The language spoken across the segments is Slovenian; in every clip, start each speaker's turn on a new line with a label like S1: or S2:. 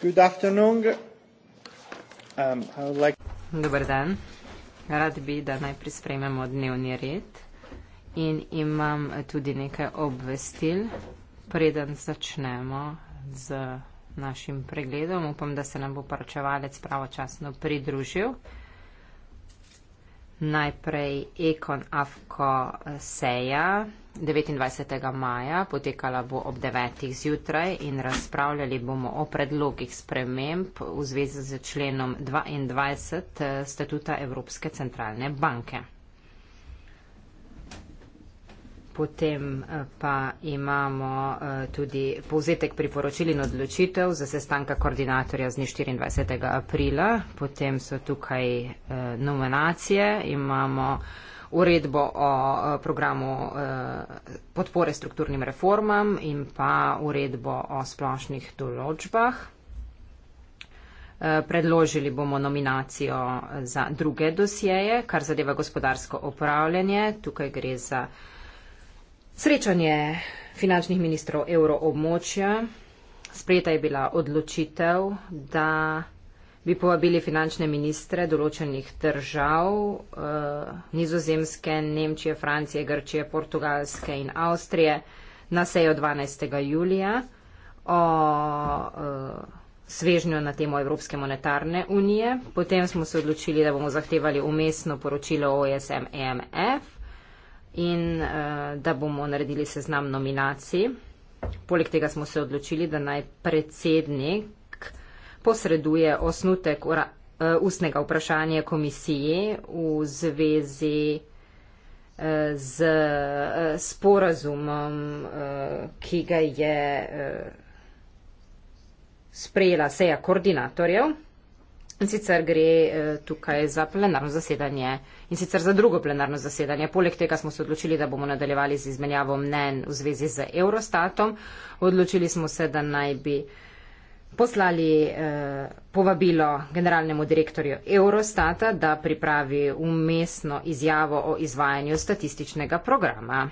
S1: Good afternoon. Um, I would like...
S2: Dober dan. Rad bi, da najprej sprejmemo dnevni red in imam tudi nekaj obvestil, preden začnemo z našim pregledom. Upam, da se nam bo poročevalec pravočasno pridružil. Najprej Ekon Afko Seja, 29. maja, potekala bo ob 9. zjutraj in razpravljali bomo o predlogih sprememb v zvezi z členom 22 eh, Statuta Evropske centralne banke. Potem eh, pa imamo eh, tudi povzetek priporočil in odločitev za sestanka koordinatorja z dne 24. aprila. Potem so tukaj nominacije. Imamo uredbo o eh, programu eh, podpore strukturnim reformam in pa uredbo o splošnih določbah. Eh, predložili bomo nominacijo za druge dosjeje, kar zadeva gospodarsko upravljanje. Tukaj gre za srečanje finančnih ministrov evroobmočja. Sprejeta je bila odločitev, da bi povabili finančne ministre določenih držav, eh, nizozemske, Nemčije, Francije, Grčije, Portugalske in Avstrije, na sejo 12. julija o eh, svežnju na temo Evropske monetarne unije. Potem smo se odločili, da bomo zahtevali umestno poročilo OSM-EMF in eh, da bomo naredili seznam nominacij. Poleg tega smo se odločili, da naj predsednik posreduje osnutek ura, uh, ustnega vprašanja komisiji v zvezi eh, z eh, sporazumom, ki ga je sprejela seja koordinatorjev. In sicer gre tukaj za plenarno zasedanje in sicer za drugo plenarno zasedanje. Poleg tega smo se odločili, da bomo nadaljevali z izmenjavo mnen v zvezi z Eurostatom. Odločili smo se, da naj bi poslali eh, povabilo generalnemu direktorju Eurostata, da pripravi umestno izjavo o izvajanju statističnega programa.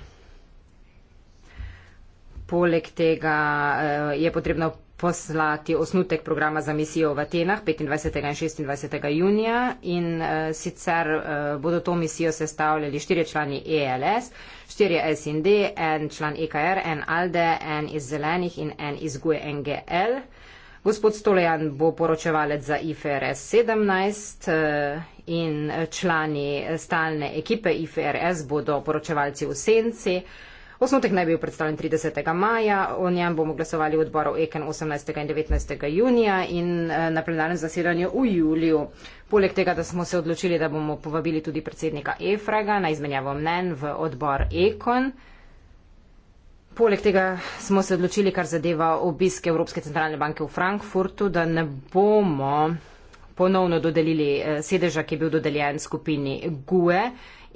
S2: Poleg tega eh, je potrebno poslati osnutek programa za misijo v Atenah 25. in 26. junija in uh, sicer uh, bodo to misijo sestavljali štirje člani ELS, štirje SND, en član EKR, en ALDE, en iz zelenih in en iz GUE NGL. Uh, Gospod Stolejan bo poročevalec za IFRS 17 eh, in člani stalne ekipe IFRS bodo poročevalci v senci. Osnotek naj bi bil predstavljen 30. maja, o njem bomo glasovali v odboru EKN 18. in 19. junija in eh, na plenarnem zasedanju v juliju. Poleg tega, da smo se odločili, da bomo povabili tudi predsednika Efraga na izmenjavo mnen v odbor EKN. Poleg tega smo se odločili, kar zadeva obiske Evropske centralne banke v Frankfurtu, da ne bomo ponovno dodelili eh, sedeža, ki je bil dodeljen skupini GUE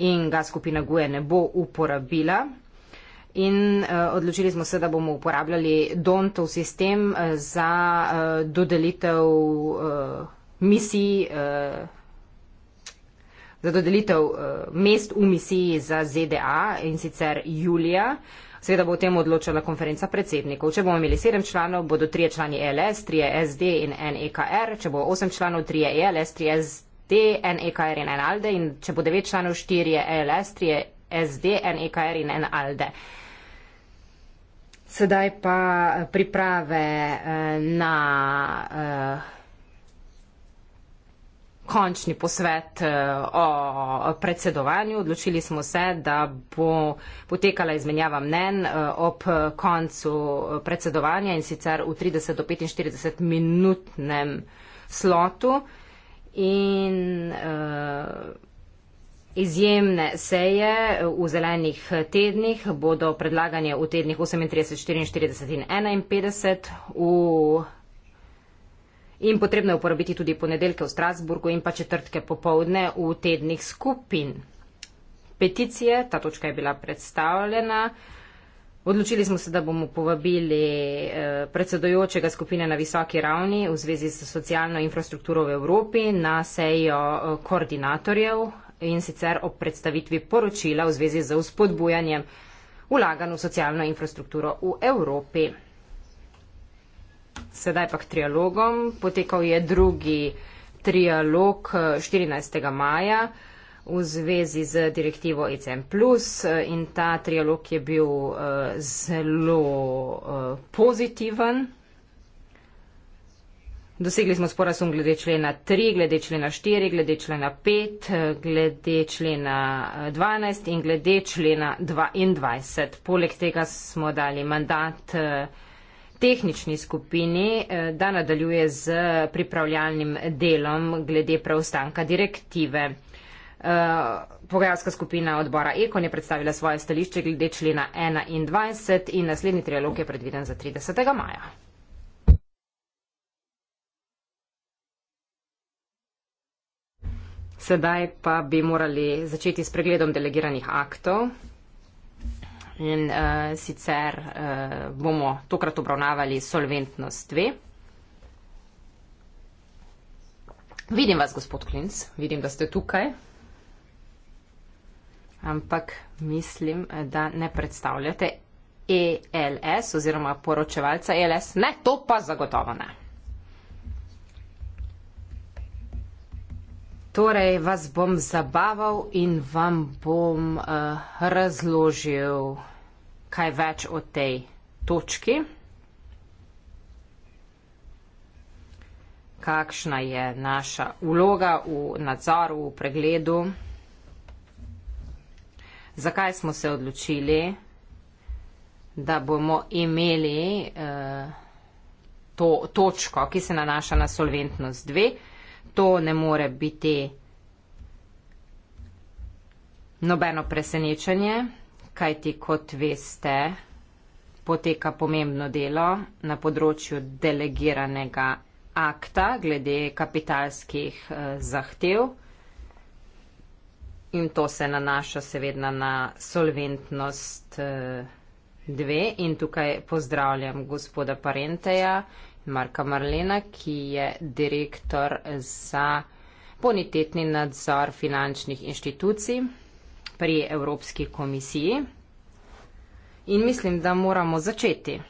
S2: in ga skupina GUE ne bo uporabila. In eh, odločili smo se, da bomo uporabljali DONTOV sistem eh, za dodelitev misij za dodelitev mest v misiji za ZDA in sicer julija. Uh, Seveda bo o tem odločala konferenca predsednikov. Če bomo imeli sedem članov, bodo trije člani ELS, trije SD in NEKR, če bo osem članov, trije ELS, trije SD, NEKR in NALDE in če bo devet članov, štirije ELS, trije SD, NEKR in NALDE. Sedaj pa priprave eh, na uh, končni posvet eh, o predsedovanju. Odločili smo se, da bo potekala izmenjava mnen eh, ob koncu eh, predsedovanja in sicer v 30 do 45 minutnem slotu. In uh, izjemne seje v zelenih tednih bodo predlaganje v tednih 38, 44 in 51 v in potrebno je uporabiti tudi ponedeljke v Strasburgu in pa četrtke popovdne v tednih skupin. Peticije, ta točka je bila predstavljena. Odločili smo se, da bomo povabili eh, predsedojočega skupine na visoki ravni v zvezi s socialno infrastrukturo v Evropi na sejo eh, koordinatorjev in sicer ob predstavitvi poročila v zvezi z vzpodbujanjem vlaganj v socialno infrastrukturo v Evropi sedaj pa k trialogom. Potekal je drugi trialog 14. Eh, maja v zvezi z direktivo ECM, eh, in ta trialog je bil eh, zelo pozitiven. Dosegli smo sporazum glede člena 3, glede člena 4, glede člena 5, glede člena 12 in glede člena 22. Poleg tega smo dali mandat tehnični skupini, eh, da nadaljuje z pripravljalnim delom glede preostanka direktive. Eh, pogajalska skupina odbora Ekon je predstavila svoje stališče glede člena 21 in naslednji trialog je predviden za 30. maja. Sedaj pa bi morali začeti s pregledom delegiranih aktov in uh, sicer uh, bomo tokrat obravnavali solventnost 2. Vidim vas, gospod Klinc, vidim, da ste tukaj, ampak mislim, da ne predstavljate ELS oziroma poročevalca ELS. Ne, to pa zagotovo ne. Torej, vas bom zabaval in vam bom uh, razložil kaj več o tej točki, kakšna je naša uloga v nadzoru, v pregledu, zakaj smo se odločili, da bomo imeli uh, to točko, ki se nanaša na solventnost 2 to ne more biti nobeno presenečenje, kajti kot veste, poteka pomembno delo na področju delegiranega akta glede kapitalskih eh, zahtev in to se nanaša seveda na solventnost eh, dve in tukaj pozdravljam gospoda Parenteja, Marka Marlena, ki je direktor za bonitetni nadzor finančnih inštitucij pri Evropski komisiji. In mislim, da moramo začeti.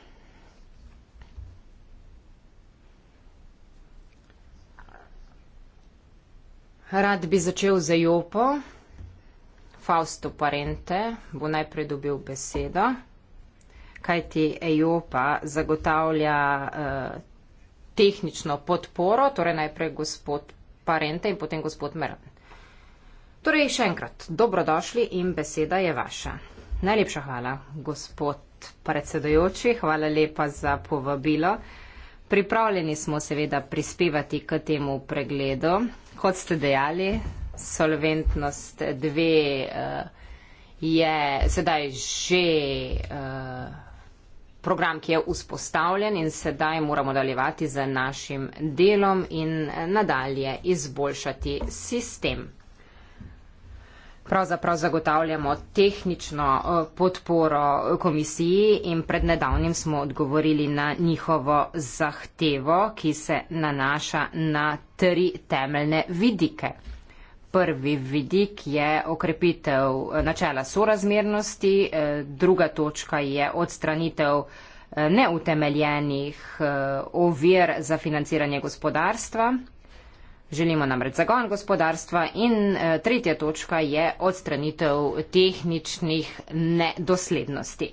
S2: Rad bi začel za Jopo. Fausto Parente bo najprej dobil besedo kajti Ejopa zagotavlja eh, tehnično podporo, torej najprej gospod Parente in potem gospod Meran. Torej še enkrat, dobrodošli in beseda je vaša. Najlepša hvala, gospod predsedojoči, hvala lepa za povabilo. Pripravljeni smo seveda prispevati k temu pregledu. Kot ste dejali, solventnost dve uh, je sedaj že uh, program, ki je vzpostavljen in sedaj moramo daljevati z našim delom in eh, nadalje izboljšati sistem. Pravzaprav zagotavljamo tehnično eh, podporo eh, komisiji in pred nedavnim smo odgovorili na njihovo zahtevo, ki se nanaša na tri temeljne vidike prvi vidik je okrepitev načela sorazmernosti, eh, druga točka je odstranitev eh, neutemeljenih eh, ovir za financiranje gospodarstva. Želimo namreč zagon gospodarstva in tretja točka je odstranitev tehničnih nedoslednosti.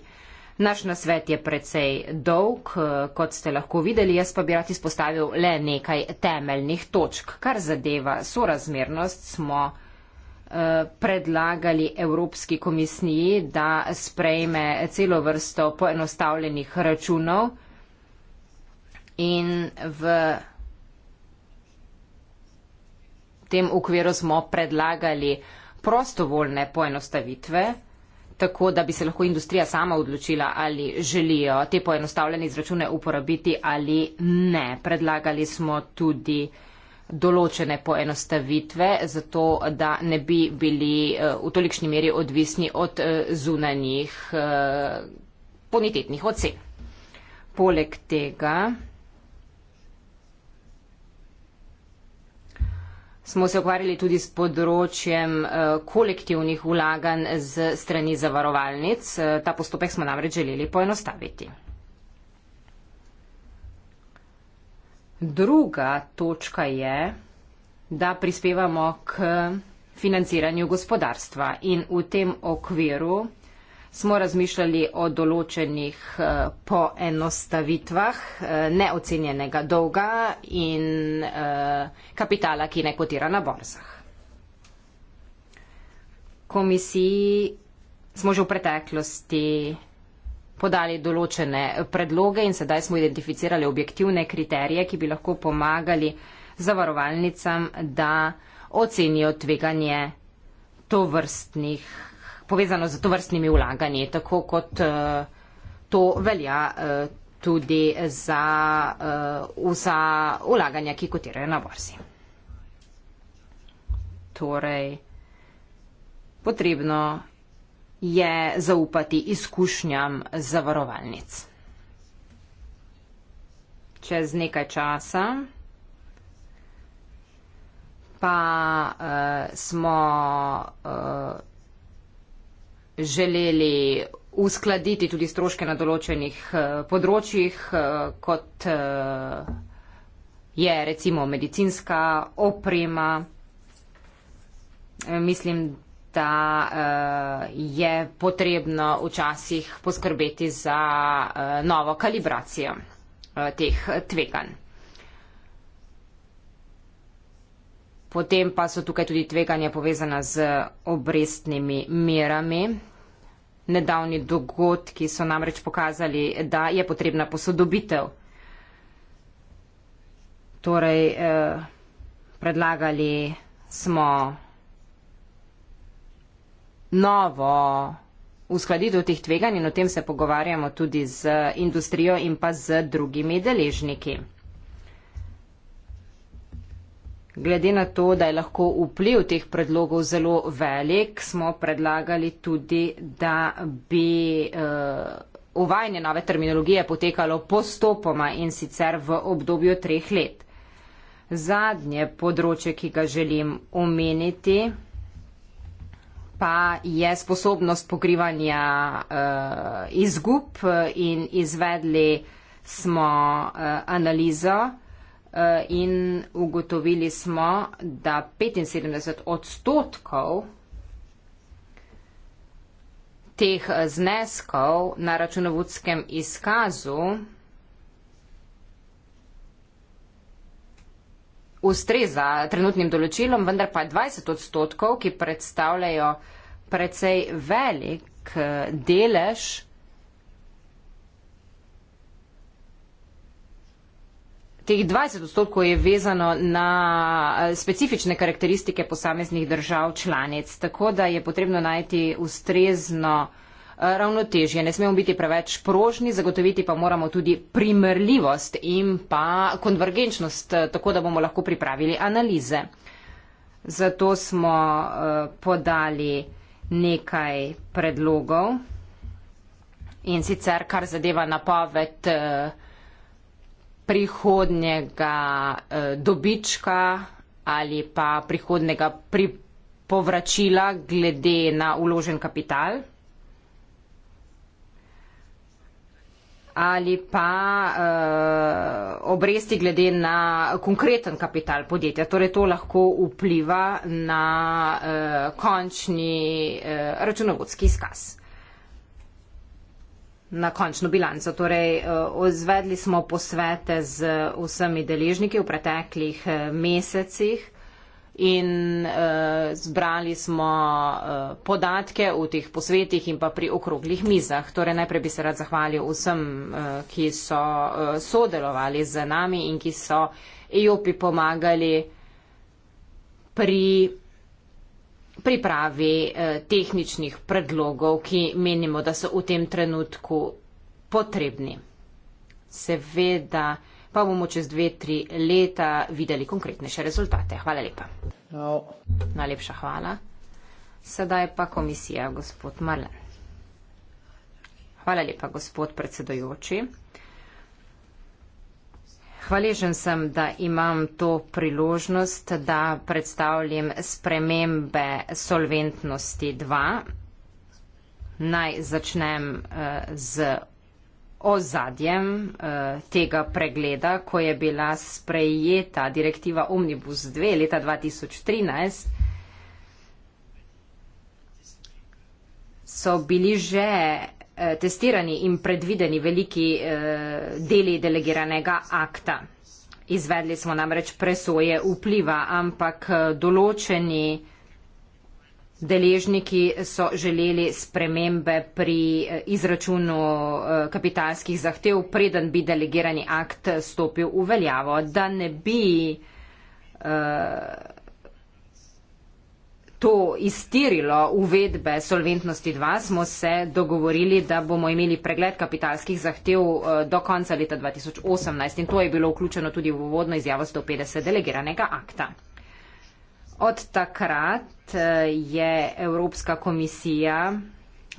S2: Naš nasvet je precej dolg, eh, kot ste lahko videli, jaz pa bi rad izpostavil le nekaj temeljnih točk. Kar zadeva sorazmernost, smo eh, predlagali Evropski komisiji, da sprejme celo vrsto poenostavljenih računov in v tem okviru smo predlagali prostovoljne poenostavitve tako, da bi se lahko industrija sama odločila, ali želijo te poenostavljene izračune uporabiti ali ne. Predlagali smo tudi določene poenostavitve, zato da ne bi bili eh, v tolikšni meri odvisni od eh, zunanjih eh, bonitetnih ocen. Poleg tega smo se ukvarjali tudi s področjem eh, kolektivnih vlaganj z strani zavarovalnic. Eh, ta postopek smo namreč želeli poenostaviti. Druga točka je, da prispevamo k financiranju gospodarstva in v tem okviru smo razmišljali o določenih eh, poenostavitvah eh, neocenjenega dolga in eh, kapitala, ki ne kotira na borzah. Komisiji smo že v preteklosti podali določene predloge in sedaj smo identificirali objektivne kriterije, ki bi lahko pomagali zavarovalnicam, da ocenijo tveganje to vrstnih povezano z to vrstnimi vlaganji, tako kot uh, to velja uh, tudi za eh, vsa uh, vlaganja, ki kotirajo na borzi. Torej, potrebno je zaupati izkušnjam zavarovalnic. Čez nekaj časa pa uh, smo uh, želeli uskladiti tudi stroške na določenih eh, področjih, eh, kot eh, je recimo medicinska oprema. Mislim, da je potrebno včasih poskrbeti za novo kalibracijo teh tveganj. Potem pa so tukaj tudi tveganja povezana z obrestnimi merami. Nedavni dogodki so namreč pokazali, da je potrebna posodobitev. Torej, eh, predlagali smo novo uskladitev teh tveganj in o tem se pogovarjamo tudi z industrijo in pa z drugimi deležniki. Glede na to, da je lahko vpliv teh predlogov zelo velik, smo predlagali tudi, da bi uh, uvajanje nove terminologije potekalo postopoma in sicer v obdobju treh let. Zadnje področje, ki ga želim omeniti, pa je sposobnost pokrivanja uh, izgub eh, in izvedli smo uh, analizo. Eh, in ugotovili smo, da 75 odstotkov teh zneskov na računovodskem izkazu ustreza trenutnim določilom, vendar pa 20 odstotkov, ki predstavljajo precej velik eh, delež teh 20 odstotkov je vezano na eh, specifične karakteristike posameznih držav članic, tako da je potrebno najti ustrezno eh, ravnotežje. Ne smemo biti preveč prožni, zagotoviti pa moramo tudi primerljivost in pa konvergenčnost, eh, tako da bomo lahko pripravili analize. Zato smo podali nekaj predlogov in sicer kar zadeva napoved prihodnjega eh, dobička ali pa prihodnjega pri povračila glede na uložen kapital. ali pa uh, obresti glede na konkreten kapital podjetja. Torej to lahko vpliva na uh, končni uh, računovodski izkaz na končno bilanco. Torej, ozvedli eh, smo posvete z vsemi deležniki v preteklih eh, mesecih in eh, zbrali smo podatke v teh posvetih in pa pri okroglih mizah. Torej, najprej bi se rad zahvalil vsem, ki so sodelovali z nami in ki so EOP pomagali pri pripravi eh, tehničnih predlogov, ki menimo, da so v tem trenutku potrebni. Seveda pa bomo čez dve, tri leta videli konkretnejše rezultate. Hvala lepa. No. Najlepša hvala. Sedaj pa komisija, gospod Marlen. Hvala lepa, gospod predsedojoči. Hvaležen sem, da imam to priložnost, da predstavljam spremembe solventnosti 2. Naj začnem eh, z ozadjem eh, tega pregleda, ko je bila sprejeta direktiva Omnibus 2 leta 2013. So bili že Eh, testirani in predvideni veliki eh, deli delegiranega akta. Izvedli smo namreč presoje vpliva, ampak eh, določeni deležniki so želeli spremembe pri izračunu kapitalskih zahtev, preden bi delegirani akt stopil v veljavo, da ne bi to iztirilo uvedbe solventnosti 2, smo se dogovorili, da bomo imeli pregled kapitalskih zahtev eh, do konca leta 2018 in to je bilo vključeno tudi v uvodno izjavo 150 delegiranega akta. Od takrat eh, je Evropska komisija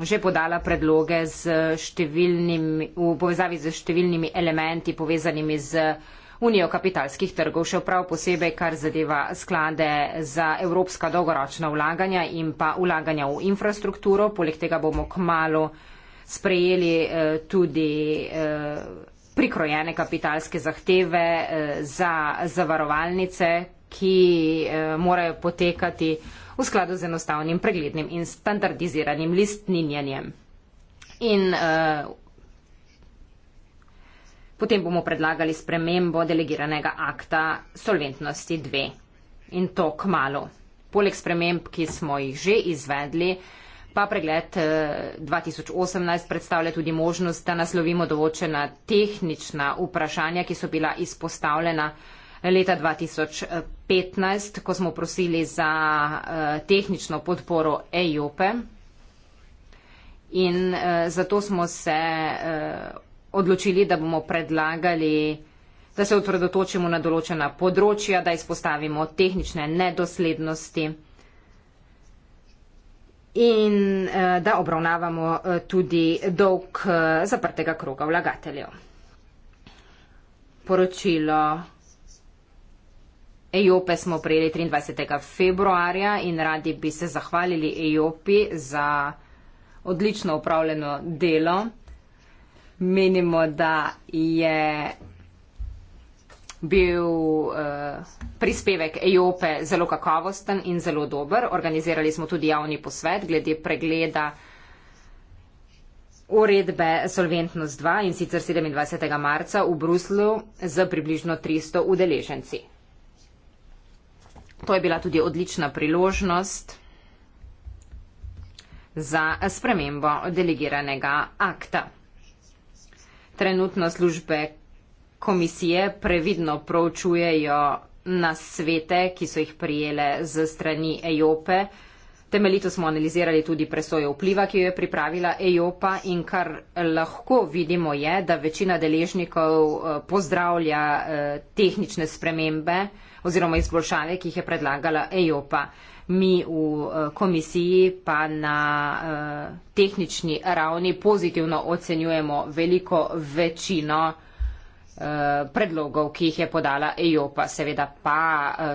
S2: že podala predloge z številnimi, v povezavi z številnimi elementi povezanimi z Unijo kapitalskih trgov, še prav posebej, kar zadeva sklade za evropska dolgoročna vlaganja in pa vlaganja v infrastrukturo. Poleg tega bomo k malu sprejeli eh, tudi eh, prikrojene kapitalske zahteve eh, za zavarovalnice, ki morajo potekati v skladu z enostavnim, preglednim in standardiziranim listninjanjem. In uh, Potem bomo predlagali spremembo delegiranega akta solventnosti 2. In to k malu. Poleg sprememb, ki smo jih že izvedli, pa pregled 2018 eh, predstavlja tudi možnost, da naslovimo določena tehnična vprašanja, ki so bila izpostavljena leta 2015, ko smo prosili za eh, tehnično podporo EJOPE. E. In eh, zato smo se odločili, da bomo predlagali, da se otredotočimo na določena področja, da izpostavimo tehnične nedoslednosti in eh, da obravnavamo eh, tudi dolg eh, zaprtega kroga vlagateljev. Poročilo EJOPE smo prijeli 23. februarja in radi bi se zahvalili EJOPE za odlično upravljeno delo menimo, da je bil uh, prispevek EOPE zelo kakovosten in zelo dober. Organizirali smo tudi javni posvet glede pregleda uredbe Solventnost 2 in sicer 27. marca v Bruslu z približno 300 udeleženci. To je bila tudi odlična priložnost za spremembo delegiranega akta trenutno službe komisije previdno proučujejo na svete, ki so jih prijele z strani Ejope. Temeljito smo analizirali tudi presojo vpliva, ki jo je pripravila Ejopa in kar lahko vidimo je, da večina deležnikov eh, pozdravlja eh, tehnične spremembe oziroma izboljšave, ki jih je predlagala Ejopa mi v eh, komisiji pa na uh, tehnični ravni pozitivno ocenjujemo veliko večino eh, predlogov, ki jih je podala EOPA, seveda pa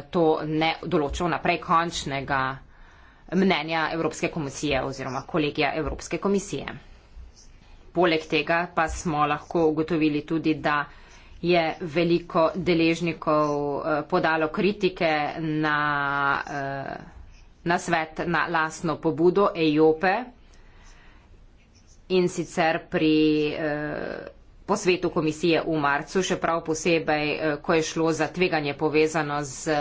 S2: to ne določa naprej končnega mnenja Evropske komisije oziroma kolegija Evropske komisije. Poleg tega pa smo lahko ugotovili tudi, da je veliko deležnikov podalo kritike na eh, na svet na lastno pobudo Ejope in sicer pri eh, posvetu komisije v marcu, še prav posebej, eh, ko je šlo za tveganje povezano z eh,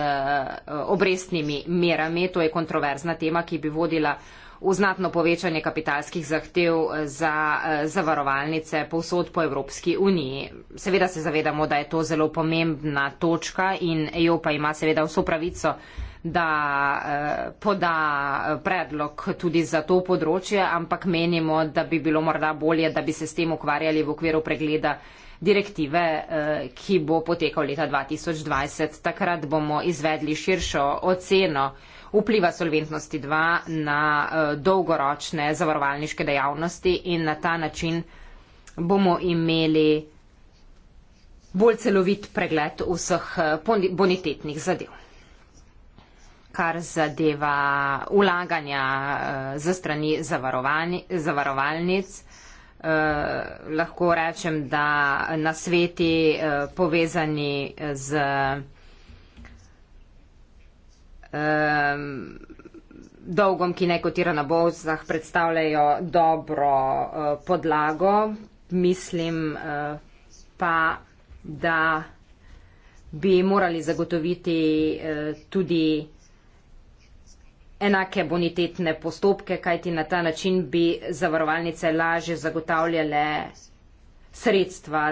S2: obrestnimi merami. To je kontroverzna tema, ki bi vodila v znatno povečanje kapitalskih zahtev eh, za eh, zavarovalnice povsod po Evropski uniji. Seveda se zavedamo, da je to zelo pomembna točka in EU pa ima seveda vso pravico da eh, poda predlog tudi za to področje, ampak menimo, da bi bilo morda bolje, da bi se s tem ukvarjali v okviru pregleda direktive, eh, ki bo potekal leta 2020. Takrat bomo izvedli širšo oceno vpliva solventnosti 2 na eh, dolgoročne zavarovalniške dejavnosti in na ta način bomo imeli bolj celovit pregled vseh bonitetnih zadev kar zadeva ulaganja eh, za strani zavarovalnic. Eh, lahko rečem, da na sveti eh, povezani z ehm, dolgom, ki ne kotira na bolzah, predstavljajo dobro podlago. Mislim pa, da bi morali zagotoviti tudi enake bonitetne postopke, kajti na ta način bi zavarovalnice laže zagotavljale sredstva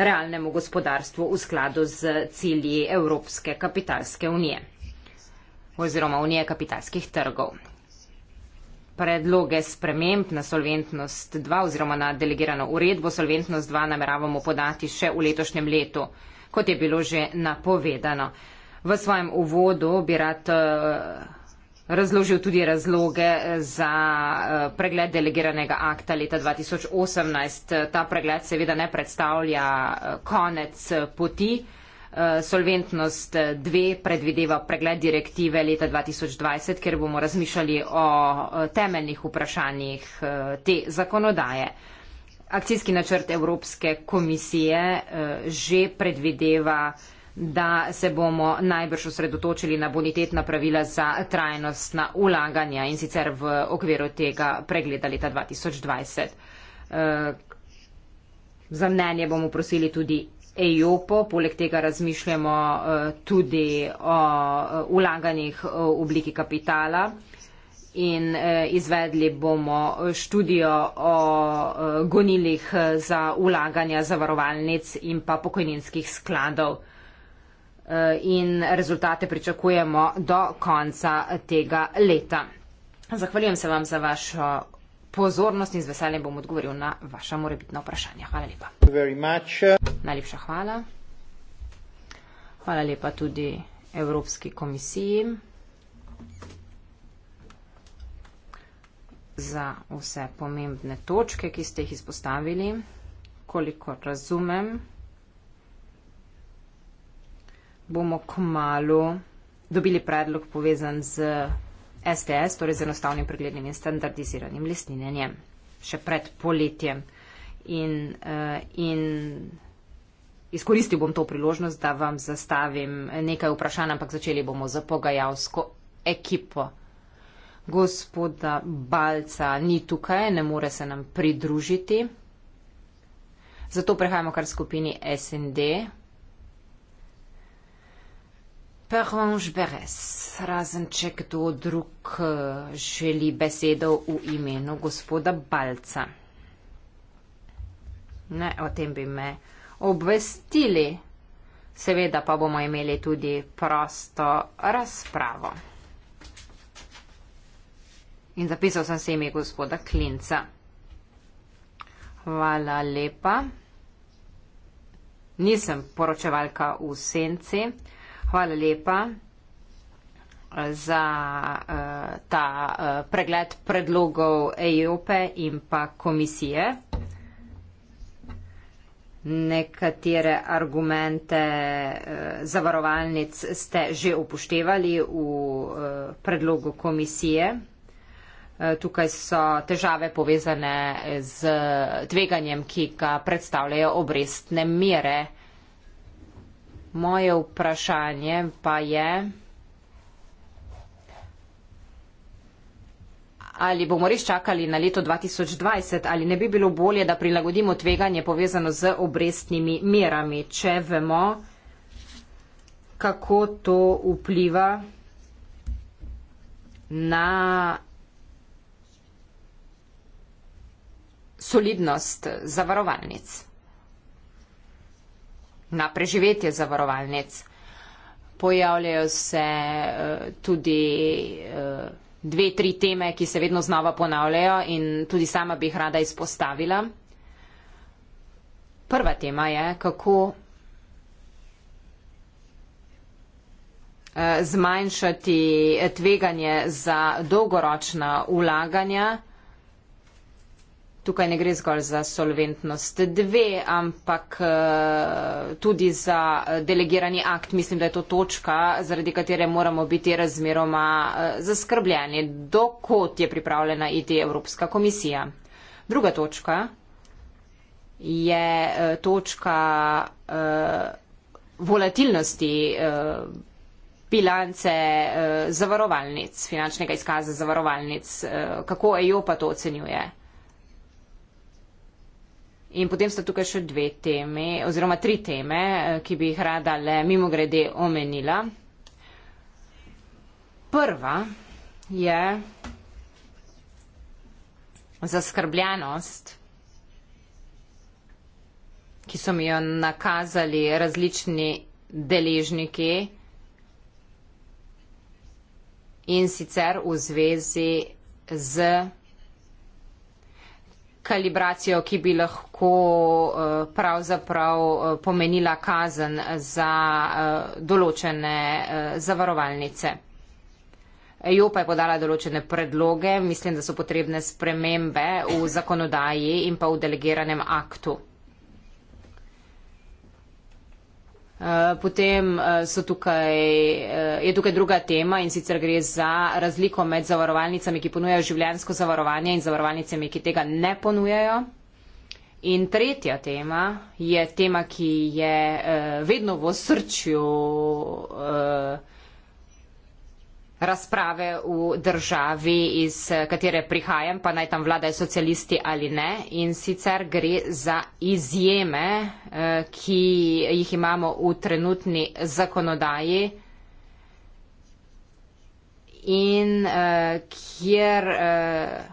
S2: realnemu gospodarstvu v skladu z cilji Evropske kapitalske unije oziroma unije kapitalskih trgov. Predloge sprememb na solventnost 2 oziroma na delegirano uredbo solventnost 2 nameravamo podati še v letošnjem letu, kot je bilo že napovedano. V svojem uvodu bi rad eh, razložil tudi razloge za eh, pregled delegiranega akta leta 2018. Ta pregled seveda ne predstavlja eh, konec poti. Solventnost 2 predvideva pregled direktive leta 2020, ker bomo razmišljali o temeljnih vprašanjih te zakonodaje. Akcijski načrt Evropske komisije že predvideva da se bomo najbrž osredotočili na bonitetna pravila za trajnostna ulaganja in sicer v okviru tega pregleda leta 2020. Eh, za mnenje bomo prosili tudi EIOPO, poleg tega razmišljamo eh, tudi o eh, ulaganjih v obliki kapitala in izvedli bomo študijo o gonilih za ulaganja zavarovalnic in pa pokojninskih skladov. Eh, in rezultate pričakujemo do konca tega leta. Zahvaljujem se vam za vašo pozornost in z veseljem bom odgovoril na vaša morebitna vprašanja. Hvala lepa. Najlepša hvala. Hvala lepa tudi Evropski komisiji za vse pomembne točke, ki ste jih izpostavili. Kolikor razumem, bomo kmalo dobili predlog povezan z STS, torej z enostavnim preglednim in standardiziranim listinjenjem, še pred poletjem. In, eh, in izkoristil bom to priložnost, da vam zastavim nekaj vprašanj, ampak začeli bomo z pogajalsko ekipo. Gospoda Balca ni tukaj, ne more se nam pridružiti. Zato prehajamo kar skupini SND, Perhonž Beres, razen če kdo drug eh, želi besedo v imenu gospoda Balca. Ne, o tem bi me obvestili. Seveda pa bomo imeli tudi prosto razpravo. In zapisal sem se ime gospoda Klinca. Hvala lepa. Nisem poročevalka v senci. Hvala lepa eh, za uh, ta uh, pregled predlogov EIOPE e in pa komisije. Nekatere argumente uh, zavarovalnic ste že upoštevali v uh, predlogu komisije. Tukaj so težave povezane z tveganjem, ki ga predstavljajo obrestne mere Moje vprašanje pa je, ali bomo res čakali na leto 2020, ali ne bi bilo bolje, da prilagodimo tveganje povezano z obrestnimi merami, če vemo, kako to vpliva na solidnost zavarovalnic na preživetje zavarovalnic. Pojavljajo se eh, tudi eh, dve, tri teme, ki se vedno znova ponavljajo in tudi sama bi jih rada izpostavila. Prva tema je, kako eh, zmanjšati tveganje za dolgoročna vlaganja tukaj ne gre zgolj za solventnost dve, ampak eh, tudi za delegirani akt. Mislim, da je to točka, zaradi katere moramo biti razmeroma eh, zaskrbljeni, dokot je pripravljena iti Evropska komisija. Druga točka je eh, točka volatilnosti bilance zavarovalnic, finančnega izkaza zavarovalnic. Kako EU pa to ocenjuje? In potem sta tukaj še dve teme, oziroma tri teme, eh, ki bi jih rada le mimo grede omenila. Prva je zaskrbljenost, ki so mi jo nakazali različni deležniki in sicer v zvezi z kalibracijo, ki bi lahko eh, pravzaprav eh, pomenila kazen za eh, določene zavarovalnice. EU pa je podala določene predloge, mislim, da so potrebne spremembe v zakonodaji in pa v delegiranem aktu. Eh, potem eh, tukaj, eh, je tukaj druga tema in sicer gre za razliko med zavarovalnicami, ki ponujajo življensko zavarovanje in zavarovalnicami, ki tega ne ponujajo. In tretja tema je tema, ki je vedno v srčju razprave v državi, iz katere prihajam, pa naj tam vladajo socialisti ali ne. In sicer gre za izjeme, eh, ki jih imamo v trenutni zakonodaji in eh, kjer eh,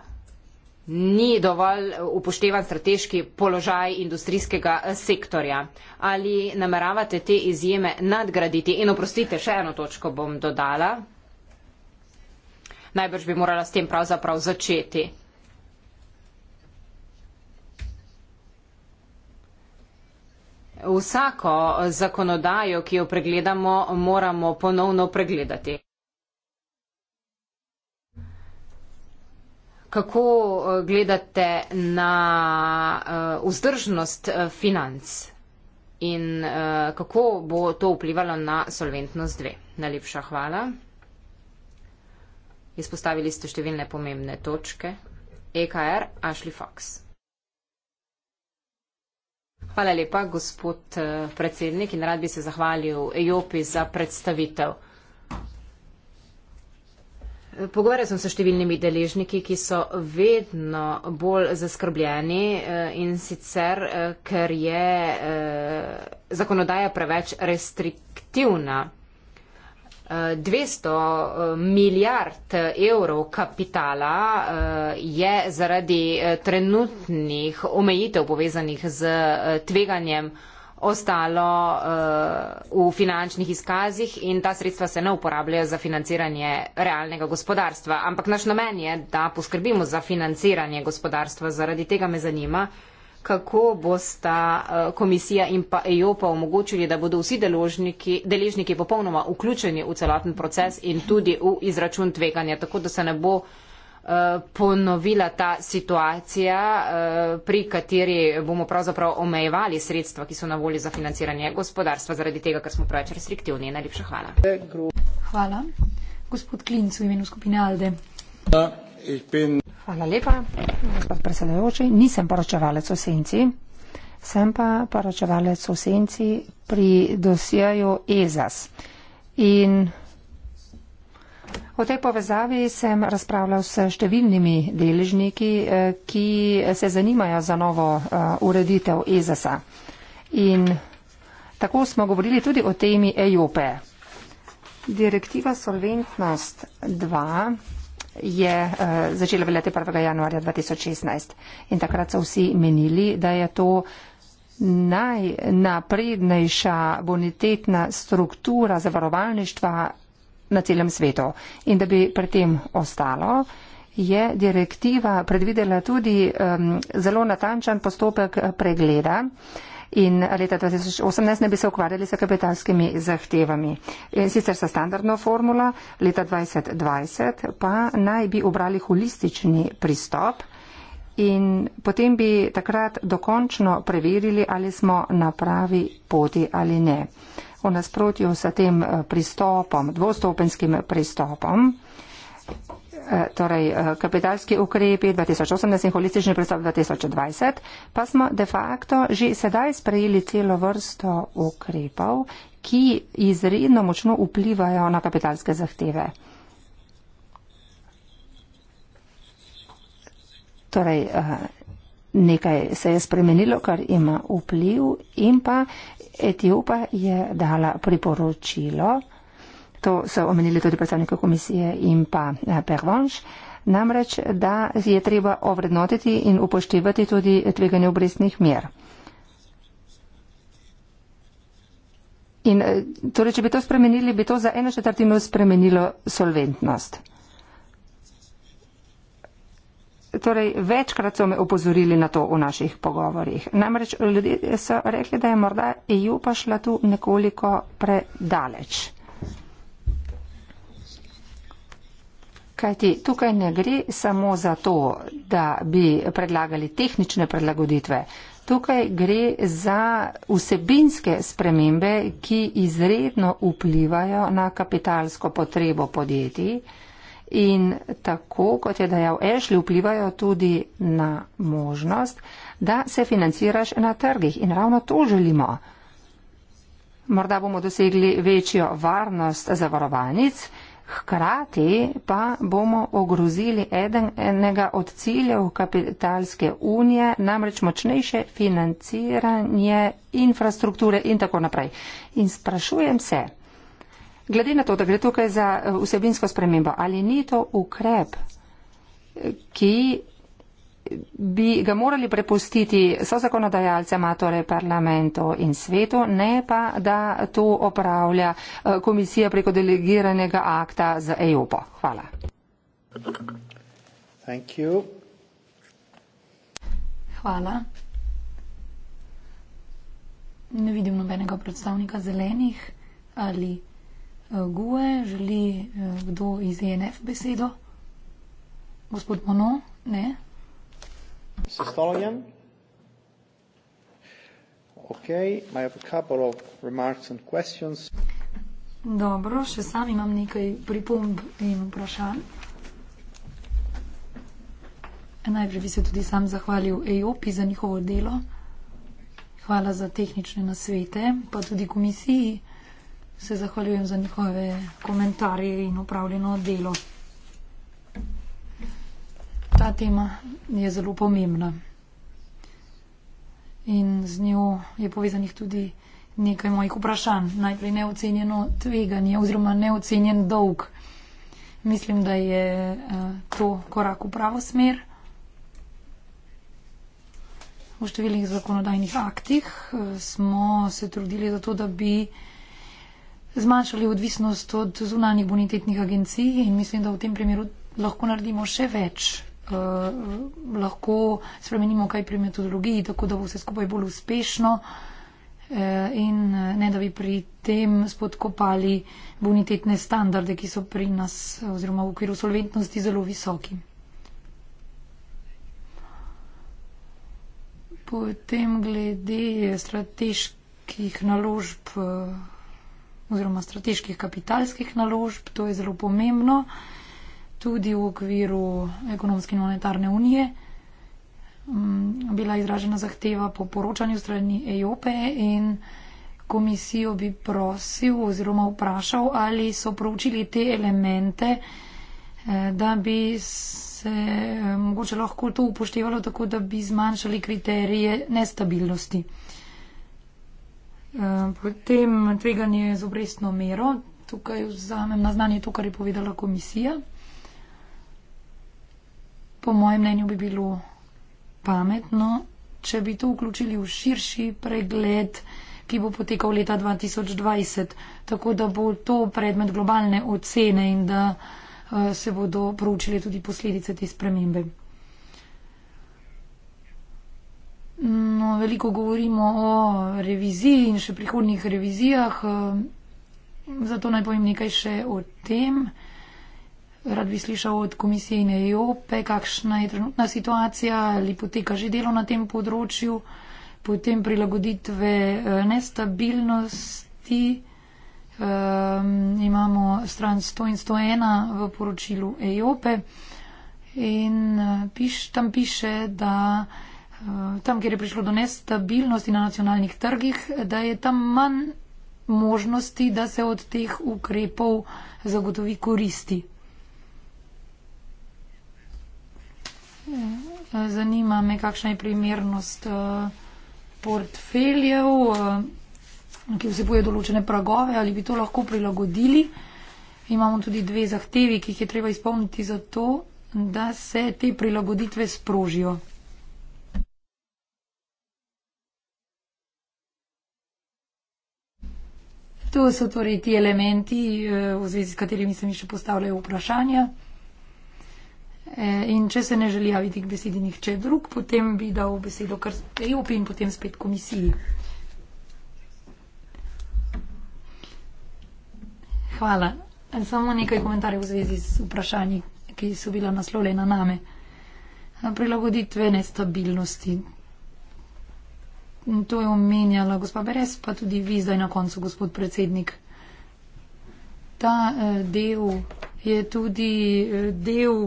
S2: ni dovolj upoštevan strateški položaj industrijskega sektorja. Ali nameravate te izjeme nadgraditi? In oprostite, še eno točko bom dodala najbrž bi morala s tem pravzaprav začeti. Vsako zakonodajo, ki jo pregledamo, moramo ponovno pregledati. Kako eh, gledate na eh, vzdržnost eh, financ in kako bo to vplivalo na solventnost dve? Najlepša hvala. Izpostavili ste številne pomembne točke. EKR er, Ashley Fox. Hvala lepa, gospod eh, predsednik, in rad bi se zahvalil Ejopi za predstavitev. Eh, pogovarjal sem se s številnimi deležniki, ki so vedno bolj zaskrbljeni eh, in sicer, ker je zakonodaja preveč restriktivna. 200 eh, milijard evrov kapitala eh, je zaradi eh, trenutnih omejitev povezanih z tveganjem ostalo v finančnih izkazih in ta sredstva se ne uporabljajo za financiranje realnega gospodarstva. Ampak naš namen je, da poskrbimo za financiranje gospodarstva. Zaradi tega me zanima, kako bosta eh, komisija in pa EOPA omogočili, da bodo vsi deložniki, deležniki popolnoma vključeni v celoten proces in tudi v izračun tveganja, tako da se ne bo eh, ponovila ta situacija, eh, pri kateri bomo pravzaprav omejevali sredstva, ki so na voli za financiranje gospodarstva, zaradi tega, ker smo preveč restriktivni. Najlepša hvala.
S3: Hvala. Gospod Klinc v imenu
S4: skupine Alde. Ja, Hvala lepa, gospod predsedajoči. Nisem poročevalec o senci, sem pa poročevalec o senci pri dosjeju EZAS. In v tej povezavi sem razpravljal s številnimi deležniki, eh, ki se zanimajo za novo eh, ureditev EZAS-a. In tako smo govorili tudi o temi EJOP. Direktiva Solventnost 2 je uh, eh, začela veljati 1. januarja 2016. In takrat so vsi menili, da je to najnaprednejša bonitetna struktura zavarovalništva na celem svetu. In da bi pri tem ostalo, je direktiva predvidela tudi um, zelo natančen postopek pregleda. Uh, in leta 2018 ne bi se ukvarjali s kapitalskimi zahtevami. In sicer sa standardno formula, leta 2020 pa naj bi obrali holistični pristop in potem bi takrat dokončno preverili, ali smo na pravi poti ali ne. V nasprotju s tem pristopom, dvostopenskim pristopom, Eh, torej eh, kapitalski ukrepi 2018 in holistični pristop 2020, pa smo de facto že sedaj sprejeli celo vrsto ukrepov, ki izredno močno vplivajo na kapitalske zahteve. Torej, eh, nekaj se je spremenilo, kar ima vpliv in pa Etiopa je dala priporočilo To so omenili tudi predstavniki komisije in pa eh, Pervonš. Namreč, da je treba ovrednotiti in upoštevati tudi tveganje obrestnih mer. In eh, torej, če bi to spremenili, bi to za eno četrtino spremenilo solventnost. Torej, večkrat so me opozorili na to v naših pogovorjih. Namreč, ljudje so rekli, da je morda EU pa šla tu nekoliko predaleč. Kajti tukaj ne gre samo za to, da bi predlagali tehnične prilagoditve. Tukaj gre za vsebinske spremembe, ki izredno vplivajo na kapitalsko potrebo podjetij in tako, kot je dejal Ešli, vplivajo tudi na možnost, da se financiraš na trgih. In ravno to želimo. Morda bomo dosegli večjo varnost zavarovalnic Hkrati pa bomo ogrozili enega od ciljev kapitalske unije, namreč močnejše financiranje infrastrukture in tako naprej. In sprašujem se, glede na to, da gre tukaj za eh, vsebinsko spremembo, ali ni to ukrep, ki bi ga morali prepustiti so zakonodajalcema, torej parlamentu in svetu, ne pa, da to opravlja eh, komisija preko delegiranega akta z EUPO. Hvala.
S1: Thank you.
S3: Hvala. Ne vidim nobenega predstavnika zelenih ali eh, GUE. Želi eh, kdo iz ENF besedo? Gospod Mono? Ne
S1: sestavljen. Okay, I have a couple of remarks and questions.
S3: Dobro, še sam imam nekaj pripomb in vprašanj. Najprej bi se tudi sam zahvalil EIOPI za njihovo delo. Hvala za tehnične nasvete, pa tudi komisiji se zahvaljujem za njihove komentarje in upravljeno delo ta tema je zelo pomembna. In z njo je povezanih tudi nekaj mojih vprašanj. Najprej neocenjeno tveganje oziroma neocenjen dolg. Mislim, da je eh, to korak v pravo smer. V številnih zakonodajnih aktih eh, smo se trudili za to, da bi zmanjšali odvisnost od zunanjih bonitetnih agencij in mislim, da v tem primeru lahko naredimo še več. Eh, lahko spremenimo kaj pri metodologiji, tako da bo vse skupaj bolj uspešno eh, in eh, ne da bi pri tem spodkopali bonitetne standarde, ki so pri nas oziroma v okviru solventnosti zelo visoki. Potem glede strateških naložb oziroma strateških kapitalskih naložb, to je zelo pomembno tudi v okviru ekonomske in monetarne unije. Mm, bila izražena zahteva po poročanju strani EOP e in komisijo bi prosil oziroma vprašal, ali so proučili te elemente, eh, da bi se eh, mogoče lahko to upoštevalo tako, da bi zmanjšali kriterije nestabilnosti. Eh, potem tveganje z obrestno mero. Tukaj vzamem na znanje to, kar je povedala komisija. Po mojem mnenju bi bilo pametno, če bi to vključili v širši pregled, ki bo potekal leta 2020, tako da bo to predmet globalne ocene in da eh, se bodo proučile tudi posledice te spremembe. No, veliko govorimo o reviziji in še prihodnih revizijah, eh, zato naj povem nekaj še o tem rad bi slišal od komisije in EOPE, kakšna je trenutna situacija, ali poteka že delo na tem področju, potem prilagoditve eh, nestabilnosti. Um, imamo stran 100 in 101 v poročilu EOPE in eh, piš, tam piše, da eh, tam, kjer je prišlo do nestabilnosti na nacionalnih trgih, da je tam manj možnosti, da se od teh ukrepov zagotovi koristi. Zanima me, kakšna je primernost eh, portfeljev, eh, ki vsebuje določene pragove, ali bi to lahko prilagodili. Imamo tudi dve zahtevi, ki jih je treba izpolniti za to, da se te prilagoditve sprožijo. To so torej ti elementi, eh, v zvezi s katerimi se mi še postavljajo vprašanja. E, in če se ne želi javiti k besedi nihče drug, potem bi dal besedo kar EUP-i in potem spet komisiji. Hvala. Samo nekaj komentarjev v zvezi z vprašanji, ki so bila naslovljena name. Prilagoditve nestabilnosti. To je omenjala gospa Beres, pa tudi vi zdaj na koncu, gospod predsednik. Ta e, del je tudi e, del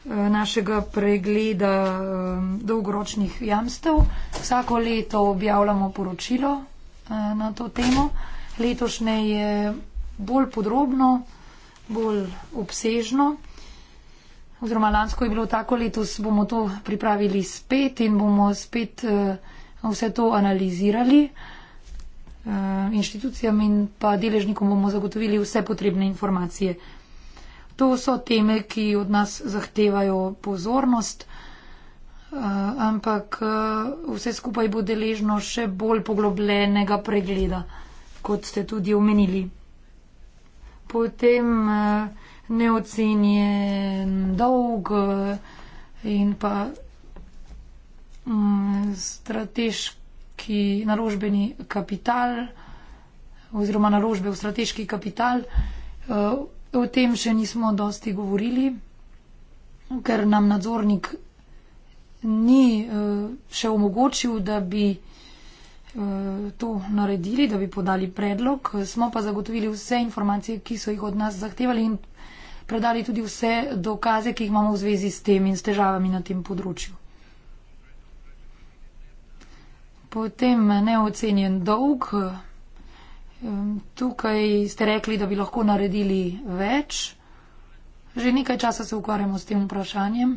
S3: Eh, našega pregleda eh, dolgoročnih jamstev. Vsako leto objavljamo poročilo eh, na to temo. Letošnje je bolj podrobno, bolj obsežno. Oziroma lansko je bilo tako, letos bomo to pripravili spet in bomo spet vse to analizirali. Inštitucijam in pa deležnikom bomo zagotovili vse potrebne informacije. To so teme, ki od nas zahtevajo pozornost, eh, ampak eh, vse skupaj bo deležno še bolj poglobljenega pregleda, kot ste tudi omenili. Potem eh, neocenjen dolg in pa mm, strateški naložbeni kapital oziroma naložbe v strateški kapital. O tem še nismo dosti govorili, ker nam nadzornik ni eh, še omogočil, da bi eh, to naredili, da bi podali predlog. Smo pa zagotovili vse informacije, ki so jih od nas zahtevali in predali tudi vse dokaze, ki jih imamo v zvezi s tem in s težavami na tem področju. Potem neocenjen dolg. Tukaj ste rekli, da bi lahko naredili več. Že nekaj časa se ukvarjamo s tem vprašanjem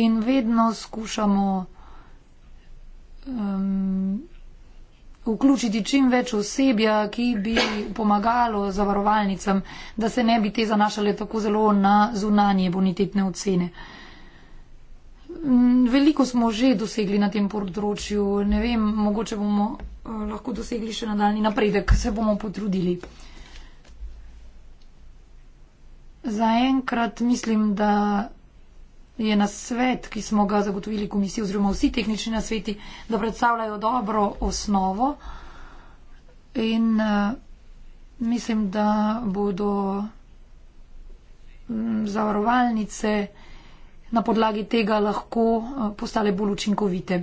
S3: in vedno skušamo um, vključiti čim več osebja, ki bi pomagalo zavarovalnicam, da se ne bi te zanašale tako zelo na zunanje bonitetne ocene. Uh, Mm, veliko smo že dosegli na tem področju. Ne vem, mogoče bomo eh, lahko dosegli še nadaljni napredek, se bomo potrudili. Zaenkrat mislim, da je nasvet, ki smo ga zagotovili komisiji oziroma vsi tehnični nasveti, da predstavljajo dobro osnovo in eh, mislim, da bodo mm, zavarovalnice na podlagi tega lahko eh, postale bolj učinkovite.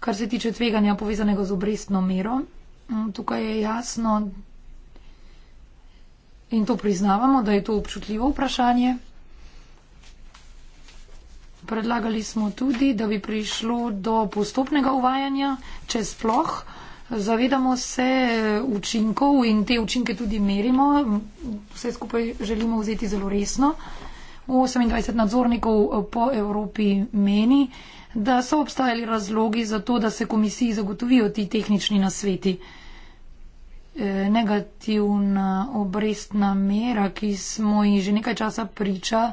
S3: Kar se tiče tveganja povezanega z obrestno mero, mm, tukaj je jasno in to priznavamo, da je to občutljivo vprašanje. Predlagali smo tudi, da bi prišlo do postopnega uvajanja, če sploh. Zavedamo se eh, učinkov in te učinke tudi merimo. Vse skupaj želimo vzeti zelo resno. 28 nadzornikov eh, po Evropi meni, da so obstajali razlogi za to, da se komisiji zagotovijo ti tehnični nasveti. E, negativna obrestna mera, ki smo ji že nekaj časa priča, e,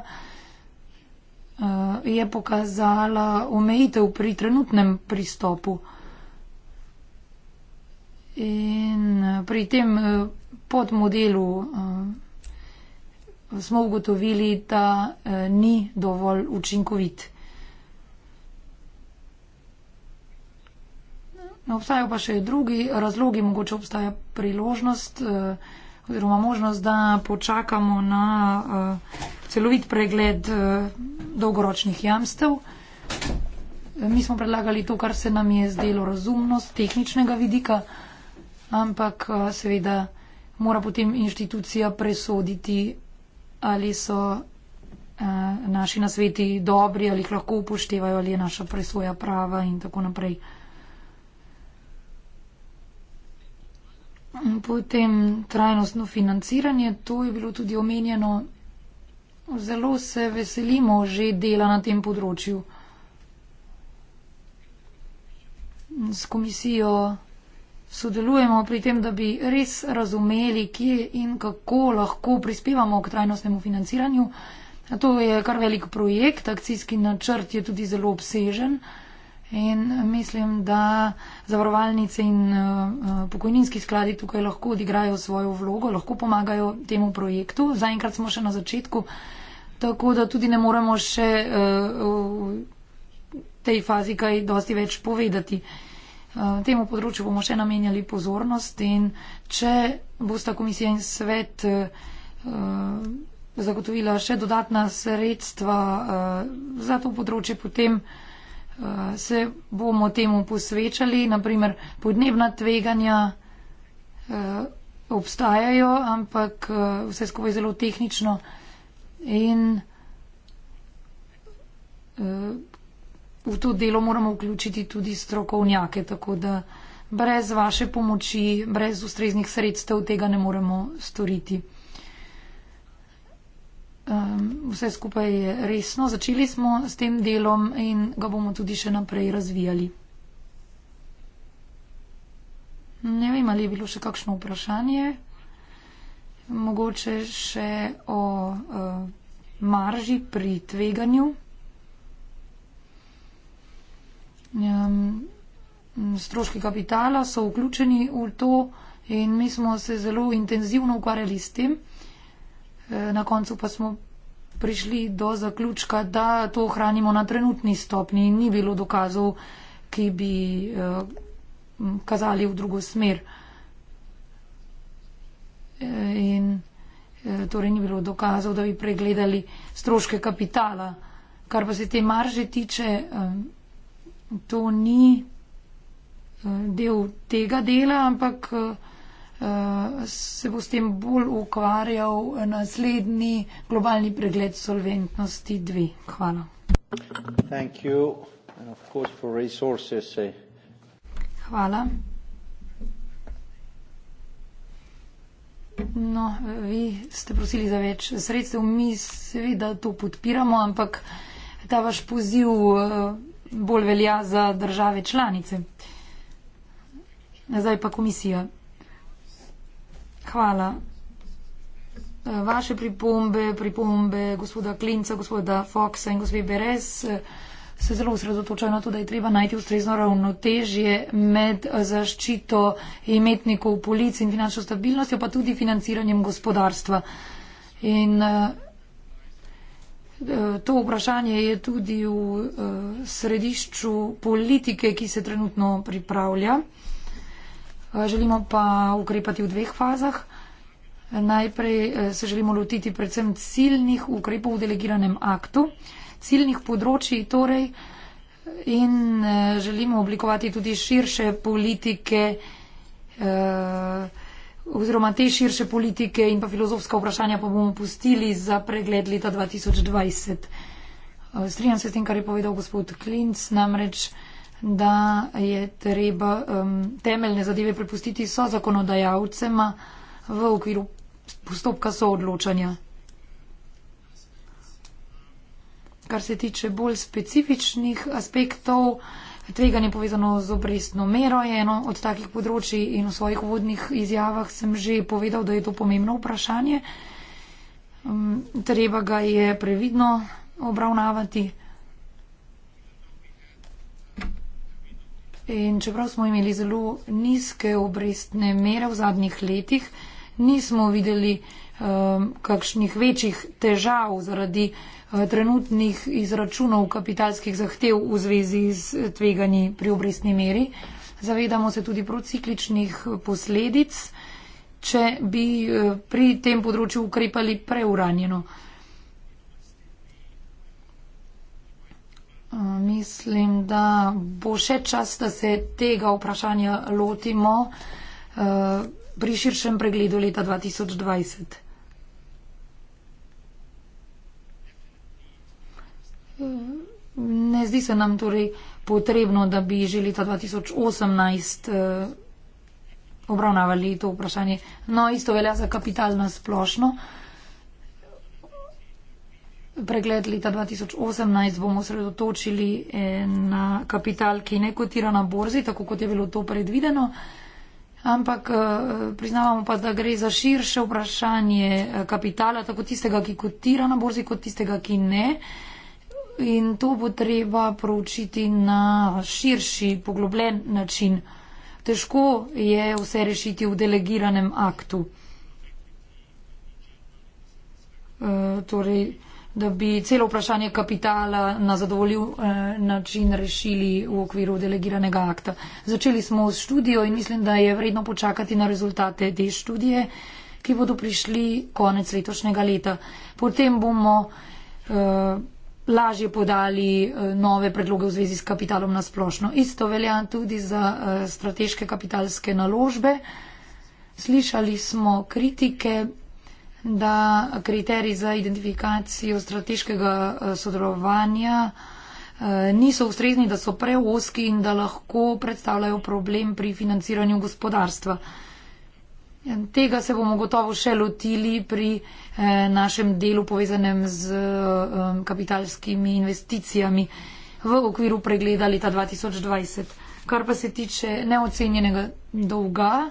S3: je pokazala omejitev pri trenutnem pristopu. In pri tem podmodelu smo ugotovili, da eh, ni dovolj učinkovit. No, obstajajo pa še drugi razlogi, mogoče obstaja priložnost eh, oziroma možnost, da počakamo na eh, celovit pregled dolgoročnih jamstev. Mi smo predlagali to, kar se nam je zdelo razumnost tehničnega vidika, ampak seveda mora potem inštitucija presoditi ali so eh, naši nasveti dobri, ali jih lahko upoštevajo, ali je naša presoja prava in tako naprej. Potem trajnostno financiranje, to je bilo tudi omenjeno. Zelo se veselimo že dela na tem področju. S komisijo sodelujemo pri tem, da bi res razumeli, kje in kako lahko prispevamo k trajnostnemu financiranju. To je kar velik projekt, akcijski načrt je tudi zelo obsežen in mislim, da zavarovalnice in eh, eh, pokojninski skladi tukaj lahko odigrajo svojo vlogo, lahko pomagajo temu projektu. Zaenkrat smo še na začetku, tako da tudi ne moremo še eh, v tej fazi kaj dosti več povedati. Eh, temu področju bomo še namenjali pozornost in če bosta komisija in svet eh, zagotovila še dodatna sredstva eh, za to področje, potem se bomo temu posvečali. Naprimer, podnebna tveganja obstajajo, ampak vse skupaj zelo tehnično in v to delo moramo vključiti tudi strokovnjake, tako da brez vaše pomoči, brez ustreznih sredstev tega ne moremo storiti. Um, vse skupaj je resno, začeli smo s tem delom in ga bomo tudi še naprej razvijali. Ne vem, ali je bilo še kakšno vprašanje. Mogoče še o uh, marži pri tveganju. um, stroški kapitala so vključeni v to in mi smo se zelo intenzivno ukvarjali s tem. E, na koncu pa smo prišli do zaključka, da to ohranimo na trenutni stopni in ni bilo dokazov, ki bi e, kazali v drugo smer. E, in torej ni bilo dokazov, da bi pregledali stroške kapitala. Kar pa se te marže tiče, to ni eh, del tega dela, ampak eh, se bo s tem bolj ukvarjal naslednji globalni pregled solventnosti 2. Hvala.
S1: Thank you. And of course for resources. Eh.
S3: Hvala. No, vi ste prosili za več sredstev. Mi seveda to podpiramo, ampak ta vaš poziv. Uh, bolj velja za države članice. Zdaj pa komisija. Hvala. Vaše pripombe, pripombe gospoda Klinca, gospoda Foxa in gospe Beres se zelo usredotočajo na to, da je treba najti ustrezno ravnotežje med zaščito imetnikov polic in finančno stabilnostjo, pa tudi financiranjem gospodarstva. In uh, To vprašanje je tudi v eh, središču politike, ki se trenutno pripravlja. Eh, želimo pa ukrepati v dveh fazah. Najprej eh, se želimo lotiti predvsem ciljnih ukrepov v delegiranem aktu, ciljnih področji torej in želimo oblikovati tudi širše politike. Uh, oziroma te širše politike in pa filozofska vprašanja pa bomo pustili za pregled leta 2020. Eh, strinjam se s tem, kar je povedal gospod Klinc, namreč, da je treba um, temeljne zadeve prepustiti so zakonodajalcema v okviru postopka soodločanja. Kar se tiče bolj specifičnih aspektov, Tveganje povezano z obrestno mero je eno od takih področji in v svojih vodnih izjavah sem že povedal, da je to pomembno vprašanje. Mm, treba ga je previdno obravnavati. In čeprav smo imeli zelo nizke obrestne mere v zadnjih letih, nismo videli um, kakšnih večjih težav zaradi Eh, trenutnih izračunov kapitalskih zahtev v zvezi z eh, tveganji pri obrestni meri. Zavedamo se tudi procikličnih posledic, če bi eh, pri tem področju ukrepali preuranjeno. Mislim, da bo še čas, da se tega vprašanja lotimo pri širšem pregledu leta 2020. Ne zdi se nam torej potrebno, da bi že leta 2018 eh, obravnavali to vprašanje. No, isto velja za kapital na splošno. Pregled leta 2018 bomo sredotočili eh, na kapital, ki ne kotira na borzi, tako kot je bilo to predvideno. Ampak eh, priznavamo pa, da gre za širše vprašanje kapitala, tako tistega, ki kotira na borzi, kot tistega, ki ne in to bo treba proučiti na širši, poglobljen način. Težko je vse rešiti v delegiranem aktu. E, torej, da bi celo vprašanje kapitala na zadovoljiv e, način rešili v okviru delegiranega akta. Začeli smo s študijo in mislim, da je vredno počakati na rezultate te študije, ki bodo prišli konec letošnjega leta. Potem bomo. E, lažje podali eh, nove predloge v zvezi s kapitalom na splošno. Isto velja tudi za eh, strateške kapitalske naložbe. Slišali smo kritike, da kriteriji za identifikacijo strateškega eh, sodelovanja niso ustrezni, da so preoski in da lahko predstavljajo problem pri financiranju gospodarstva. Tega se bomo gotovo še lotili pri eh, našem delu povezanem z eh, kapitalskimi investicijami v okviru pregleda leta 2020. Kar pa se tiče neocenjenega dolga,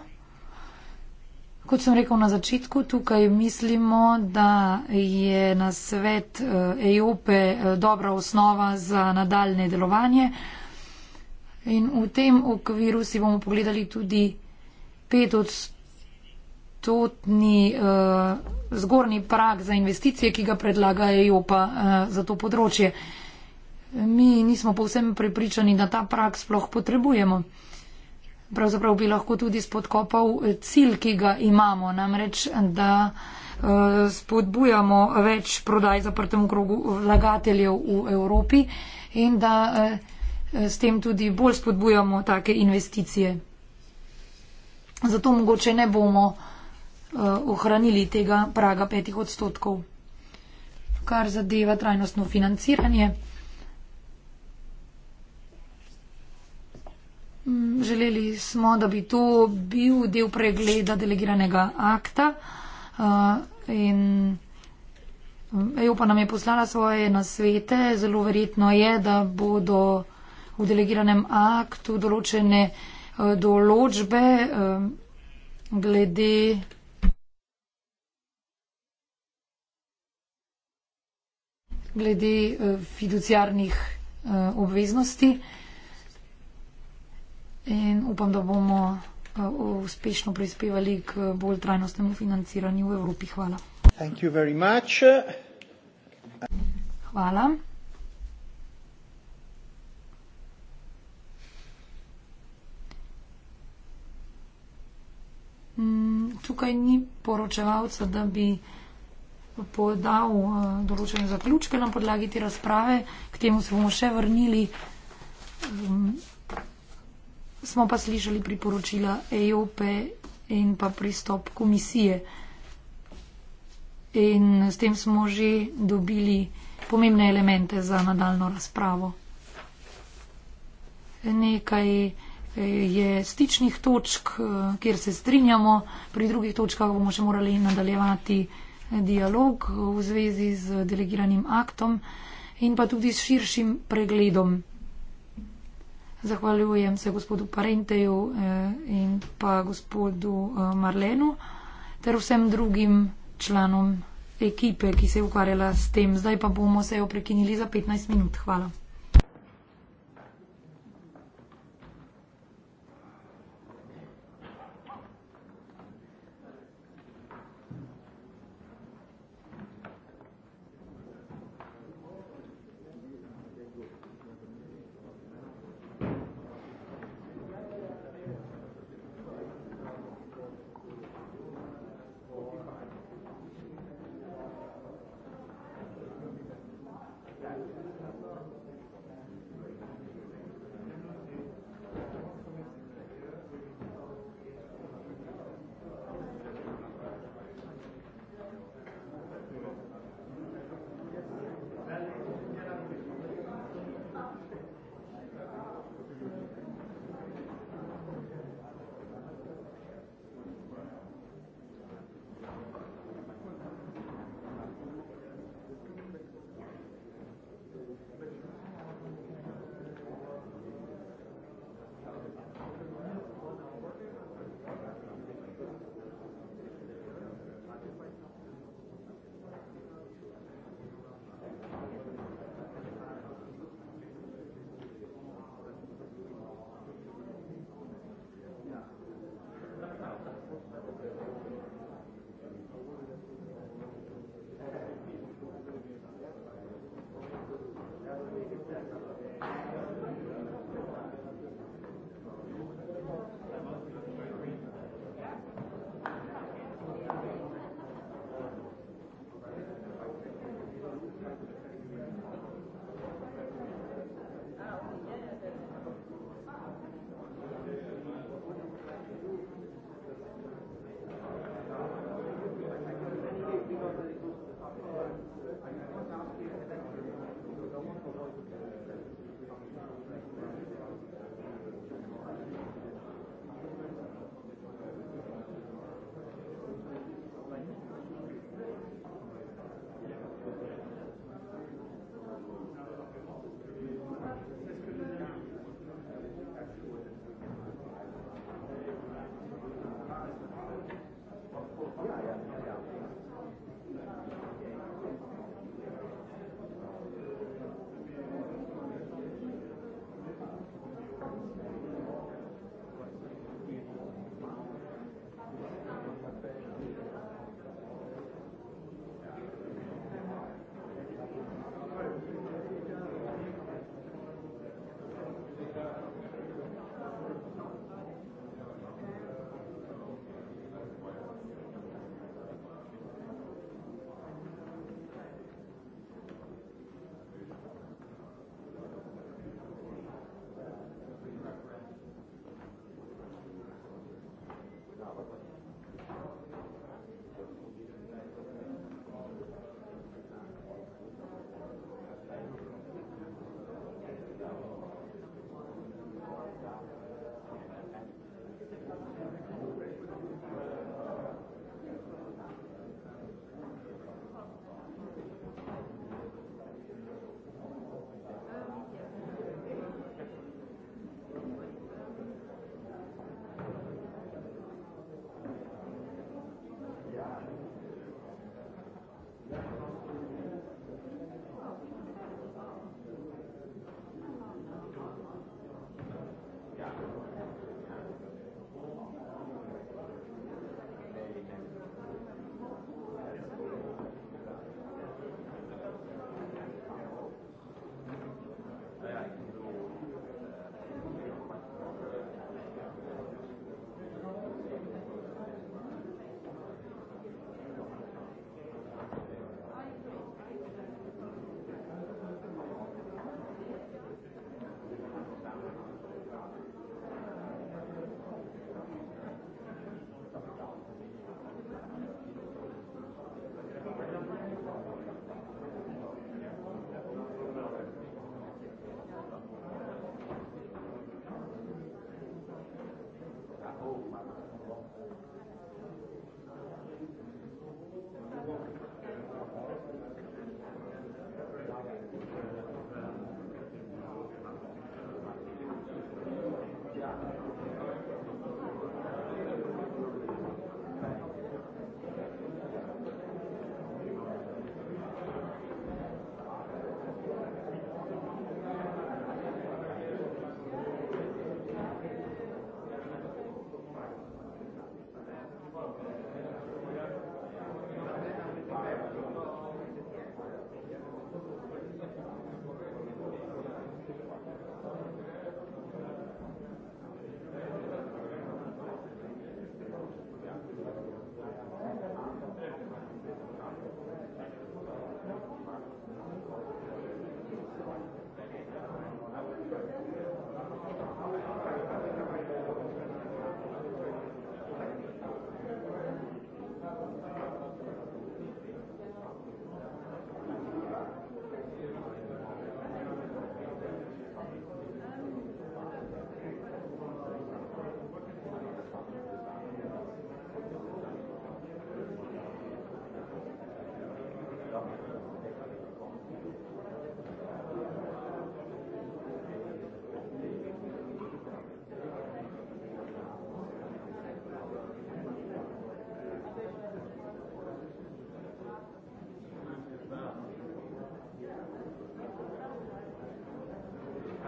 S3: kot sem rekel na začetku, tukaj mislimo, da je na svet eh, EOP-e eh, dobra osnova za nadaljne delovanje. In v tem okviru si bomo pogledali tudi 5 odstotkov tudi ni uh, zgornji prag za investicije, ki ga predlagajo pa uh, za to področje. Mi nismo povsem prepričani, da ta prag sploh potrebujemo. Pravzaprav bi lahko tudi spodkopal eh, cilj, ki ga imamo, namreč, da uh, spodbujamo več prodaj zaprtem krogu vlagateljev v Evropi in da uh, s tem tudi bolj spodbujamo take investicije. Zato mogoče ne bomo uh, Eh, ohranili tega praga petih odstotkov. Kar zadeva trajnostno financiranje, mm, želeli smo, da bi to bil del pregleda delegiranega akta eh, in eh, EU pa nam je poslala svoje nasvete. Zelo verjetno je, da bodo v delegiranem aktu določene določbe glede glede eh, fiduciarnih eh, obveznosti. In upam, da bomo eh, uspešno prispevali k bolj trajnostnemu financiranju v Evropi. Hvala. Hvala. Mm, tukaj ni poročevalca, da bi podal eh, določene zaključke na podlagi te razprave, k temu se bomo še vrnili. Um, smo pa slišali priporočila EOP in pa pristop komisije. In s tem smo že dobili pomembne elemente za nadaljno razpravo. Nekaj eh, je stičnih točk, eh, kjer se strinjamo, pri drugih točkah bomo še morali nadaljevati dialog v zvezi z delegiranim aktom in pa tudi s širšim pregledom. Zahvaljujem se gospodu Parenteju eh, in pa gospodu eh, Marlenu ter vsem drugim članom ekipe, ki se je ukvarjala s tem. Zdaj pa bomo sejo prekinili za 15 minut. Hvala.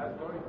S5: Yeah, I'm going.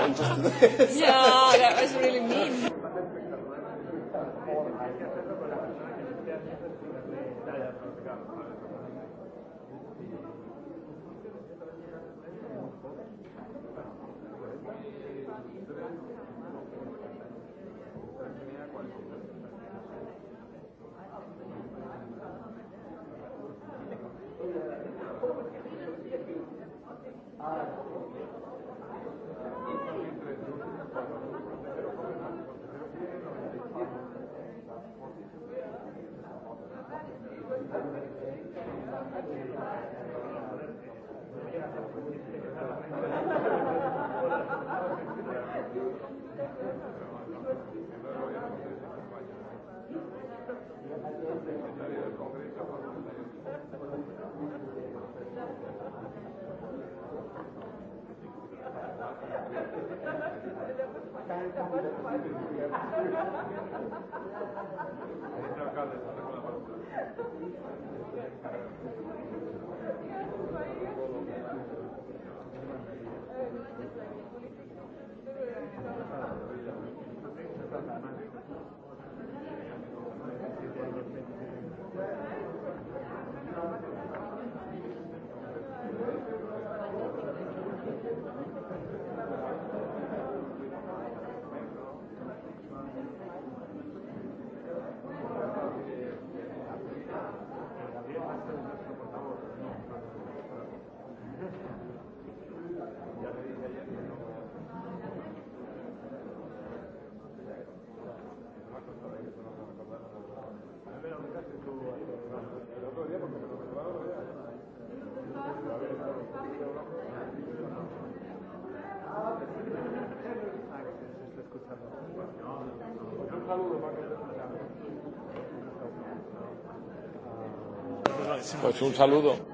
S5: and just this. Yeah, that was really mean. Thank ah, you.
S1: Pues un saludo.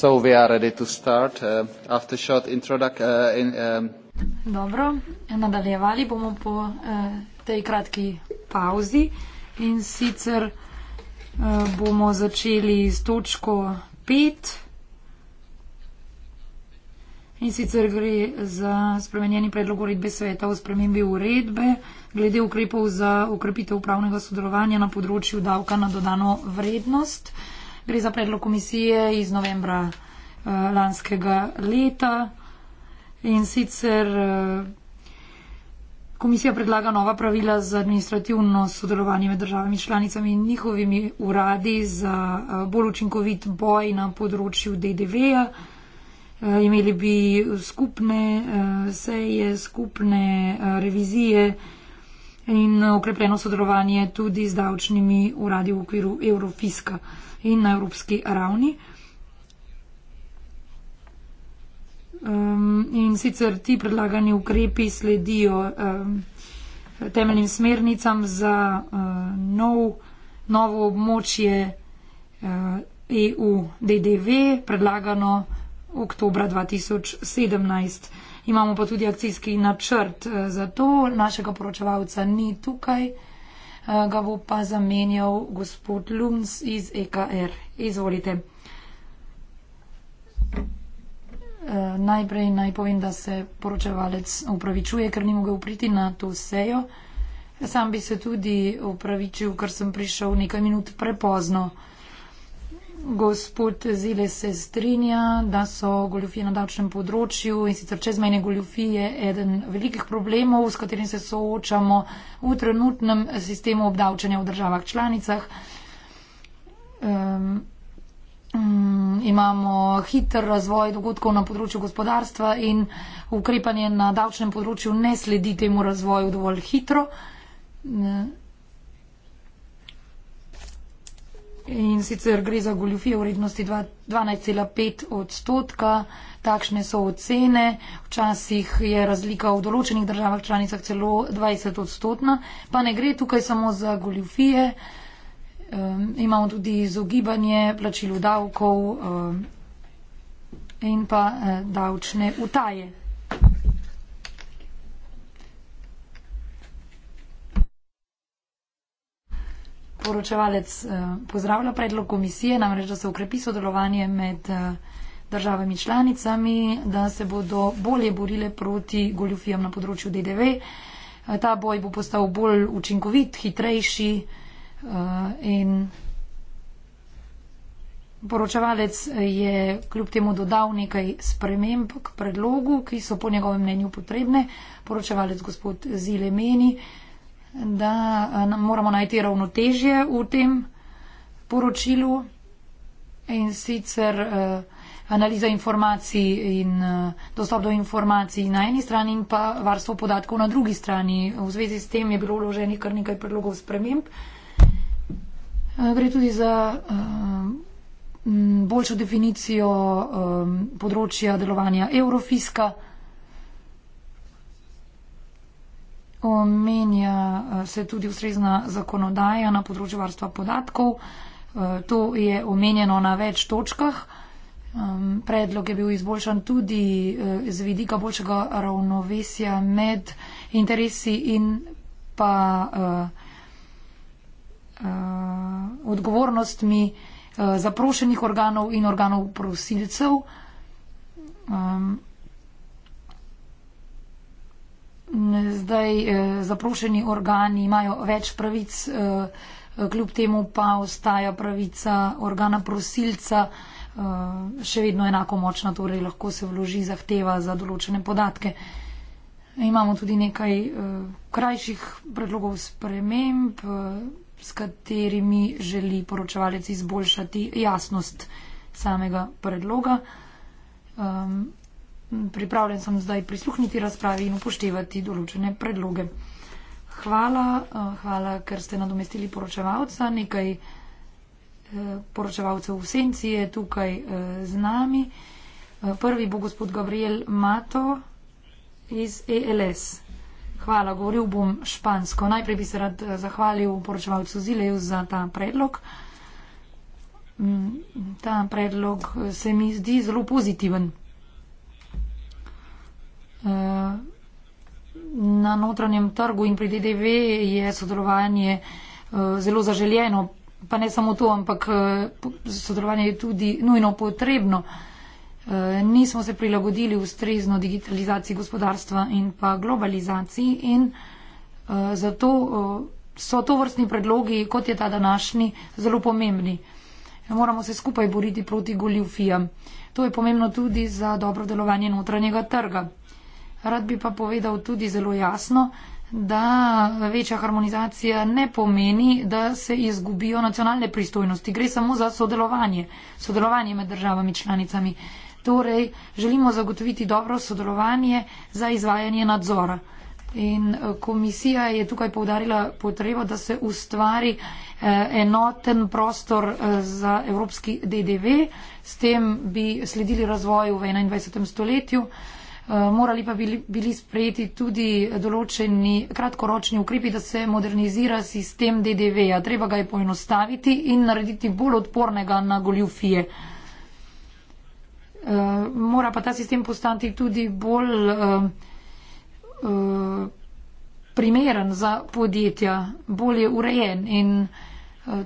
S1: So we are ready to start uh, after short introduction. Uh, um.
S3: Dobro, nadaljevali bomo po uh, tej kratki pauzi in sicer uh, bomo začeli s točko 5. In sicer gre za spremenjeni predlog uredbe sveta o spremembi uredbe glede ukrepov za ukrepitev upravnega sodelovanja na področju davka na dodano vrednost. Gre za predlog komisije iz novembra uh, lanskega leta in sicer uh, komisija predlaga nova pravila za administrativno sodelovanje med državami članicami in njihovimi uradi za uh, bolj učinkovit boj na področju DDV-ja. Imeli bi skupne seje, skupne revizije in okrepljeno sodelovanje tudi z davčnimi uradi v okviru Eurofiska in na evropski ravni. Um, in sicer ti predlagani ukrepi sledijo um, temeljnim smernicam za um, nov, novo območje um, uh, EU DDV, predlagano oktobra 2017 imamo pa tudi akcijski načrt eh, za to. Našega poročevalca ni tukaj, eh, ga bo pa zamenjal gospod Lums iz EKR. Izvolite. Eh, najprej naj povem, da se poročevalec upravičuje, ker ni mogel priti na to sejo. Sam bi se tudi upravičil, ker sem prišel nekaj minut prepozno. Uh, Gospod Zile se strinja, da so goljufije na davčnem področju in sicer čezmejne goljufije eden velikih problemov, s katerim se soočamo v trenutnem sistemu obdavčanja v državah članicah. Um, imamo hiter razvoj dogodkov na področju gospodarstva in ukrepanje na davčnem področju ne sledi temu razvoju dovolj hitro. Um, in sicer gre za goljufijo vrednosti 12,5 odstotka. Takšne so ocene, včasih je razlika v določenih državah članicah celo 20 odstotna, pa ne gre tukaj samo za goljufije, um, imamo tudi izogibanje plačilu davkov um, in pa uh, davčne utaje. poročevalec eh, pozdravlja predlog komisije, namreč, da se ukrepi sodelovanje med eh, državami članicami, da se bodo bolje borile proti goljufijam na področju DDV. Eh, ta boj bo postal bolj učinkovit, hitrejši in poročevalec je kljub temu dodal nekaj sprememb k predlogu, ki so po njegovem mnenju potrebne. Poročevalec gospod Zile meni, da eh, moramo najti ravnotežje v tem poročilu in sicer eh, analiza informacij in eh, dostop do informacij na eni strani in pa varstvo podatkov na drugi strani. V zvezi s tem je bilo vloženih kar nekaj predlogov sprememb. Gre tudi za boljšo definicijo področja delovanja eurofiska. omenja eh, se tudi ustrezna zakonodaja na področju varstva podatkov. Eh, to je omenjeno na več točkah. Predlog je bil izboljšan tudi eh, z vidika boljšega ravnovesja med interesi in pa odgovornostmi zaprošenih organov in organov prosilcev zdaj eh, zaprošeni organi imajo več pravic, eh, kljub temu pa ostaja pravica organa prosilca eh, še vedno enako močna, torej lahko se vloži zahteva za določene podatke. Imamo tudi nekaj krajših predlogov sprememb, s katerimi želi poročevalec izboljšati jasnost samega predloga. Ehm, pripravljen sem zdaj prisluhniti razpravi in upoštevati določene predloge. Hvala, eh, hvala, ker ste nadomestili poročevalca. Nekaj eh, poročevalcev v senci je tukaj eh, z nami. Prvi bo gospod Gabriel Mato iz ELS. Hvala, govoril bom špansko. Najprej bi se rad zahvalil poročevalcu Zileju za ta predlog. Mm, ta predlog se mi zdi zelo pozitiven. Na notranjem trgu in pri DDV je sodelovanje eh, zelo zaželjeno, pa ne samo to, ampak eh, sodelovanje je tudi nujno potrebno. Eh, nismo se prilagodili ustrezno digitalizaciji gospodarstva in pa globalizaciji in zato so to vrstni predlogi, kot je ta današnji, zelo pomembni. Moramo se skupaj boriti proti goljufijam. To je pomembno tudi za dobro delovanje notranjega trga. Rad bi pa povedal tudi zelo jasno, da večja harmonizacija ne pomeni, da se izgubijo nacionalne pristojnosti. Gre samo za sodelovanje, sodelovanje med državami članicami. Torej, želimo zagotoviti dobro sodelovanje za izvajanje nadzora. In eh, komisija je tukaj povdarila potrebo, da se ustvari eh, enoten prostor eh, za evropski DDV, s tem bi sledili razvoju v 21. stoletju. Eh, morali pa bili, bili sprejeti tudi določeni kratkoročni ukrepi, da se modernizira sistem DDV-ja. Treba ga je poenostaviti in narediti bolj odpornega na goljufije. Eh, mora pa ta sistem postati tudi bolj uh, uh, primeren za podjetja, bolje urejen. In uh,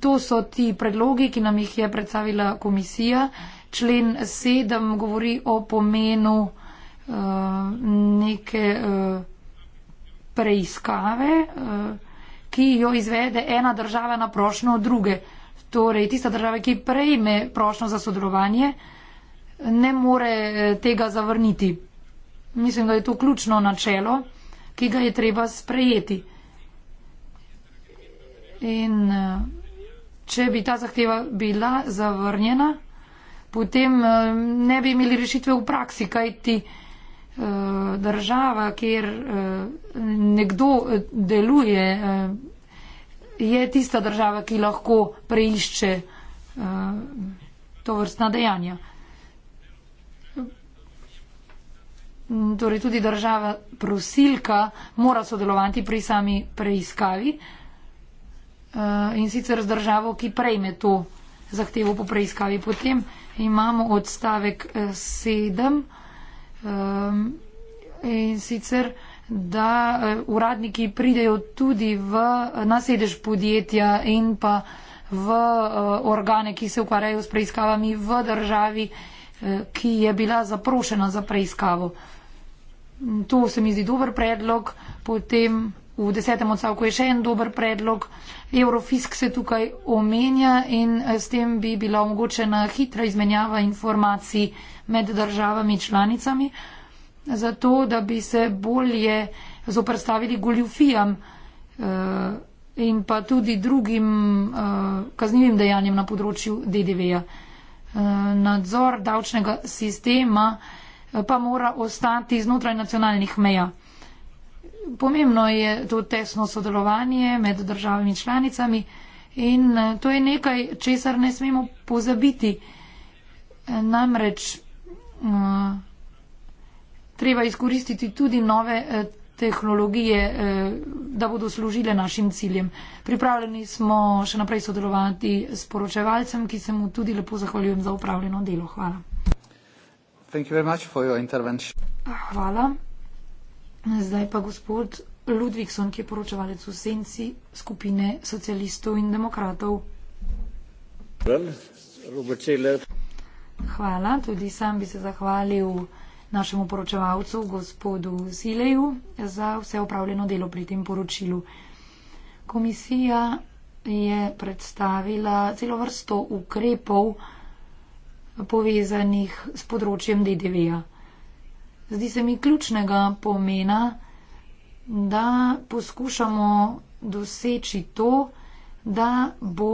S3: to so ti predlogi, ki nam jih je predstavila komisija. Uh, člen 7 govori o pomenu uh, neke uh, preiskave, uh, ki jo izvede ena država na prošnjo druge. Torej, tista država, ki prejme prošnjo za sodelovanje, ne more tega zavrniti. Mislim, da je to ključno načelo, ki ga je treba sprejeti. In če bi ta zahteva bila zavrnjena, potem eh, ne bi imeli rešitve v praksi, kaj ti eh, država, kjer eh, nekdo deluje, je tista država, ki lahko preišče to vrstna dejanja. Torej tudi država prosilka mora sodelovati pri sami preiskavi in sicer z državo, ki prejme to zahtevo po preiskavi potem imamo odstavek 7 eh, ehm, in sicer, da eh, uradniki pridejo tudi v eh, nasedež podjetja in pa v organe, ki se ukvarjajo s preiskavami v državi, ki je bila zaprošena za preiskavo. To se mi zdi dober predlog, potem v desetem odstavku je še en dober predlog. Eurofisk se tukaj omenja in eh, s tem bi bila omogočena hitra izmenjava informacij med državami članicami, zato da bi se bolje zoprstavili goljufijam eh, in pa tudi drugim eh, kaznjivim dejanjem na področju DDV-ja. Nadzor davčnega sistema pa mora ostati znotraj nacionalnih meja pomembno je to tesno sodelovanje med državami članicami in eh, to je nekaj, česar ne smemo pozabiti. Eh, namreč eh, treba izkoristiti tudi nove tehnologije, da bodo služile našim ciljem. Pripravljeni smo še naprej sodelovati s poročevalcem, ki se mu tudi lepo zahvaljujem za upravljeno delo. Hvala. Hvala. Zdaj pa gospod Ludvikson, ki je poročevalec v senci skupine socialistov in demokratov. Hvala, tudi sam bi se zahvalil našemu poročevalcu, gospodu Sileju, za vse upravljeno delo pri tem poročilu. Komisija je predstavila celo vrsto ukrepov povezanih s področjem DDV-ja zdi se mi ključnega pomena, da poskušamo doseči to, da bo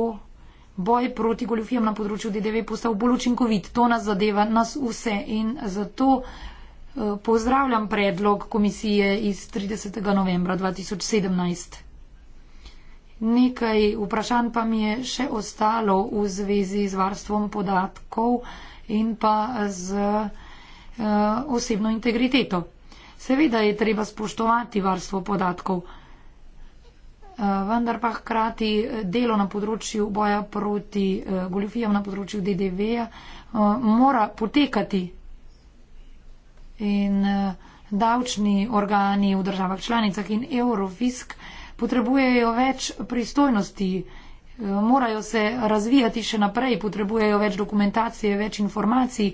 S3: boj proti goljofijam na področju DDV postal bolj učinkovit. To nas zadeva, nas vse in zato eh, pozdravljam predlog komisije iz 30. novembra 2017. Nekaj vprašanj pa mi je še ostalo v zvezi z varstvom podatkov in pa z. Eh, osebno integriteto. Seveda je treba spoštovati varstvo podatkov, eh, vendar pa hkrati eh, delo na področju boja proti goljufijam na področju DDV-ja mora potekati in davčni organi v državah članicah in Eurofisk potrebujejo več pristojnosti, morajo se razvijati še naprej, potrebujejo več dokumentacije, več informacij.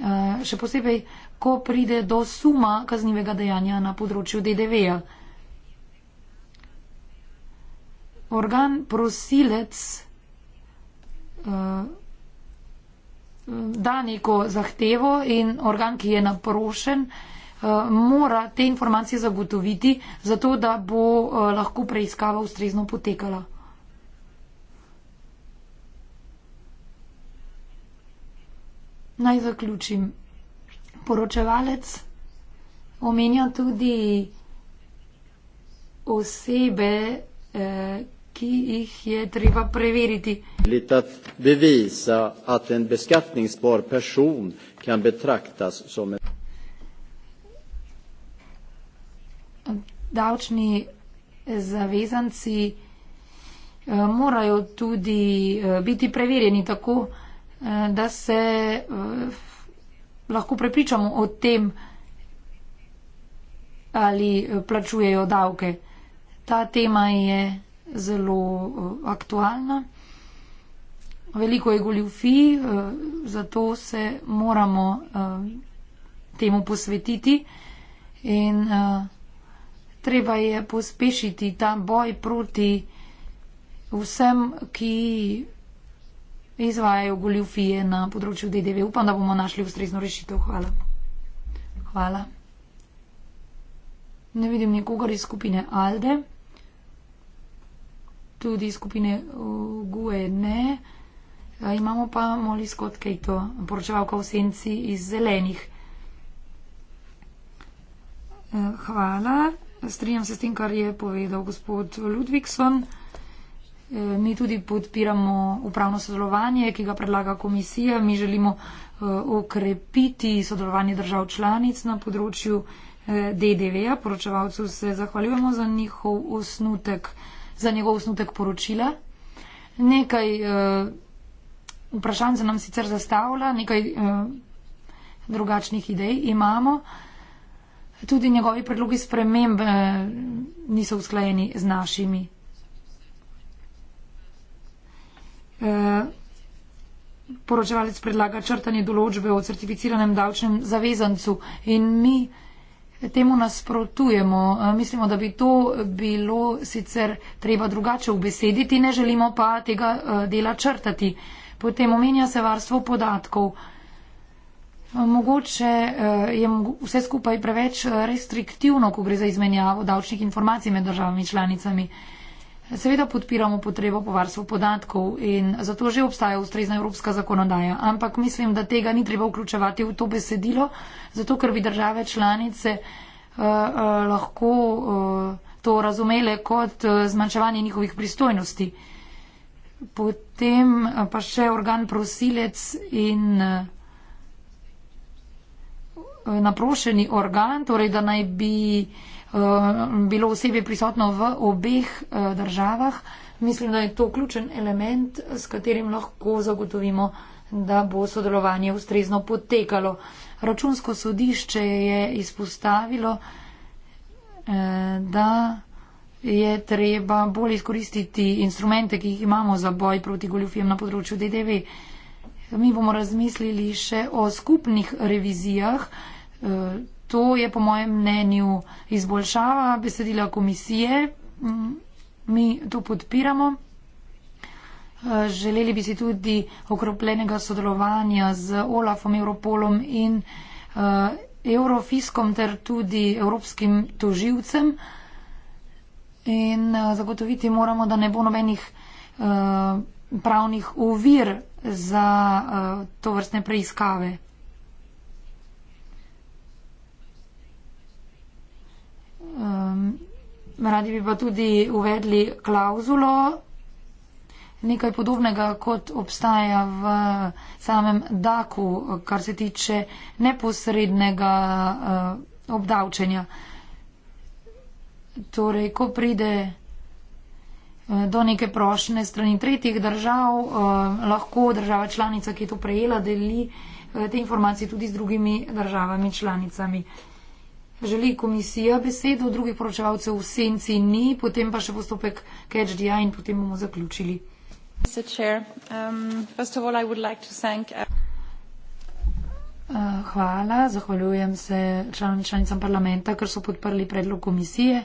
S3: Eh, še posebej, ko pride do suma kaznivega dejanja na področju DDV-ja. Organ prosilec eh, da neko zahtevo in organ, ki je naprošen, eh, mora te informacije zagotoviti, zato da bo lahko preiskava ustrezno potekala. Naj zaključim. Poročevalec omenja tudi osebe, eh, ki jih je treba preveriti.
S1: Bevisa, at en beskatningsbar person kan betraktas som en...
S3: Davčni zavezanci eh, morajo tudi eh, biti preverjeni tako, Eh, da se eh, lahko prepričamo o tem, ali eh, plačujejo davke. Ta tema je zelo aktualna. Veliko je goljufij, zato se moramo temu posvetiti in treba je pospešiti ta boj proti vsem, ki izvajajo goljufije na področju DDV. Upam, da bomo našli ustrezno rešitev. Hvala. Hvala. Ne vidim nikogar iz skupine Alde. Tudi iz skupine uh, Gue ne. Imamo pa Moli Scott Kato, poročevalka v senci iz zelenih. Eh, hvala. Strinjam se s tem, kar je povedal gospod Ludvikson. Eh, mi tudi podpiramo upravno sodelovanje, ki ga predlaga komisija. Mi želimo eh, okrepiti sodelovanje držav članic na področju eh, DDV-ja. Poročevalcu se zahvaljujemo za, osnutek, za njegov osnutek poročila. Nekaj vprašanj se nam sicer zastavlja, nekaj drugačnih idej imamo. Tudi njegovi predlogi sprememb niso usklajeni z našimi. poročevalec predlaga črtanje določbe o certificiranem davčnem zavezancu in mi temu nasprotujemo. Mislimo, da bi to bilo sicer treba drugače ubesediti, ne želimo pa tega eh, dela črtati. Potem omenja se varstvo podatkov. Mogoče eh, je vse skupaj preveč eh, restriktivno, ko gre za izmenjavo davčnih informacij med državami članicami. Seveda podpiramo potrebo po varstvu podatkov in zato že obstaja ustrezna evropska zakonodaja, ampak mislim, da tega ni treba vključevati v to besedilo, zato ker bi države članice uh, uh, lahko uh, to razumele kot uh, zmanjševanje njihovih pristojnosti. Potem pa še organ prosilec in naprošeni organ, torej da naj bi Eh, bilo osebje prisotno v obeh eh, državah. Mislim, da je to ključen element, s katerim lahko zagotovimo, da bo sodelovanje ustrezno potekalo. Računsko sodišče je izpostavilo, eh, da je treba bolj izkoristiti instrumente, ki jih imamo za boj proti goljufijem na področju DDV. Mi bomo razmislili še o skupnih revizijah To je po mojem mnenju izboljšava besedila komisije. Mm, Mi to podpiramo. Eh, Želeli bi si tudi okropljenega sodelovanja z Olafom, Europolom in eh, Eurofiskom ter tudi evropskim toživcem. In eh, zagotoviti moramo, da ne bo nobenih pravnih ovir za to vrstne preiskave. Um, radi bi pa tudi uvedli klauzulo, nekaj podobnega, kot obstaja v samem DAK-u, kar se tiče neposrednega uh, obdavčenja. Torej, ko pride eh, do neke prošne strani tretjih držav, eh, lahko država članica, ki je to prejela, deli eh, te informacije tudi z drugimi državami članicami. Želi komisija besedo, drugih poročevalcev v senci ni, potem pa še postopek catch the eye in potem bomo zaključili. Um, uh, uh, hvala, zahvaljujem se članicam parlamenta, ker so podprli predlog komisije.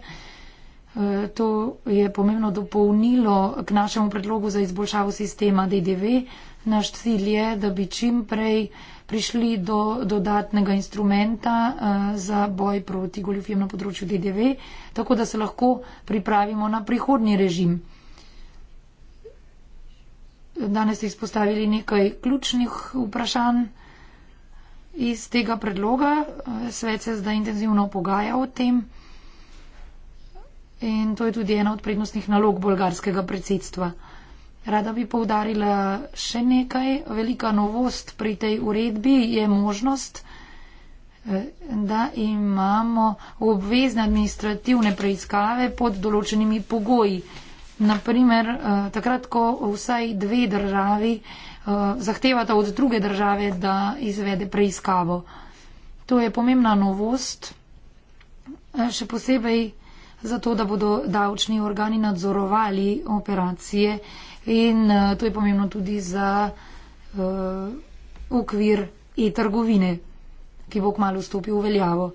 S3: Uh, to je pomembno dopolnilo k našemu predlogu za izboljšavo sistema DDV. Naš cilj je, da bi čim prej prišli do dodatnega instrumenta eh, za boj proti goljufijem na področju DDV, tako da se lahko pripravimo na prihodnji režim. Danes ste izpostavili nekaj ključnih vprašanj iz tega predloga. Eh, svet se zdaj intenzivno pogaja o tem. In to je tudi ena od prednostnih nalog bolgarskega predsedstva. Rada bi povdarila še nekaj. Velika novost pri tej uredbi je možnost, eh, da imamo obvezne administrativne preiskave pod določenimi pogoji. Naprimer, eh, takrat, ko vsaj dve državi eh, zahtevata od druge države, da izvede preiskavo. To je pomembna novost, še posebej zato, da bodo davčni organi nadzorovali operacije In uh, to je pomembno tudi za uh, okvir e-trgovine, ki bo kmalo vstopil v veljavo.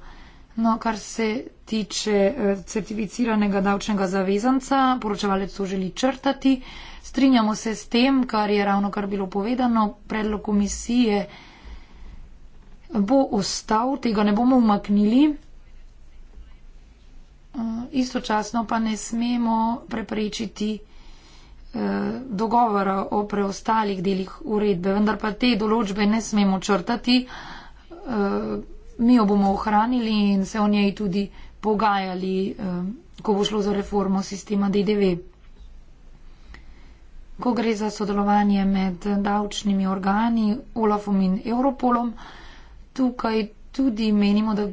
S3: No, kar se tiče eh, certificiranega davčnega zavezanca, poročevalec to želi črtati. Strinjamo se s tem, kar je ravno kar bilo povedano, predlog komisije bo ostal, tega ne bomo umaknili. Istočasno pa ne smemo preprečiti Eh, dogovora o preostalih delih uredbe, vendar pa te določbe ne smemo črtati. Eh, mi jo bomo ohranili in se o njej tudi pogajali, eh, ko bo šlo za reformo sistema DDV. Ko gre za sodelovanje med davčnimi organi, Olafom in Europolom, tukaj tudi menimo, da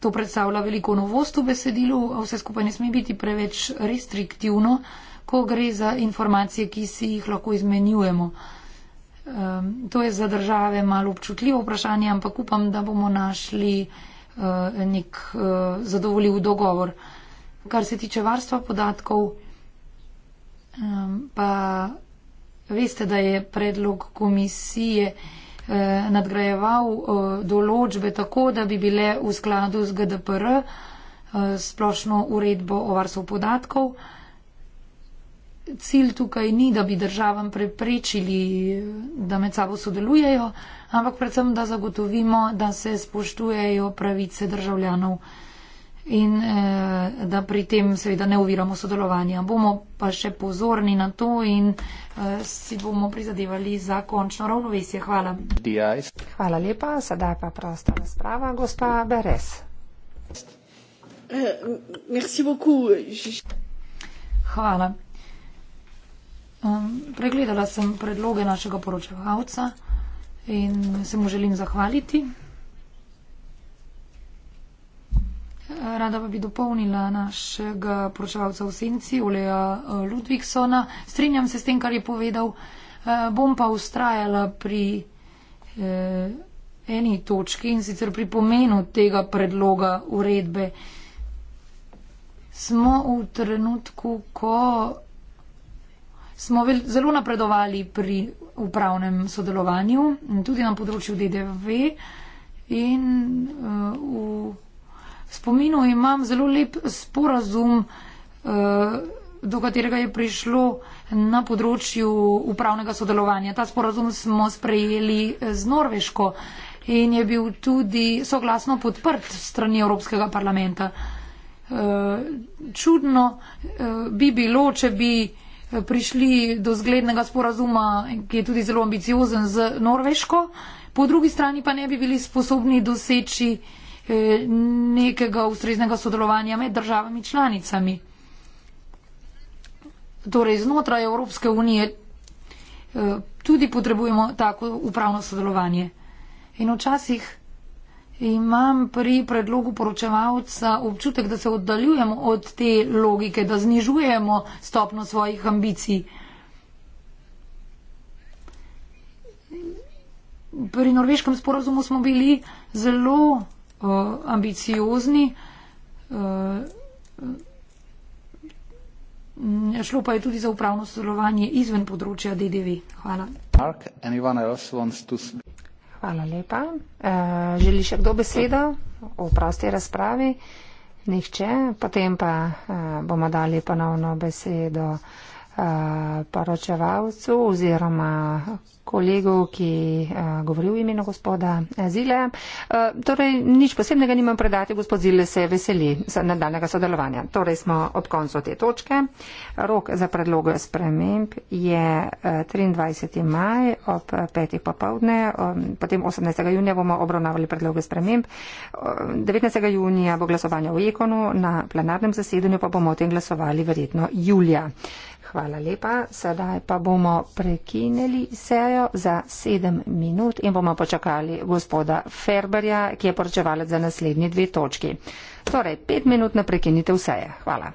S3: to predstavlja veliko novost v besedilu, vse skupaj ne sme biti preveč restriktivno ko gre za informacije, ki si jih lahko izmenjujemo. Um, to je za države malo občutljivo vprašanje, ampak upam, da bomo našli uh, nek uh, zadovoljiv dogovor. Kar se tiče varstva podatkov, um, pa veste, da je predlog komisije uh, nadgrajeval uh, določbe tako, da bi bile v skladu z GDPR uh, splošno uredbo o varstvu podatkov. Uh, cilj tukaj ni, da bi državam preprečili, da med sabo sodelujejo, ampak predvsem, da zagotovimo, da se spoštujejo pravice državljanov in eh, da pri tem seveda ne uviramo sodelovanja. Bomo pa še pozorni na to in eh, si bomo prizadevali za končno ravnovesje. Hvala.
S4: Hvala lepa. Sedaj pa prosta razprava. Gospa Beres.
S3: Eh, Hvala. Um, pregledala sem predloge našega poročevalca in se mu želim zahvaliti. Rada pa bi dopolnila našega poročevalca v senci, Oleja e, Ludvigsona. Strinjam se s tem, kar je povedal. Uh, bom pa ustrajala pri uh, eni točki in sicer pri pomenu tega predloga uredbe. Smo v trenutku, ko smo zelo napredovali pri upravnem sodelovanju, tudi na področju DDV. In uh, v spominu imam zelo lep sporazum, uh, do katerega je prišlo na področju upravnega sodelovanja. Ta sporazum smo sprejeli eh, z Norveško in je bil tudi soglasno podprt strani Evropskega parlamenta. Uh, čudno uh, bi bilo, če bi prišli do zglednega sporazuma, ki je tudi zelo ambiciozen z Norveško, po drugi strani pa ne bi bili sposobni doseči eh, nekega ustreznega sodelovanja med državami članicami. Torej, znotraj Evropske unije eh, tudi potrebujemo tako upravno sodelovanje. In včasih Imam pri predlogu poročevalca občutek, da se oddaljujemo od te logike, da znižujemo stopno svojih ambicij. Pri norveškem sporazumu smo bili zelo uh, ambiciozni. Uh, šlo pa je tudi za upravno sodelovanje izven področja
S4: DDV. Hvala. Mark, Hvala lepa. E, želi še kdo besedo v prosti razpravi? Nihče. Potem pa e, bomo dali ponovno besedo. Eh, poročevalcu oziroma kolegu, ki eh, govori v imenu gospoda eh, Zile. Torej, nič posebnega nimam predati, gospod Zile se veseli nadaljnega sodelovanja. Torej, smo ob koncu te točke. Rok za predlog sprememb je 23. maj ob 5. popovdne, ehm, potem 18. junija bomo obravnavali predloge sprememb, 19. Ehm, junija bo glasovanje v Ekonu, na plenarnem zasedanju pa bomo o tem glasovali verjetno julija. Hvala lepa. Sedaj pa bomo prekinili sejo za sedem minut in bomo počakali gospoda Ferberja, ki je poročevalec za naslednji dve točki. Torej, pet minut na prekinitev seje.
S1: Hvala.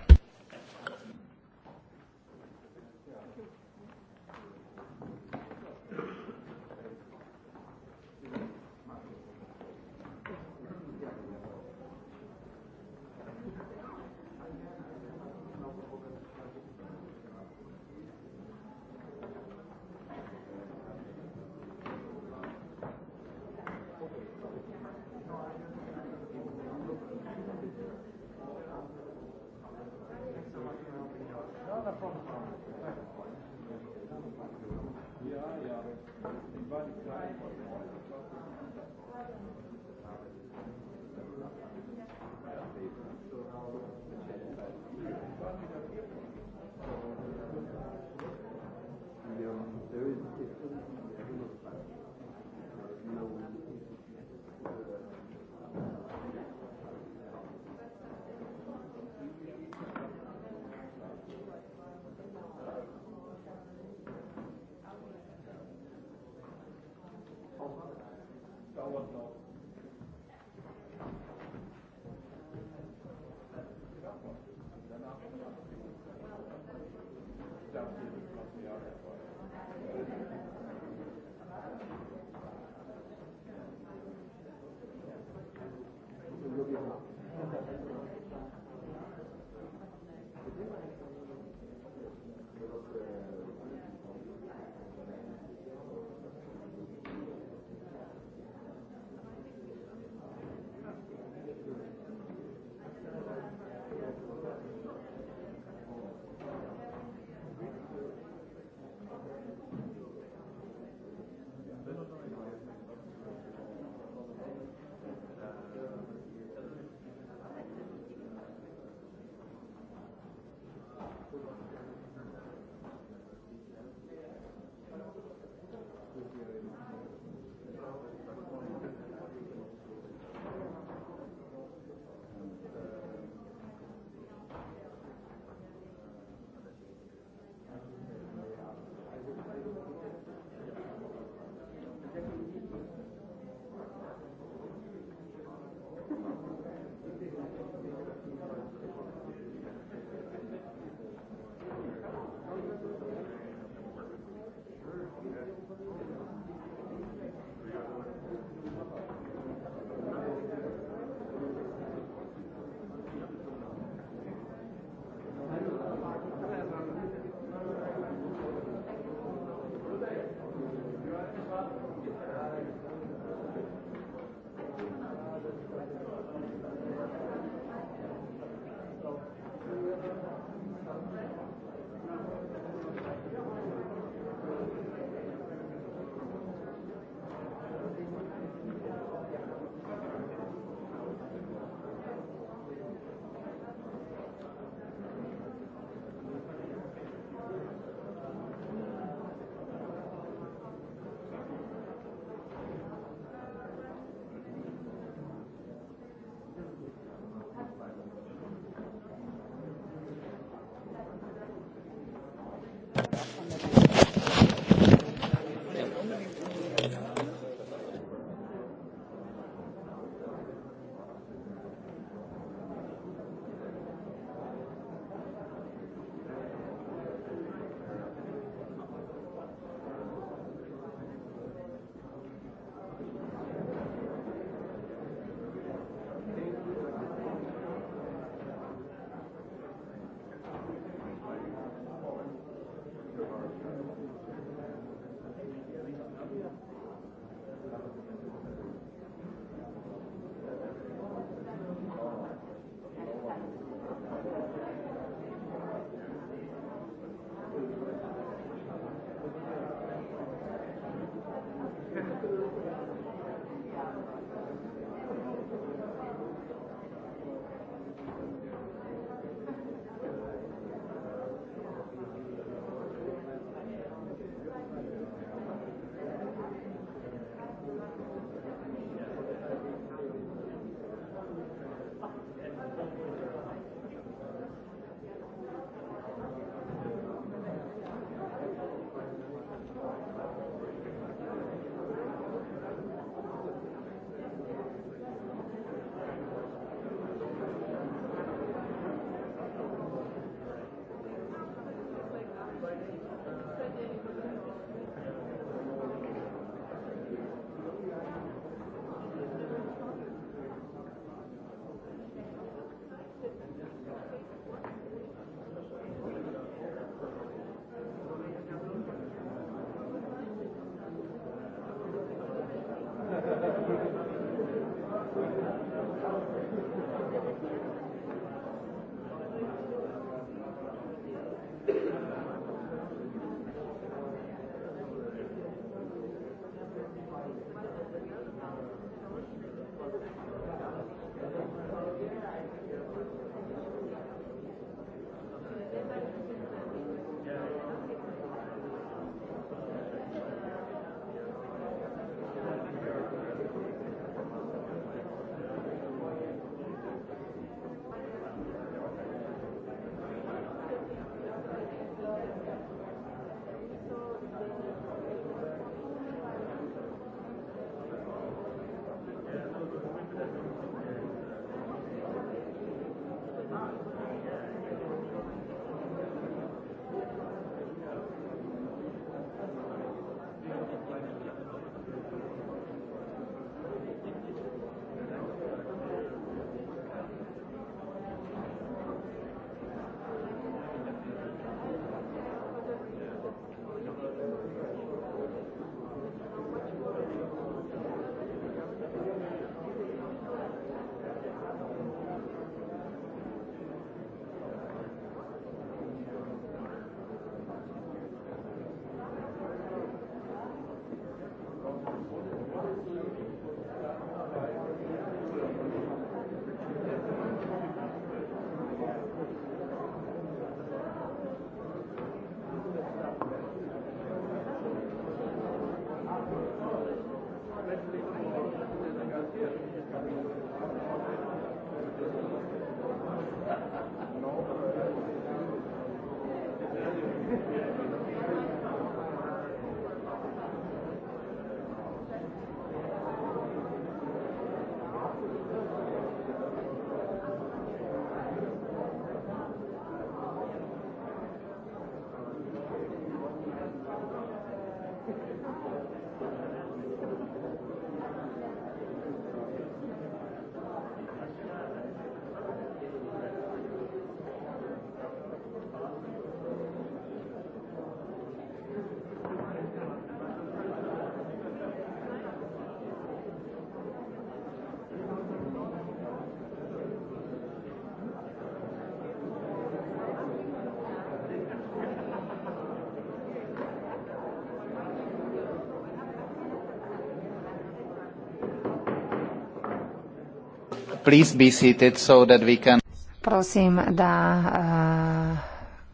S1: please be seated so that we can.
S4: Prosim, da uh,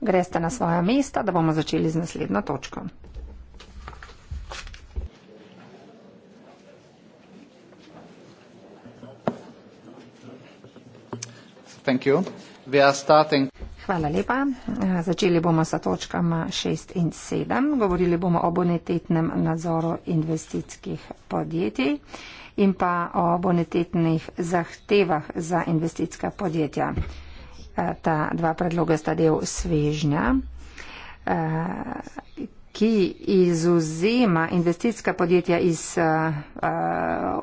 S4: greste na svoja mesta, da bomo začeli z naslednjo točko. Hvala lepa. Eh, začeli bomo sa točkama 6 in 7. Govorili bomo o bonitetnem nadzoru investicijskih podjetij. Uh, in pa o bonitetnih zahtevah za investicijska podjetja. E, ta dva predloga sta del svežnja, e, ki izuzema investicijska podjetja iz e,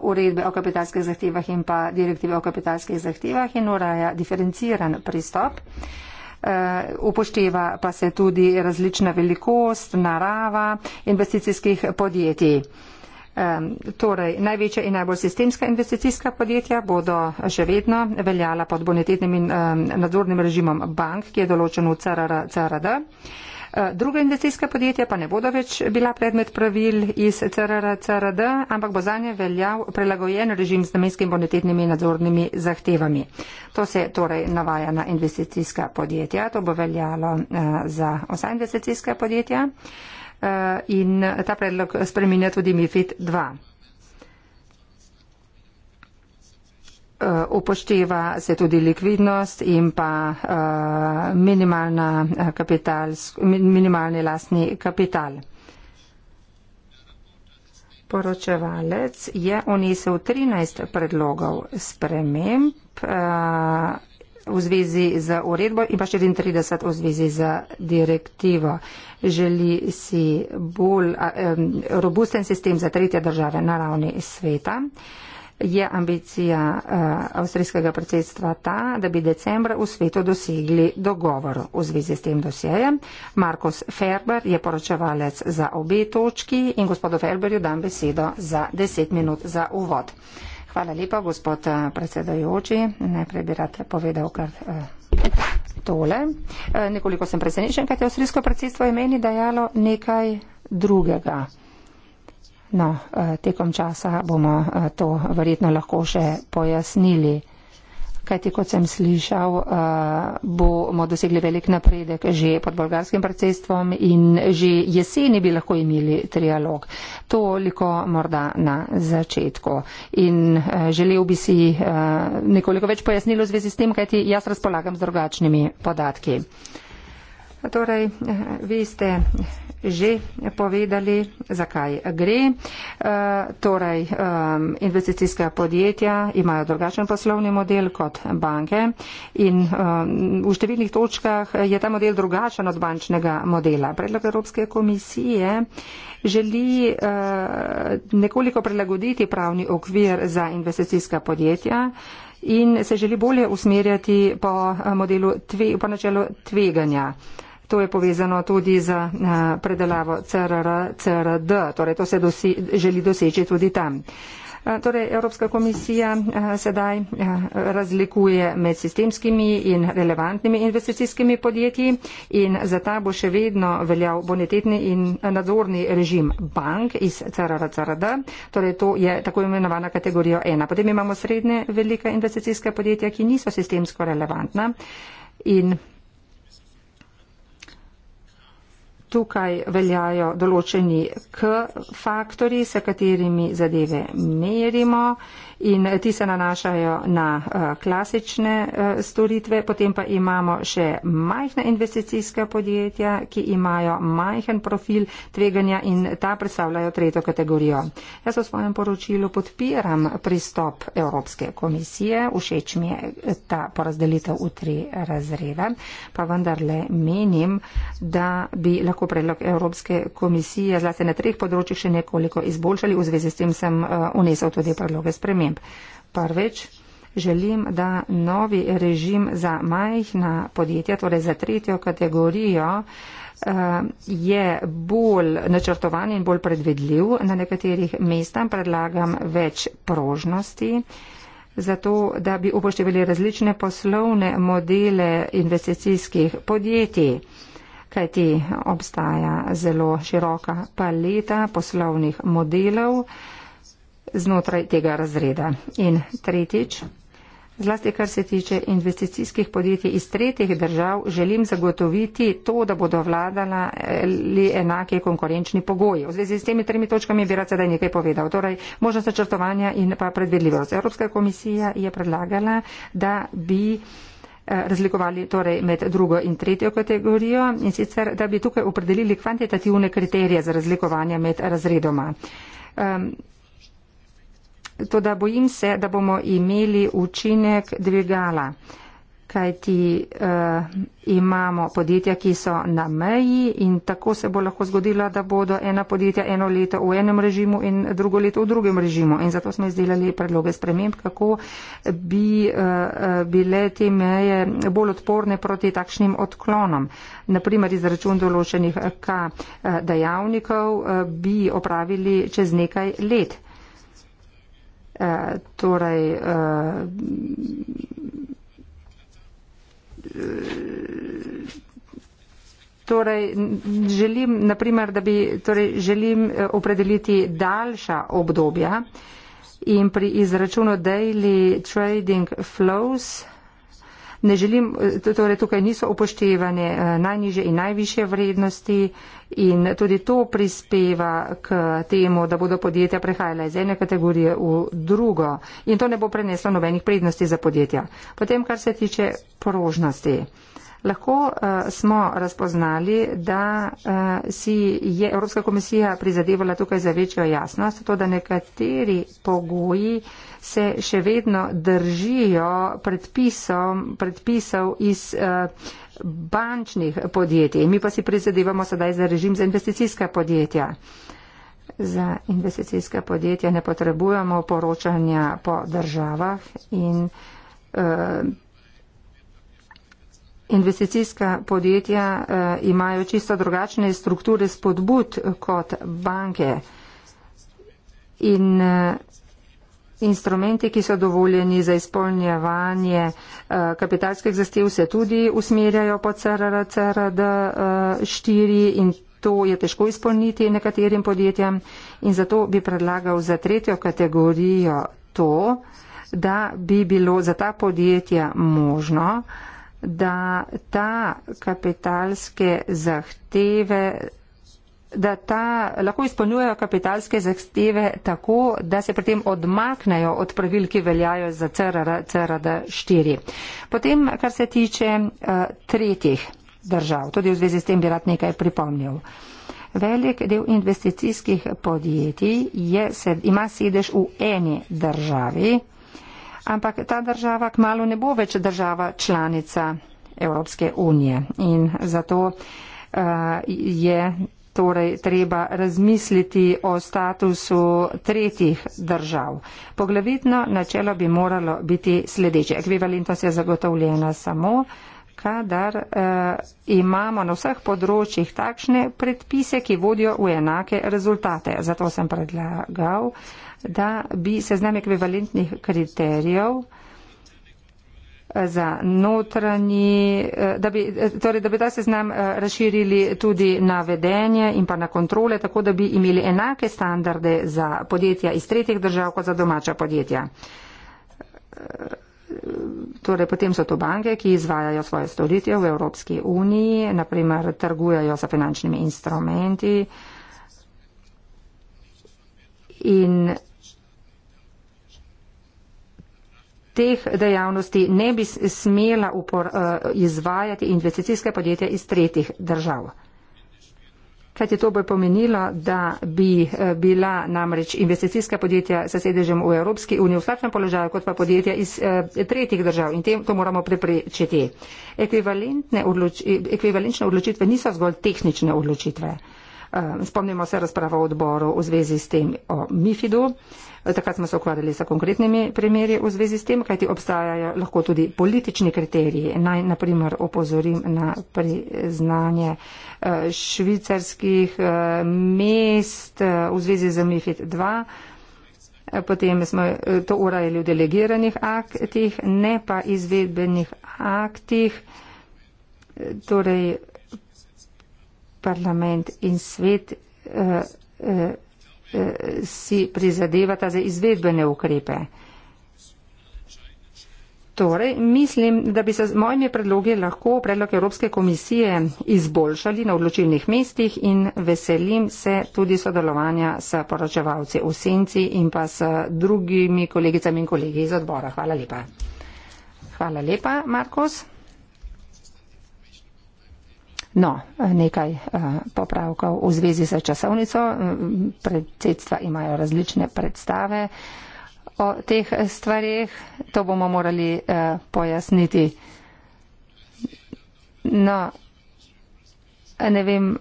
S4: uredbe o kapitalskih zahtevah in pa direktive o kapitalskih zahtevah in uraja diferenciran pristop. Upošteva pa se tudi različna velikost, narava investicijskih podjetij. Torej, največja in najbolj sistemska investicijska podjetja bodo še vedno veljala pod bonitetnim in nadzornim režimom bank, ki je določen v CRRD. E, druga investicijska podjetja pa ne bodo več bila predmet pravil iz CRRD, ampak bo za nje veljal prelagojen režim z namenskim bonitetnimi in nadzornimi zahtevami. To se torej navaja na investicijska podjetja, to bo veljalo e, za vsa investicijska podjetja. Eh, in ta predlog spreminja tudi MIFID 2. Eh, upošteva se tudi likvidnost in pa eh, kapital, minimalni lastni kapital. Poročevalec je unesel 13 predlogov sprememb v zvezi z uredbo in pa 34 v zvezi z direktivo. Želi si bolj um, robusten sistem za tretje države na ravni sveta. Je ambicija uh, avstrijskega predsedstva ta, da bi decembra v svetu dosegli dogovor v zvezi s tem dosjejem. Markus Ferber je poročevalec za obe točki in gospodu Ferberju dam besedo za 10 minut za uvod. Hvala lepa, gospod eh, predsedajoči. Najprej bi rad povedal kar eh, tole. Eh, nekoliko sem presenečen, kaj je avstrijsko predsedstvo je meni dajalo nekaj drugega. No, tekom časa bomo to verjetno lahko še pojasnili kajti kot sem slišal, eh, bomo dosegli velik napredek že pod bolgarskim predsedstvom in že jeseni bi lahko imeli trialog. Toliko morda na začetku. In eh, želel bi si eh, nekoliko več pojasnilo v zvezi s tem, kajti jaz razpolagam z drugačnimi podatki. Torej, vi ste že povedali, zakaj gre. E, torej, e, investicijska podjetja imajo drugačen poslovni model kot banke in e, v številnih točkah je ta model drugačen od bančnega modela. Predlog Evropske komisije želi e, nekoliko prilagoditi pravni okvir za investicijska podjetja in se želi bolje usmerjati po, eh, modelu, po načelu tveganja. To je povezano tudi z eh, predelavo CRR, CRD, torej to se dosi, želi doseči tudi tam. Eh, torej, Evropska komisija eh, sedaj razlikuje med sistemskimi in relevantnimi investicijskimi podjetji in za ta bo še vedno veljal bonitetni in nadzorni režim bank iz CRRCRD, torej to je tako imenovana kategorija 1. Potem imamo srednje velike investicijske podjetja, ki niso sistemsko relevantna. In tukaj veljajo določeni k faktori, s katerimi zadeve merimo in ti se nanašajo na eh, klasične eh, storitve. Potem pa imamo še majhne investicijske podjetja, ki imajo majhen profil tveganja in ta predstavljajo tretjo kategorijo. Jaz v svojem poročilu podpiram pristop Evropske komisije, všeč mi je eh, ta porazdelitev v tri razrede, pa vendarle menim, da bi lahko lahko predlog Evropske komisije zlasti na treh področjih še nekoliko izboljšali. V zvezi s tem sem unesel eh, tudi predloge sprememb. Prvič, želim, da novi režim za majhna podjetja, torej za tretjo kategorijo, eh, je bolj načrtovan in bolj predvedljiv. Na nekaterih mestah predlagam več prožnosti zato da bi upoštevali različne poslovne modele investicijskih podjetij kajti obstaja zelo široka paleta poslovnih modelov znotraj tega razreda. In tretjič, zlasti kar se tiče investicijskih podjetij iz tretjih držav, želim zagotoviti to, da bodo vladala eh, li enake konkurenčni pogoji. V zvezi s temi tremi točkami bi rad sedaj nekaj povedal. Torej, možnost načrtovanja in pa predvidljivost. Evropska komisija je predlagala, da bi Eh, razlikovali torej med drugo in tretjo kategorijo in sicer, da bi tukaj opredelili kvantitativne kriterije za razlikovanje med razredoma. Um, to da bojim se, da bomo imeli učinek dvigala. Uh, kajti uh, imamo podjetja, ki so na meji in tako se bo lahko zgodilo, da bodo ena podjetja eno leto v enem režimu in drugo leto v drugem režimu. In zato smo izdelali predloge sprememb, kako bi uh, bile te meje bolj odporne proti takšnim odklonom. Naprimer, izračun določenih K dejavnikov uh, bi opravili čez nekaj let. Uh, torej, uh, Torej, želim, naprimer, da bi torej, želim eh, opredeliti daljša obdobja in pri izračunu daily trading flows ne želim, eh, torej tukaj niso upoštevane eh, najniže in najviše vrednosti in tudi to prispeva k temu, da bodo podjetja prehajala iz ene kategorije v drugo in to ne bo preneslo nobenih prednosti za podjetja. Potem, kar se tiče porožnosti lahko uh, smo razpoznali, da uh, si je Evropska komisija prizadevala tukaj za večjo jasnost, to, da nekateri pogoji se še vedno držijo predpisov iz uh, bančnih podjetij. Mi pa si prizadevamo sedaj za režim za investicijska podjetja. Za investicijska podjetja ne potrebujemo poročanja po državah in uh, investicijska podjetja eh, imajo čisto drugačne strukture spodbud kot banke in eh, instrumenti, ki so dovoljeni za izpolnjevanje eh, kapitalskih zastev, se tudi usmerjajo po CRR, CRD 4 in to je težko izpolniti nekaterim podjetjem in zato bi predlagal za tretjo kategorijo to, da bi bilo za ta podjetja možno, da ta kapitalske zahteve, da ta lahko izpolnjujejo kapitalske zahteve tako, da se potem odmaknejo od pravil, ki veljajo za CRR, CRD 4. Potem, kar se tiče uh, tretjih držav, tudi v zvezi s tem bi rad nekaj pripomnil. Velik del investicijskih podjetij je, se, ima sedež v eni državi, ampak ta država kmalo ne bo več država članica Evropske unije. In zato uh, je torej treba razmisliti o statusu tretjih držav. Poglavitno načelo bi moralo biti sledeče. Ekvivalentnost je zagotovljena samo kadar eh, imamo na vseh področjih takšne predpise, ki vodijo v enake rezultate. Zato sem predlagal eh, da bi seznam ekvivalentnih kriterijev eh, za notranji, eh, da bi, eh, torej, da bi ta seznam razširili tudi na vedenje in pa na kontrole, tako da bi imeli enake standarde za podjetja iz tretjih držav kot za domača podjetja. Torej, potem so to banke, ki izvajajo svoje storitve v Evropski uniji, naprimer trgujajo sa finančnimi instrumenti, in teh dejavnosti ne bi smela upor, eh, izvajati investicijske podjetja iz tretjih držav. Kaj ti to bo pomenilo, da bi eh, bila namreč investicijska podjetja s sedežem v Evropski uniji v slabšem položaju kot pa podjetja iz eh, tretjih držav in tem to moramo preprečiti. Odloči, ekvivalentne odločitve niso zgolj tehnične odločitve. Eh, Ehm, spomnimo se razprava v odboru v zvezi s tem o MIFID-u. Takrat smo se ukvarjali sa konkretnimi primeri v zvezi s tem, kajti obstajajo lahko tudi politični kriteriji. Naj naprimer opozorim na priznanje eh, švicarskih eh, mest eh, v zvezi z MIFID 2. Potem smo to urajali v delegiranih aktih, ne pa izvedbenih aktih. Torej, parlament in svet uh, uh, uh, si prizadevata za izvedbene ukrepe. Torej, mislim, da bi se z mojimi predlogi lahko predlog Evropske komisije izboljšali na odločilnih mestih in veselim se tudi sodelovanja s poročevalci v senci in pa s drugimi kolegicami in kolegi iz odbora. Hvala lepa. Hvala lepa, Markos. No, nekaj eh, popravkov v zvezi s časovnico. Mm, predsedstva imajo različne predstave o teh eh, stvarih. To bomo morali eh, pojasniti. No, ne vem,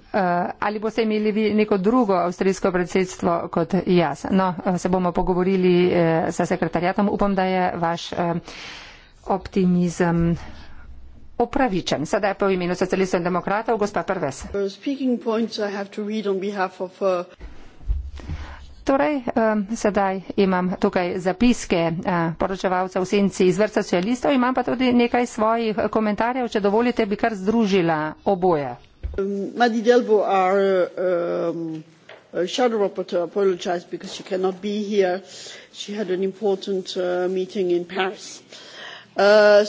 S4: ali boste imeli vi neko drugo avstrijsko predsedstvo kot jaz. No, se bomo pogovorili s sekretarjatom. Upam, da je vaš optimizem opravičen. Sedaj pa v imenu socialistov in demokratov, gospa Prves. Uh, uh, torej, um, sedaj imam tukaj zapiske uh, poročevalca v senci iz vrsta socialistov, imam pa tudi nekaj svojih komentarjev, če dovolite, bi kar združila oboje.
S1: Um, um uh, Shadow Rapporteur apologized because she cannot be here. She had an important uh, meeting in Paris. Uh,
S4: Uh,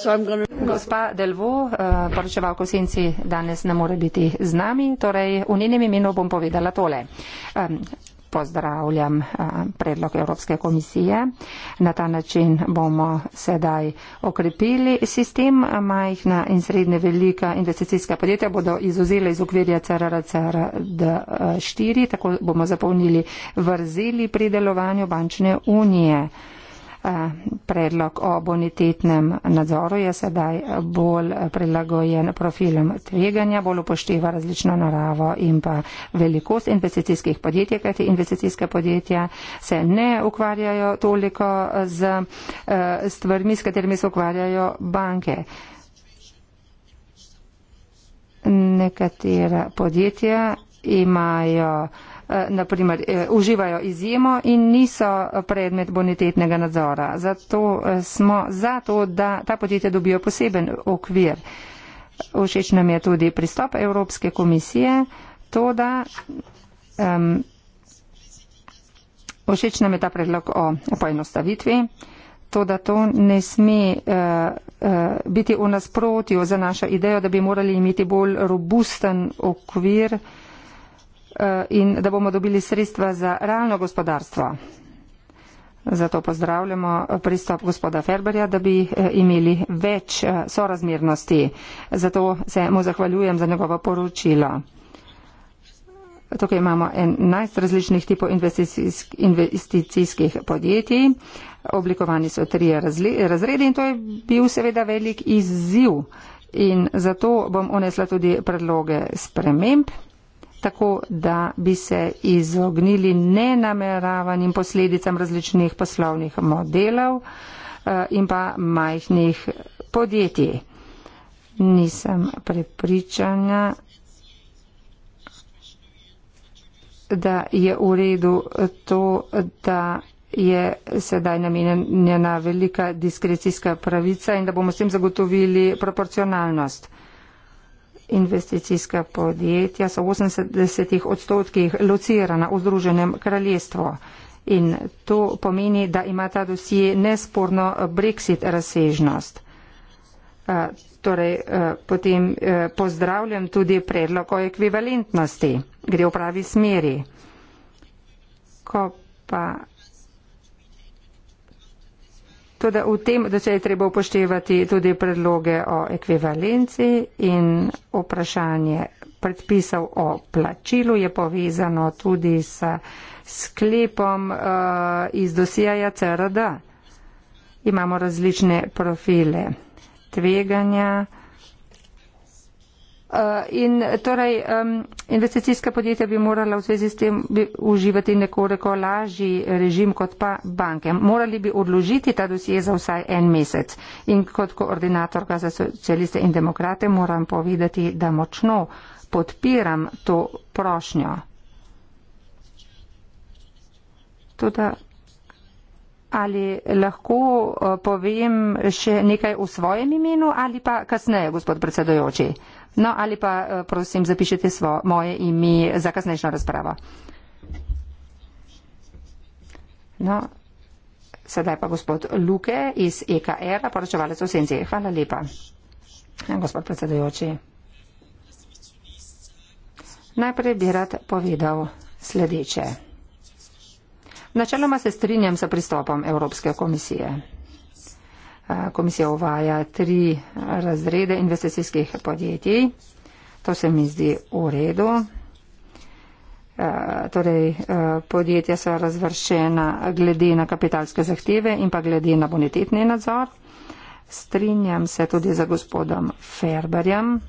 S4: Gospa Delvo, uh, poročevalko senci danes ne more biti z nami, torej v njenem imenu bom povedala tole. Um, pozdravljam uh, predlog Evropske komisije. Na ta način bomo sedaj okrepili sistem. Majhna in srednje velika investicijska podjetja bodo izuzela iz okvirja CRRCRD4, e, tako bomo zapolnili vrzeli pri delovanju bančne unije predlog o bonitetnem nadzoru je sedaj bolj prilagojen profilom tveganja, bolj upošteva različno naravo in pa velikost investicijskih podjetij, kajti investicijske podjetja se ne ukvarjajo toliko z e, stvarmi, s katerimi se ukvarjajo banke. Nekatera podjetja imajo Eh, naprimer, eh, uživajo izjemo in niso predmet bonitetnega nadzora. Zato eh, smo za to, da ta podjetja dobijo poseben okvir. Všeč nam je tudi pristop Evropske komisije, to, da. Um, Ošeč nam je ta predlog o poenostavitvi, to, da to ne sme uh, uh, biti v nasprotju za našo idejo, da bi morali imeti bolj robusten okvir uh, Eh, in da bomo dobili sredstva za realno gospodarstvo. Zato pozdravljamo eh, pristop gospoda Ferberja, da bi eh, imeli več sorazmernosti. Zato se mu zahvaljujem za njegovo poročilo. Tukaj imamo 11 različnih tipov investicijskih podjetij. Oblikovani so tri razredi in to je bil seveda velik izziv. In zato bom unesla tudi predloge sprememb tako da bi se izognili nenameravanim posledicam različnih poslovnih modelov eh, in pa majhnih podjetij. Nisem prepričana, da je v redu to, da je sedaj namenjena velika diskrecijska pravica in da bomo s tem zagotovili proporcionalnost investicijska podjetja so v 80 odstotkih locirana v Združenem kraljestvu. In to pomeni, da ima ta dosije nesporno brexit razsežnost. Eh, torej, eh, potem eh, pozdravljam tudi predlog o ekvivalentnosti, gre v pravi smeri. Ko pa Toda v tem, da se je treba upoštevati tudi predloge o ekvivalenci in vprašanje predpisov o plačilu je povezano tudi s sklepom uh, iz dosijaja CRD. Imamo različne profile tveganja, Eh, in torej um, investicijska podjetja bi morala v zvezi s tem uživati nekoliko lažji režim kot pa banke. Morali bi odložiti ta dosje za vsaj en mesec in kot koordinatorka za socialiste in demokrate moram povedati, da močno podpiram to prošnjo. Tudi ali lahko eh, povem še nekaj v svojem imenu ali pa kasneje, gospod predsedojoči. No ali pa eh, prosim zapišite svo, moje ime za kasnejšo razpravo. No, sedaj pa gospod Luke iz EKR, poročevalec v Senci. Hvala lepa, ja, gospod predsedujoči. Najprej bi rad povedal sledeče. Načeloma se strinjam s pristopom Evropske komisije komisija uvaja tri razrede investicijskih podjetij. To se mi zdi v redu. Torej, podjetja so razvršena glede na kapitalske zahteve in pa glede na bonitetni nadzor. Strinjam se tudi za gospodom Ferberjem,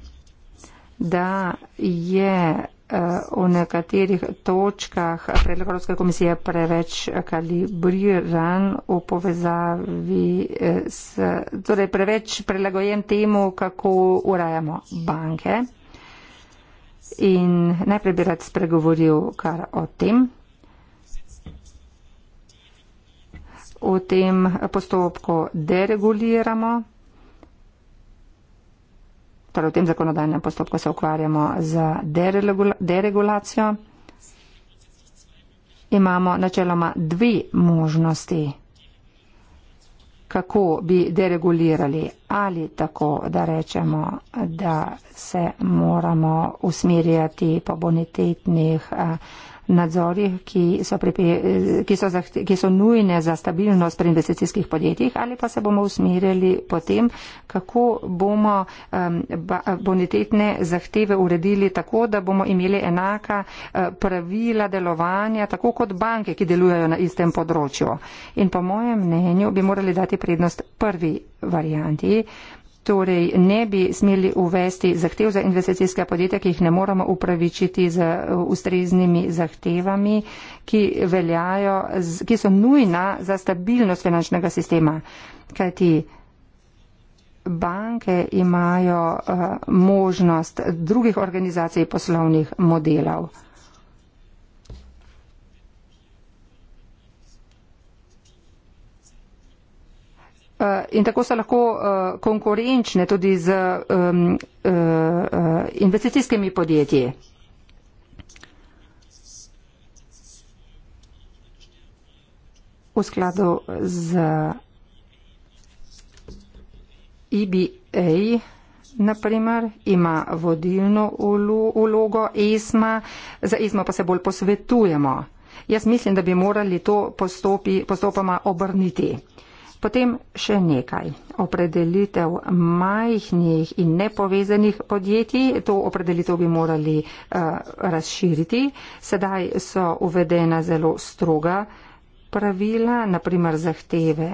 S4: da je v nekaterih točkah predlog Evropske komisije preveč kalibriran v povezavi eh, s, torej preveč prilagojen temu, kako urajamo banke. In najprej bi rad spregovoril kar o tem. V tem postopku dereguliramo torej v tem zakonodajnem postopku se ukvarjamo z deregulacijo. Imamo načeloma dve možnosti, kako bi deregulirali ali tako, da rečemo, da se moramo usmerjati po bonitetnih. Eh, nadzori, ki so, pripe, ki so, ki so nujne za stabilnost pri investicijskih podjetjih ali pa se bomo usmerili potem, kako bomo bonitetne zahteve uredili tako, da bomo imeli enaka eh, pravila delovanja, tako kot banke, ki delujejo na istem področju. In po mojem mnenju bi morali dati prednost prvi varianti, torej ne bi smeli uvesti zahtev za investicijske podjetja, ki jih ne moramo upravičiti z uh, ustreznimi zahtevami, ki, veljajo, ki so nujna za stabilnost finančnega sistema. Kajti banke imajo uh, možnost drugih organizacij poslovnih modelov. Eh, in tako so lahko eh, konkurenčne tudi z eh, investicijskimi podjetji. V skladu z EBA, naprimer, ima vodilno ulogo ESMA, za ESMA pa se bolj posvetujemo. Jaz mislim, da bi morali to postopi, postopoma obrniti. Potem še nekaj. Opredelitev majhnih in nepovezanih podjetij. To opredelitev bi morali uh, razširiti. Sedaj so uvedena zelo stroga pravila, naprimer zahteve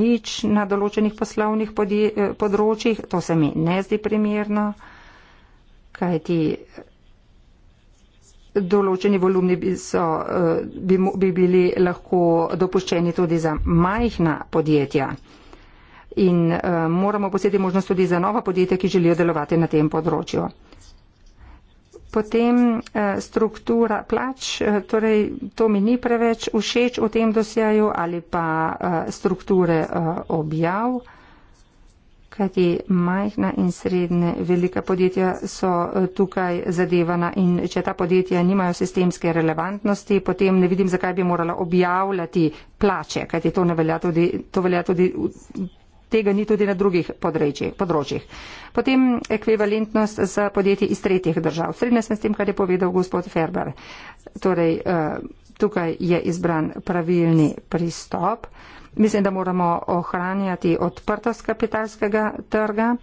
S4: nič na določenih poslovnih podje, eh, področjih. To se mi ne zdi primerno, kajti določeni volumni bi, so, eh, bi, bi bili lahko dopuščeni tudi za majhna podjetja. In uh, moramo posebej možnost tudi za nova podjetja, ki želijo delovati na tem področju. Potem uh, struktura plač, uh, torej to mi ni preveč všeč v tem dosjaju ali pa uh, strukture uh, objav. Uh, kajti majhna in srednje velika podjetja so eh, tukaj zadevana in če ta podjetja nimajo sistemske relevantnosti, potem ne vidim, zakaj bi morala objavljati plače, kajti to, velja tudi, to velja tudi, tega ni tudi na drugih področjih. Potem ekvivalentnost z podjetji iz tretjih držav. Srednja sem s tem, kar je povedal gospod Ferber. Torej, eh, tukaj je izbran pravilni pristop. Mislim, da moramo ohranjati odprtost kapitalskega trga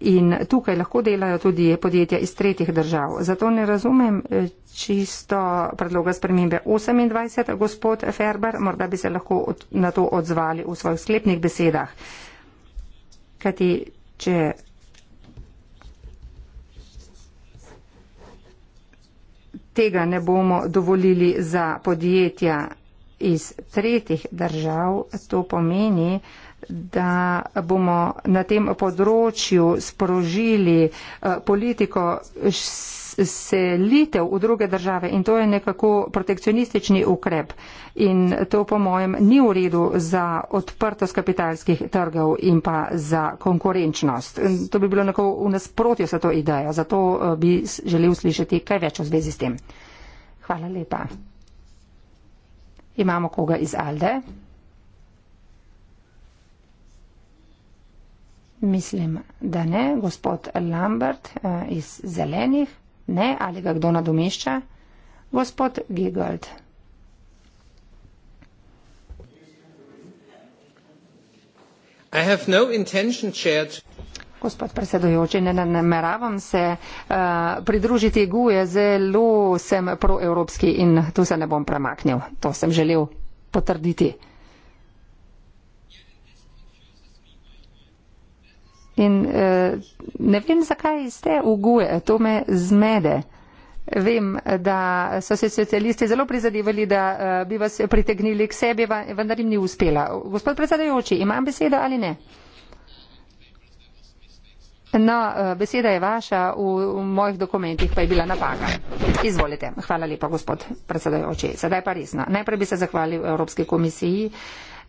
S4: in tukaj lahko delajo tudi podjetja iz tretjih držav. Zato ne razumem eh, čisto predloga spremembe 28, gospod Ferber, morda bi se lahko na to odzvali v svojih sklepnih besedah. Kajti, če tega ne bomo dovolili za podjetja iz tretjih držav. To pomeni, da bomo na tem področju sprožili eh, politiko selitev v druge države in to je nekako protekcionistični ukrep in to po mojem ni v redu za odprtost kapitalskih trgov in pa za konkurenčnost. To bi bilo nekako v nasprotju sa to idejo, zato eh, bi želel slišati kaj več o zvezi s tem. Hvala lepa. Imamo koga iz Alde? Mislim, da ne. Gospod Lambert eh, iz Zelenih? Ne. Ali ga kdo nadomešča? Gospod Gigold.
S1: I have no intention, Chair.
S4: Gospod predsedujoči, ne nameravam se uh, pridružiti guje, zelo sem proevropski in tu se ne bom premaknil. To sem želel potrditi. In uh, ne vem, zakaj ste v guje, to me zmede. Vem, da so se socialisti zelo prizadevali, da uh, bi vas pritegnili k sebi, vendar jim ni uspela. Gospod predsedujoči, imam besedo ali ne? No, eh, beseda je vaša, v, v mojih dokumentih pa je bila napaka. Izvolite. Hvala lepa, gospod predsedajoči. Sedaj pa resno. Najprej bi se zahvalil Evropski komisiji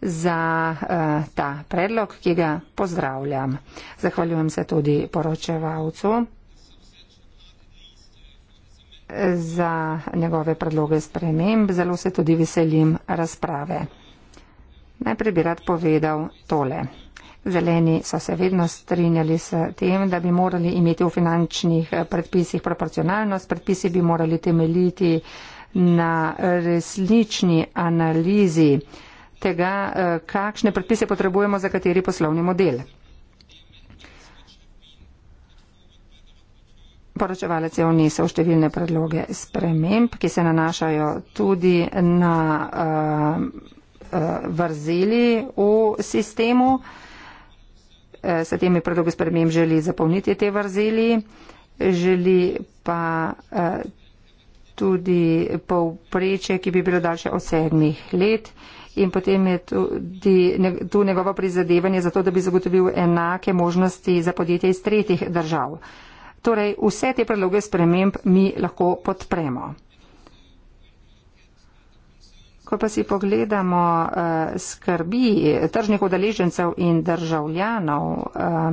S4: za uh, ta predlog, ki ga pozdravljam. Zahvaljujem se tudi poročevalcu za njegove predloge sprememb. Zelo se tudi veselim razprave. Najprej bi rad povedal tole. Zeleni so se vedno strinjali s tem, da bi morali imeti v finančnih eh, predpisih proporcionalnost, predpisi bi morali temeljiti na resnični analizi tega, eh, kakšne predpise potrebujemo za kateri poslovni model. Poročevalec je vnesel številne predloge sprememb, ki se nanašajo tudi na uh, uh, vrzeli v sistemu. Uh, Eh, s temi predlogi sprememb želi zapolniti te vrzeli, želi pa eh, tudi povpreče, ki bi bilo daljše od sedmih let. In potem je tudi tu njegovo prizadevanje za to, da bi zagotovil enake možnosti za podjetje iz tretjih držav. Torej, vse te predloge sprememb mi lahko podpremo. Ko pa si pogledamo eh, skrbi tržnih udeležencev in državljanov, eh,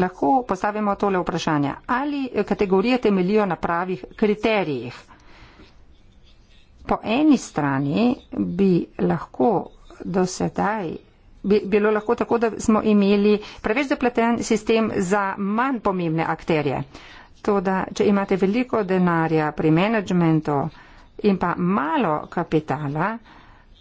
S4: lahko postavimo tole vprašanje. Ali kategorije temelijo na pravih kriterijih? Po eni strani bi lahko do sedaj bi bilo lahko tako, da smo imeli preveč zapleten sistem za manj pomembne akterje. To, da če imate veliko denarja pri menedžmentu, in pa malo kapitala,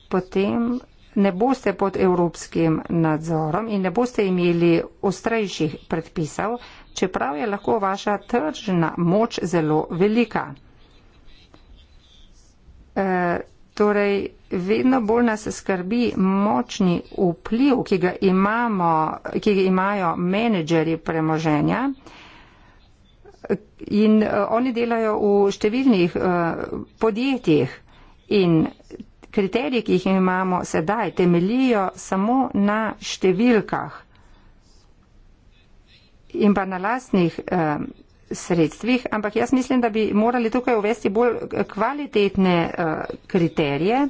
S4: potem ne boste pod evropskim nadzorom in ne boste imeli ostrejših predpisov, čeprav je lahko vaša tržna moč zelo velika. E, torej, vedno bolj nas skrbi močni vpliv, ki ga, imamo, ki ga imajo menedžeri premoženja in uh, oni delajo v številnih uh, podjetjih in kriteriji, ki jih imamo sedaj, temelijo samo na številkah in pa na lastnih uh, sredstvih, ampak jaz mislim, da bi morali tukaj uvesti bolj kvalitetne uh, kriterije,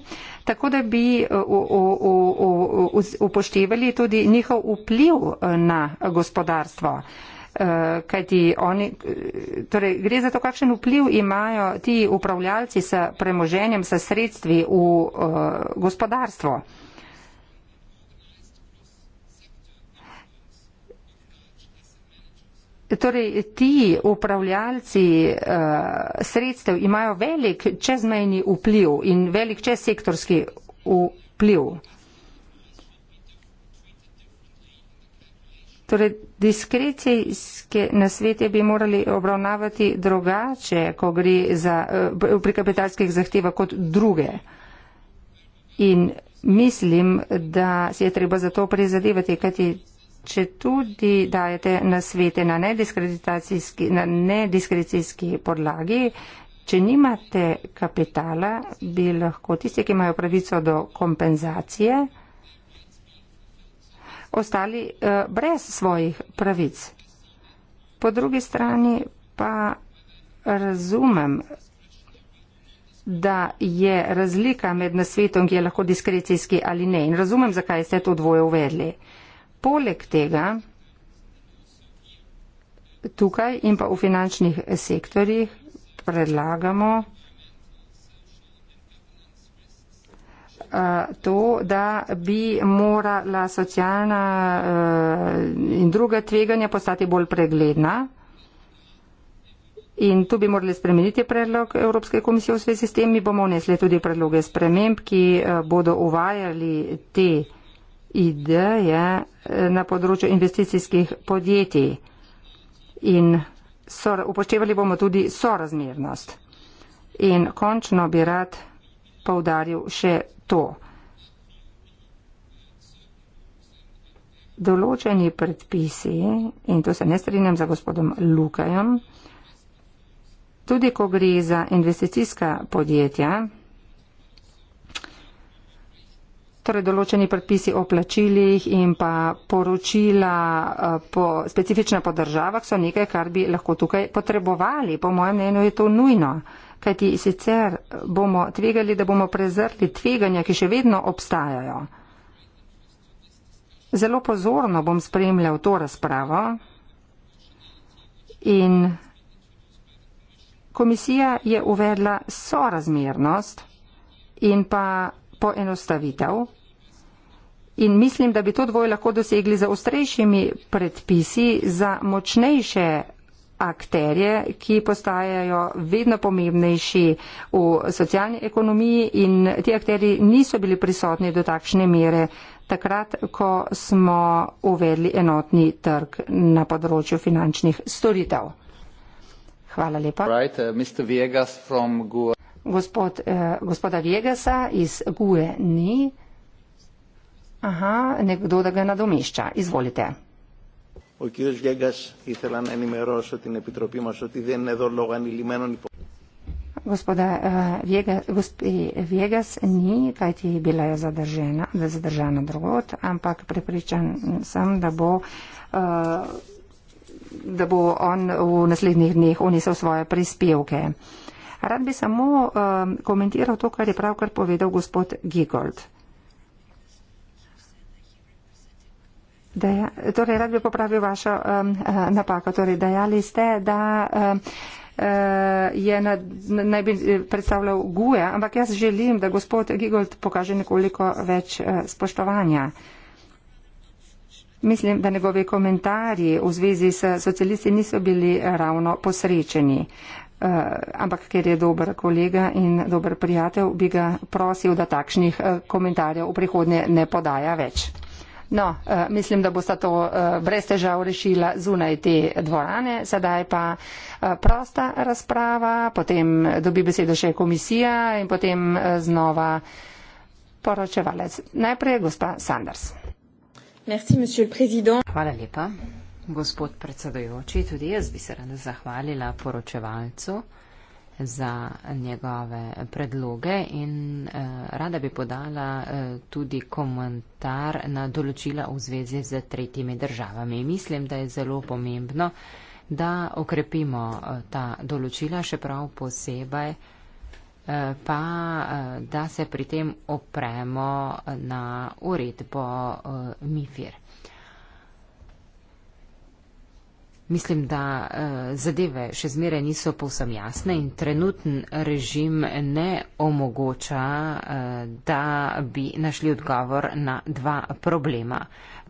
S4: tako da bi uh, uh, uh, uh, upoštevali tudi njihov vpliv uh, na gospodarstvo. Uh, Eh, kajti oni, eh, torej gre za to, kakšen vpliv imajo ti upravljalci s premoženjem, s sredstvi v eh, gospodarstvo. Torej, ti upravljalci uh, sredstev imajo velik čezmejni vpliv in velik čezsektorski vpliv. Torej, diskrecijske nasvete bi morali obravnavati drugače, ko gre za, eh, pri kapitalskih zahtevah kot druge. In mislim, da si je treba za to prizadevati, kajti če tudi dajete nasvete na nediskrecijski, na nediskrecijski podlagi, Če nimate kapitala, bi lahko tisti, ki imajo pravico do kompenzacije, ostali eh, brez svojih pravic. Po drugi strani pa razumem, da je razlika med nasvetom, ki je lahko diskrecijski ali ne. In razumem, zakaj ste to dvoje uvedli. Poleg tega, tukaj in pa v finančnih sektorjih predlagamo to, da bi morala socialna eh, in druga tveganja postati bolj pregledna. In tu bi morali spremeniti predlog Evropske komisije v svezi s tem. Mi bomo vnesli tudi predloge sprememb, ki eh, bodo uvajali te ideje eh, na področju investicijskih podjetij. In upoštevali bomo tudi sorazmernost. In končno bi rad poudaril še to. Določeni predpisi, in to se ne strinjam za gospodom Lukajem, tudi ko gre za investicijska podjetja, torej določeni predpisi o plačilih in pa poročila eh, po, specifična po državah so nekaj, kar bi lahko tukaj potrebovali. Po mojem mnenju je to nujno kajti sicer bomo tvegali, da bomo prezrli tveganja, ki še vedno obstajajo. Zelo pozorno bom spremljal to razpravo in komisija je uvedla sorazmernost in pa poenostavitev in mislim, da bi to dvoje lahko dosegli za ustrejšimi predpisi, za močnejše akterje, ki postajajo vedno pomembnejši v socialni ekonomiji in ti akteri niso bili prisotni do takšne mere takrat, ko smo uvedli enotni trg na področju finančnih storitev. Hvala lepa.
S1: Right, uh,
S4: Gospod, uh, gospoda Viegasa iz GUE ni. Aha, nekdo, da ga nadomešča. Izvolite.
S3: Ο κύριος Γιάγκας ήθελα να ενημερώσω την Επιτροπή μας ότι δεν είναι εδώ λόγω
S1: ανηλυμένων υπο...
S4: Господа, Вега, госпи, Вегас ни, кајте и била ја задржена, да задржана другот, ампак препричан сам да бо да бо он у наследних днех унесел своја приспевке. Рад би само коментирал то, кај е правкар поведал господ Гиголд. Deja, torej, rad bi popravil vašo um, napako. Torej, dejali ste, da um, je na, naj bi eh, predstavljal guja, ampak jaz želim, da gospod Gigold pokaže nekoliko več uh, spoštovanja. Mislim, da njegovi komentarji v zvezi s socialisti niso bili ravno posrečeni. Uh, ampak ker je dober kolega in dober prijatelj, bi ga prosil, da takšnih uh, komentarjev v prihodnje ne podaja več. No, eh, mislim, da bosta to eh, brez težav rešila zunaj te dvorane. Sedaj pa eh, prosta razprava, potem dobi besedo še komisija in potem znova poročevalec. Najprej gospa Sanders.
S2: Merci, Hvala lepa, gospod predsedojoči. Tudi jaz bi se rada zahvalila poročevalcu za njegove predloge in eh, rada bi podala eh, tudi komentar na določila v zvezi z tretjimi državami. Mislim, da je zelo pomembno, da okrepimo eh, ta določila, še prav posebej pa da se pri tem opremo na uredbo MIFIR. Mislim, da eh, zadeve še zmeraj niso povsem jasne in trenutni režim ne omogoča, eh, da bi našli odgovor na dva problema.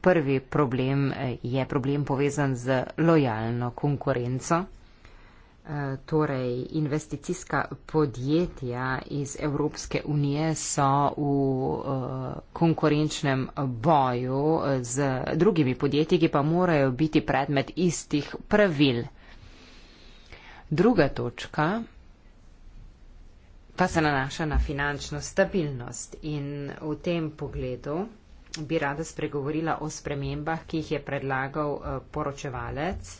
S2: Prvi problem eh, je problem povezan z lojalno konkurenco, Eh, torej, investicijska podjetja iz Evropske unije so v eh, konkurenčnem boju eh, z drugimi podjetji, ki pa morajo biti predmet istih pravil. Druga točka pa se nanaša na finančno stabilnost in v tem pogledu bi rada spregovorila o spremembah, ki jih je predlagal poročevalec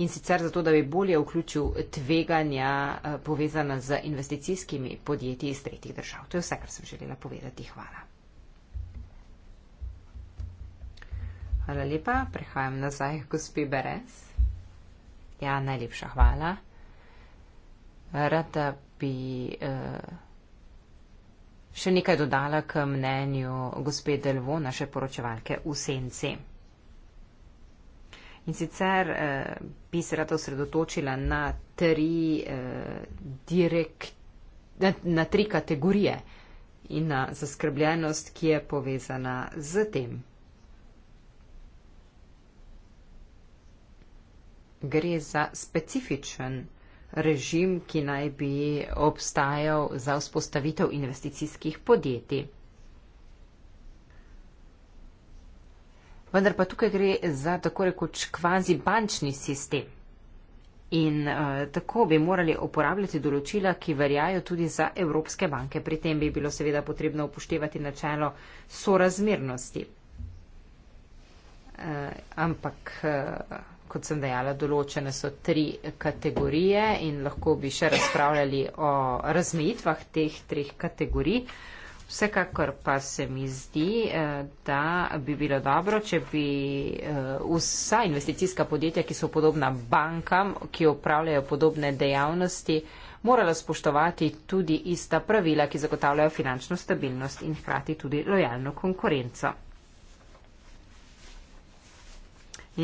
S2: in sicer zato, da bi bolje vključil tveganja eh, povezana z investicijskimi podjetji iz tretjih držav. To je vse, kar sem želela povedati. Hvala. Hvala lepa. Prehajam nazaj, gospi Beres. Ja, najlepša hvala. Rada bi eh, še nekaj dodala k mnenju gospe Delvo, naše poročevalke v Senci. In sicer eh, bi se rada osredotočila na tri, eh, direkt, na, na tri kategorije in na zaskrbljenost, ki je povezana z tem. Gre za specifičen režim, ki naj bi obstajal za vzpostavitev investicijskih podjetij. Vendar pa tukaj gre za tako rekoč kvazi bančni sistem. In uh, tako bi morali uporabljati določila, ki verjajo tudi za evropske banke. Pri tem bi bilo seveda potrebno upoštevati načelo sorazmernosti. Uh, ampak, uh, kot sem dejala, določene so tri kategorije in lahko bi še razpravljali o razmejitvah teh treh kategorij. Uh, Vsekakor pa se mi zdi, eh, da bi bilo dobro, če bi eh, vsa investicijska podjetja, ki so podobna bankam, ki upravljajo podobne dejavnosti, morala spoštovati tudi ista pravila, ki zagotavljajo finančno stabilnost in hkrati tudi lojalno konkurenco.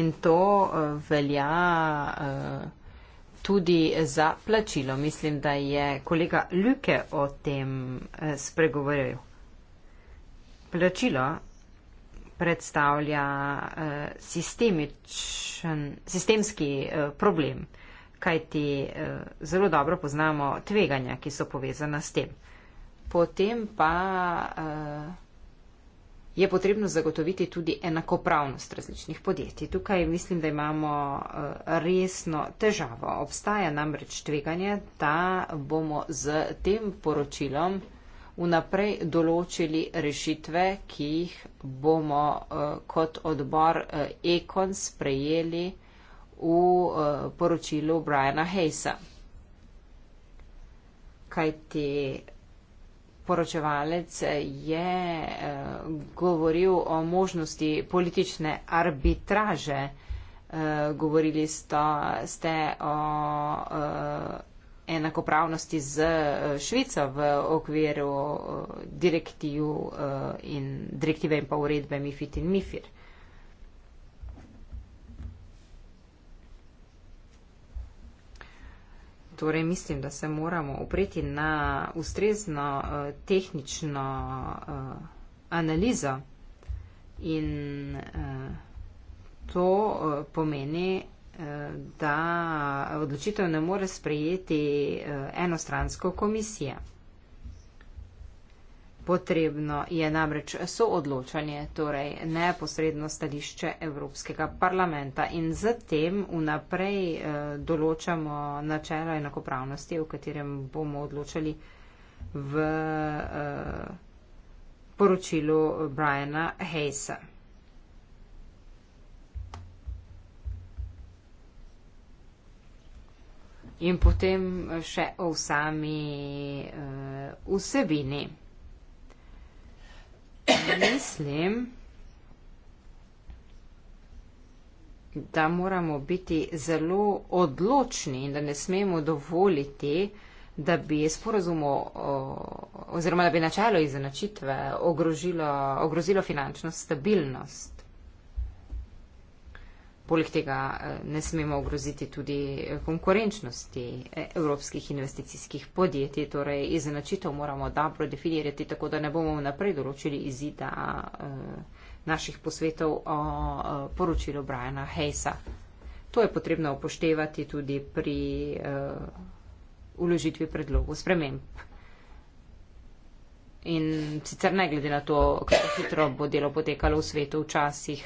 S2: In to eh, velja. Uh, tudi za plačilo. Mislim, da je kolega Ljuke o tem eh, spregovoril. Plačilo predstavlja eh, sistemski eh, problem, kajti zelo dobro poznamo tveganja, ki so povezana s tem. Potem pa je potrebno zagotoviti tudi enakopravnost različnih podjetij. Tukaj mislim, da imamo eh, resno težavo. Obstaja namreč tveganje, da bomo z tem poročilom vnaprej določili rešitve, ki jih bomo eh, kot odbor Econ eh, sprejeli v poročilu Briana Heisa. Kaj ti poročevalec je eh, govoril o možnosti politične arbitraže. Eh, govorili sto, ste o eh, enakopravnosti z Švico v okviru direktiv in direktive in pa uredbe MIFID in MIFIR. Torej mislim, da se moramo opreti na ustrezno uh, tehnično uh, analizo in uh, to uh, pomeni, uh, da odločitev ne more sprejeti uh, enostransko komisija potrebno je namreč soodločanje, torej neposredno stališče Evropskega parlamenta in zatem vnaprej eh, določamo načelo enakopravnosti, o katerem bomo odločali v eh, poročilu Briana Heisa. In potem še o sami uh, vsebini. mislim, da moramo biti zelo odločni in da ne smemo dovoliti, da bi sporozum oziroma da bi načelo izenačitve ogrožilo, ogrozilo finančno stabilnost. Poleg tega eh, ne smemo ogroziti tudi eh, konkurenčnosti eh, evropskih investicijskih podjetij, torej izenačitev moramo dobro definirati, tako da ne bomo naprej določili izida naših posvetov o poročilu Briana Hejsa. To je potrebno upoštevati tudi pri uložitvi predlogu sprememb. In sicer ne glede na to, kako hitro bo delo potekalo v svetu včasih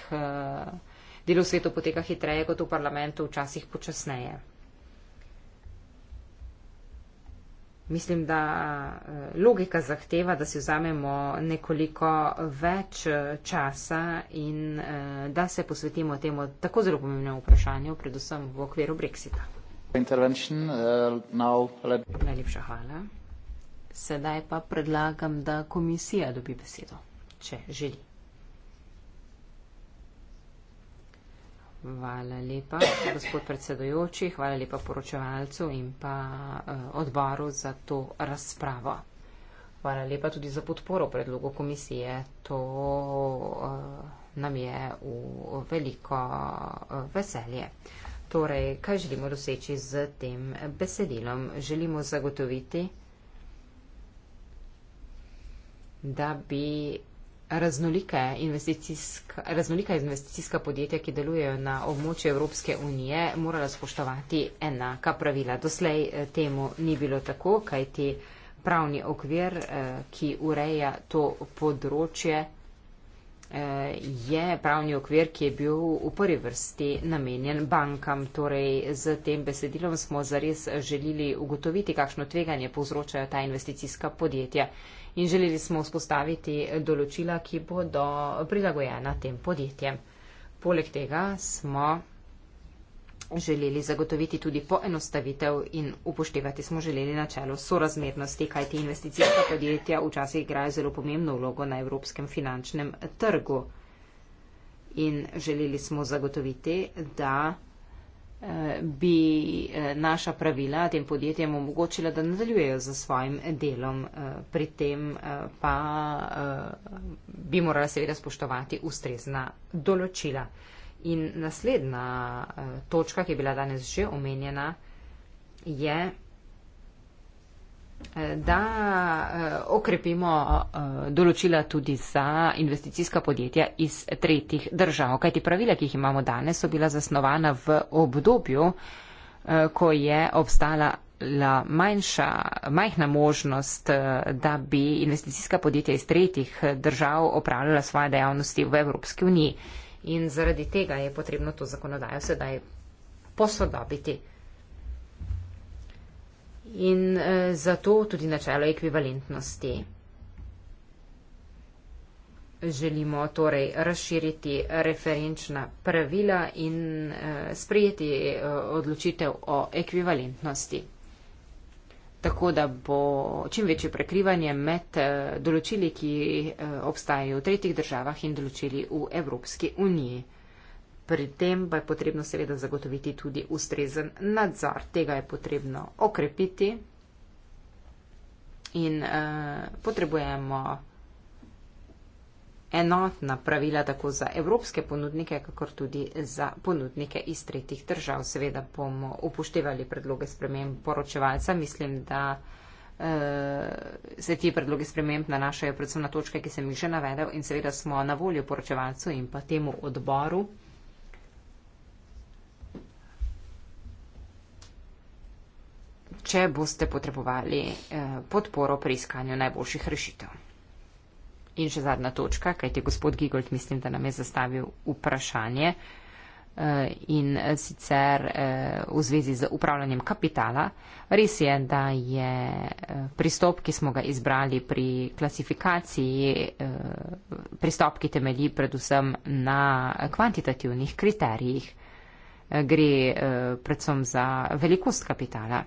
S2: delo v svetu poteka hitreje kot v parlamentu, včasih počasneje. Mislim, da eh, logika zahteva, da si vzamemo nekoliko več eh, časa in eh, da se posvetimo temu tako zelo pomembnemu vprašanju, predvsem v okviru Brexita.
S3: Najlepša hvala.
S2: Sedaj pa predlagam, da komisija dobi besedo, če želi. Hvala lepa, gospod predsedojoči, hvala lepa poročevalcu in pa eh, odboru za to razpravo. Hvala lepa tudi za podporo predlogu komisije. To eh, nam je v veliko eh, veselje. Torej, kaj želimo doseči z tem besedilom? Želimo zagotoviti, da bi raznolike investicijska, raznolika investicijska podjetja, ki delujejo na območju Evropske unije, morala spoštovati enaka pravila. Doslej eh, temu ni bilo tako, kajti pravni okvir, eh, ki ureja to področje, eh, je pravni okvir, ki je bil v prvi vrsti namenjen bankam. Torej, z tem besedilom smo zares želeli ugotoviti, kakšno tveganje povzročajo ta investicijska podjetja in želeli smo vzpostaviti določila, ki bodo prilagojena tem podjetjem. Poleg tega smo želeli zagotoviti tudi poenostavitev in upoštevati smo želeli načelo sorazmernosti, kaj ti investicijska podjetja včasih igrajo zelo pomembno vlogo na evropskem finančnem trgu. In želeli smo zagotoviti, da bi eh, naša pravila tem podjetjem omogočila, da nadaljujejo za svojim delom, eh, pri tem eh, pa bi morala seveda spoštovati ustrezna določila. In naslednja točka, ki je bila danes že omenjena, je da eh, okrepimo eh, določila tudi za investicijska podjetja iz tretjih držav. Kaj ti pravila, ki jih imamo danes, so bila zasnovana v obdobju, eh, ko je obstala manjša, majhna možnost, da bi investicijska podjetja iz tretjih držav opravljala svoje dejavnosti v Evropski uniji. In zaradi tega je potrebno to zakonodajo sedaj posodobiti in e, zato tudi načelo ekvivalentnosti. Želimo torej razširiti referenčna pravila in e, sprejeti e, odločitev o ekvivalentnosti, tako da bo čim večje prekrivanje med e, določili, ki e, obstajajo v tretjih državah in določili v Evropski uniji. Pri tem pa je potrebno seveda zagotoviti tudi ustrezen nadzor. Tega je potrebno okrepiti in eh, potrebujemo enotna pravila tako za evropske ponudnike, kakor tudi za ponudnike iz tretjih držav. Seveda bomo upoštevali predloge sprememb poročevalca. Mislim, da eh, se ti predloge sprememb nanašajo predvsem na točke, ki sem jih že navedel in seveda smo na voljo poročevalcu in pa temu odboru. če boste potrebovali eh, podporo pri iskanju najboljših rešitev. In še zadnja točka, kajti gospod Gigold mislim, da nam je zastavil vprašanje eh, in sicer eh, v zvezi z upravljanjem kapitala. Res je, da je pristop, ki smo ga izbrali pri klasifikaciji, pristop, ki temelji predvsem na kvantitativnih kriterijih. Gre predvsem za velikost kapitala.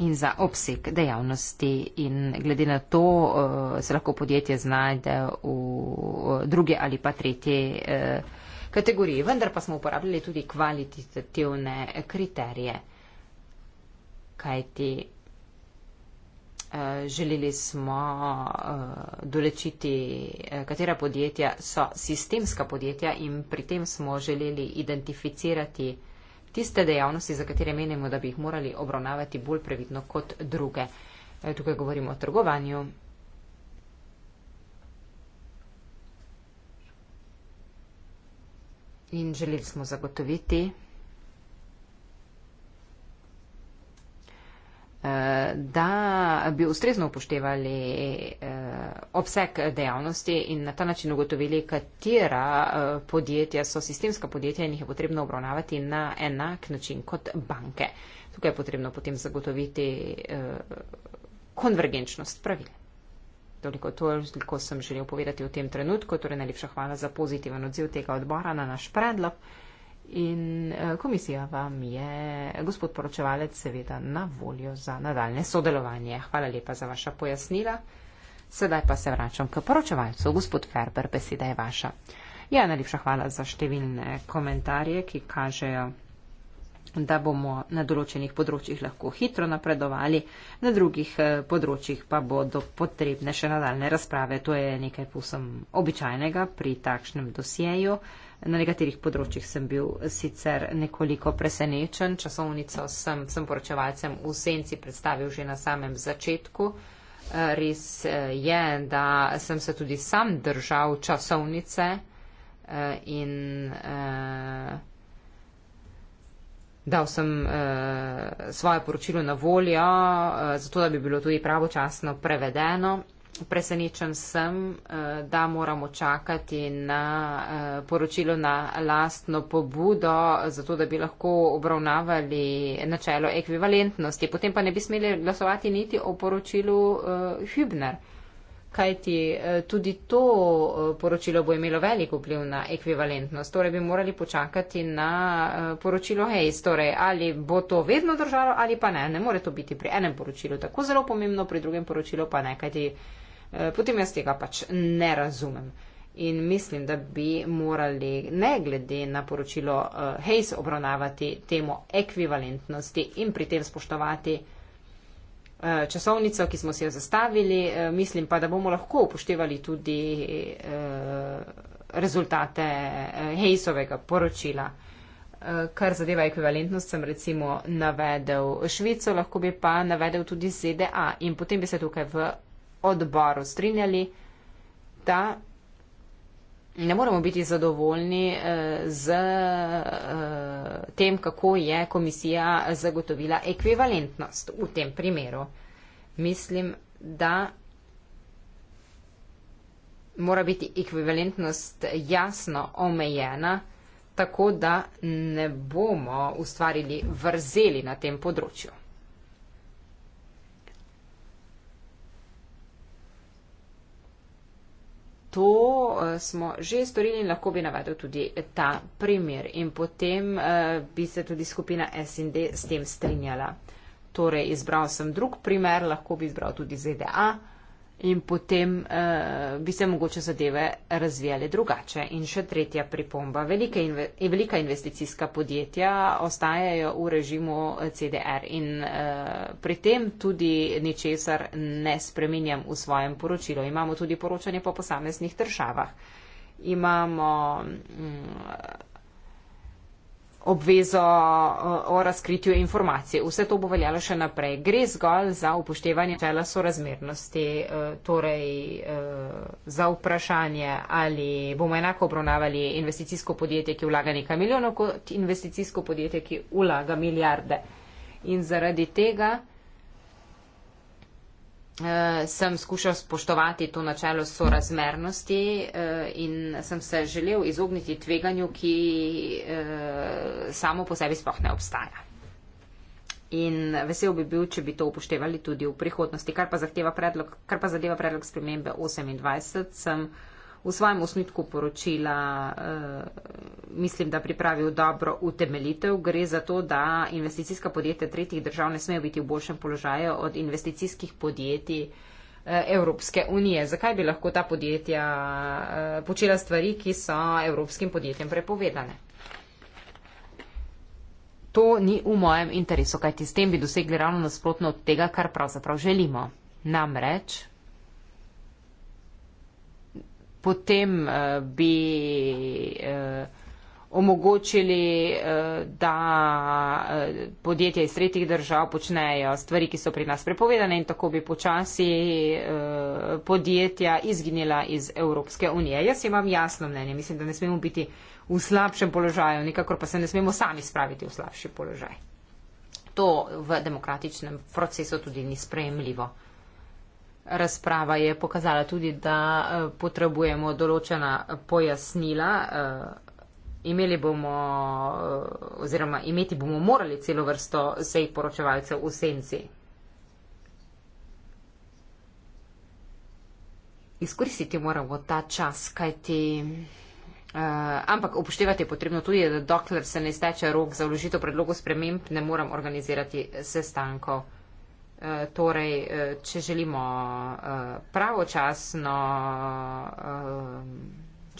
S2: in za obseg dejavnosti in glede na to eh, se lahko podjetje znajde v eh, druge ali pa tretje eh, kategorije. Vendar pa smo uporabljali tudi kvalitativne kriterije, kajti želeli smo določiti, katera podjetja so sistemska podjetja in pri tem smo želeli identificirati tiste dejavnosti, za katere menimo, da bi jih morali obravnavati bolj previdno kot druge. E, tukaj govorimo o trgovanju. In želeli smo zagotoviti, da bi ustrezno upoštevali eh, obseg dejavnosti in na ta način ugotovili, katera eh, podjetja so sistemska podjetja in jih je potrebno obravnavati na enak način kot banke. Tukaj je potrebno potem zagotoviti eh, konvergenčnost pravil. Toliko to, koliko sem želel povedati v tem trenutku, torej najlepša hvala za pozitiven odziv tega odbora na naš predlog. In eh, komisija vam je, gospod poročevalec, seveda na voljo za nadaljne sodelovanje. Hvala lepa za vaša pojasnila. Sedaj pa se vračam k poročevalcu. Gospod Ferber, beseda je vaša. Ja, najlepša hvala za številne komentarje, ki kažejo, da bomo na določenih področjih lahko hitro napredovali, na drugih eh, področjih pa bodo potrebne še nadaljne razprave. To je nekaj posem običajnega pri takšnem dosjeju. Na nekaterih področjih sem bil sicer nekoliko presenečen. Časovnico sem, sem poročevalcem v senci predstavil že na samem začetku. Eh, res eh, je, da sem se tudi sam držal časovnice eh, in dal sem svoje poročilo na voljo, zato da bi bilo tudi pravočasno prevedeno presenečen sem, eh, da moramo čakati na eh, poročilo na lastno pobudo, zato da bi lahko obravnavali načelo ekvivalentnosti. Potem pa ne bi smeli glasovati niti o poročilu eh, Hübner kajti eh, tudi to eh, poročilo bo imelo velik vpliv na ekvivalentnost. Torej bi morali počakati na eh, poročilo Hayes. Torej, ali bo to vedno držalo ali pa ne. Ne more to biti pri enem poročilu tako zelo pomembno, pri drugem poročilu pa ne, kajti potem jaz tega pač ne razumem. In mislim, da bi morali ne glede na poročilo Hayes obravnavati temo ekvivalentnosti in pri tem spoštovati. Eh, časovnico, ki smo si jo zastavili. Eh, mislim pa, da bomo lahko upoštevali tudi eh, rezultate Hejsovega poročila. Kar zadeva ekvivalentnost, sem recimo navedel Švico, lahko bi pa navedel tudi ZDA in potem bi se tukaj v odboru strinjali, da ne moremo biti zadovoljni eh, z eh, tem, kako je komisija zagotovila ekvivalentnost v tem primeru. Mislim, da mora biti ekvivalentnost jasno omejena, tako da ne bomo ustvarili vrzeli na tem področju. To eh, smo že storili in lahko bi navedel tudi ta primer in potem eh, bi se tudi skupina SND s tem strinjala. Torej, izbral sem drug primer, lahko bi izbral tudi ZDA in potem uh, bi se mogoče zadeve razvijale drugače. In še tretja pripomba. Velike inve, velika investicijska podjetja ostajajo v režimu eh, CDR in uh, pri tem tudi ničesar ne spreminjam v svojem poročilu. Imamo tudi poročanje po posameznih državah. Imamo. Mm, obvezo eh, o razkritju informacij. Vse to bo veljalo še naprej. Gre zgolj za upoštevanje čela sorazmernosti, eh, torej eh, za vprašanje, ali bomo enako obravnavali investicijsko podjetje, ki vlaga nekaj milijonov, kot investicijsko podjetje, ki vlaga milijarde. In zaradi tega Eh, sem skušal spoštovati to načelo sorazmernosti eh, in sem se želel izogniti tveganju, ki eh, samo po sebi sploh ne obstaja. In vesel bi bil, če bi to upoštevali tudi v prihodnosti. Kar pa, predlog, kar pa zadeva predlog spremembe 28, sem v svojem osnutku poročila uh, mislim, da pripravil dobro utemeljitev. Gre za to, da investicijska podjetja tretjih držav ne smejo biti v boljšem položaju od investicijskih podjetij uh, Evropske unije. Zakaj bi lahko ta podjetja uh, počela stvari, ki so evropskim podjetjem prepovedane? To ni v mojem interesu, kajti s tem bi dosegli ravno nasprotno od tega, kar pravzaprav želimo. Namreč potem uh, bi uh, omogočili, uh, da uh, podjetja iz tretjih držav počnejo stvari, ki so pri nas prepovedane in tako bi počasi uh, podjetja izginila iz Evropske unije. Jaz imam jasno mnenje, mislim, da ne smemo biti v slabšem položaju, nikakor pa se ne smemo sami spraviti v slabši položaj. To v demokratičnem procesu tudi ni sprejemljivo. Razprava je pokazala tudi, da eh, potrebujemo določena pojasnila. Eh, imeli bomo, eh, oziroma imeti bomo morali celo vrsto vseh poročevalcev v senci. Izkoristiti moramo ta čas, kajti. Uh, ampak upoštevati je potrebno tudi, da dokler se ne steče rok za vložitev predlogov sprememb, ne morem organizirati sestankov. Eh, torej, eh, če želimo eh, pravočasno,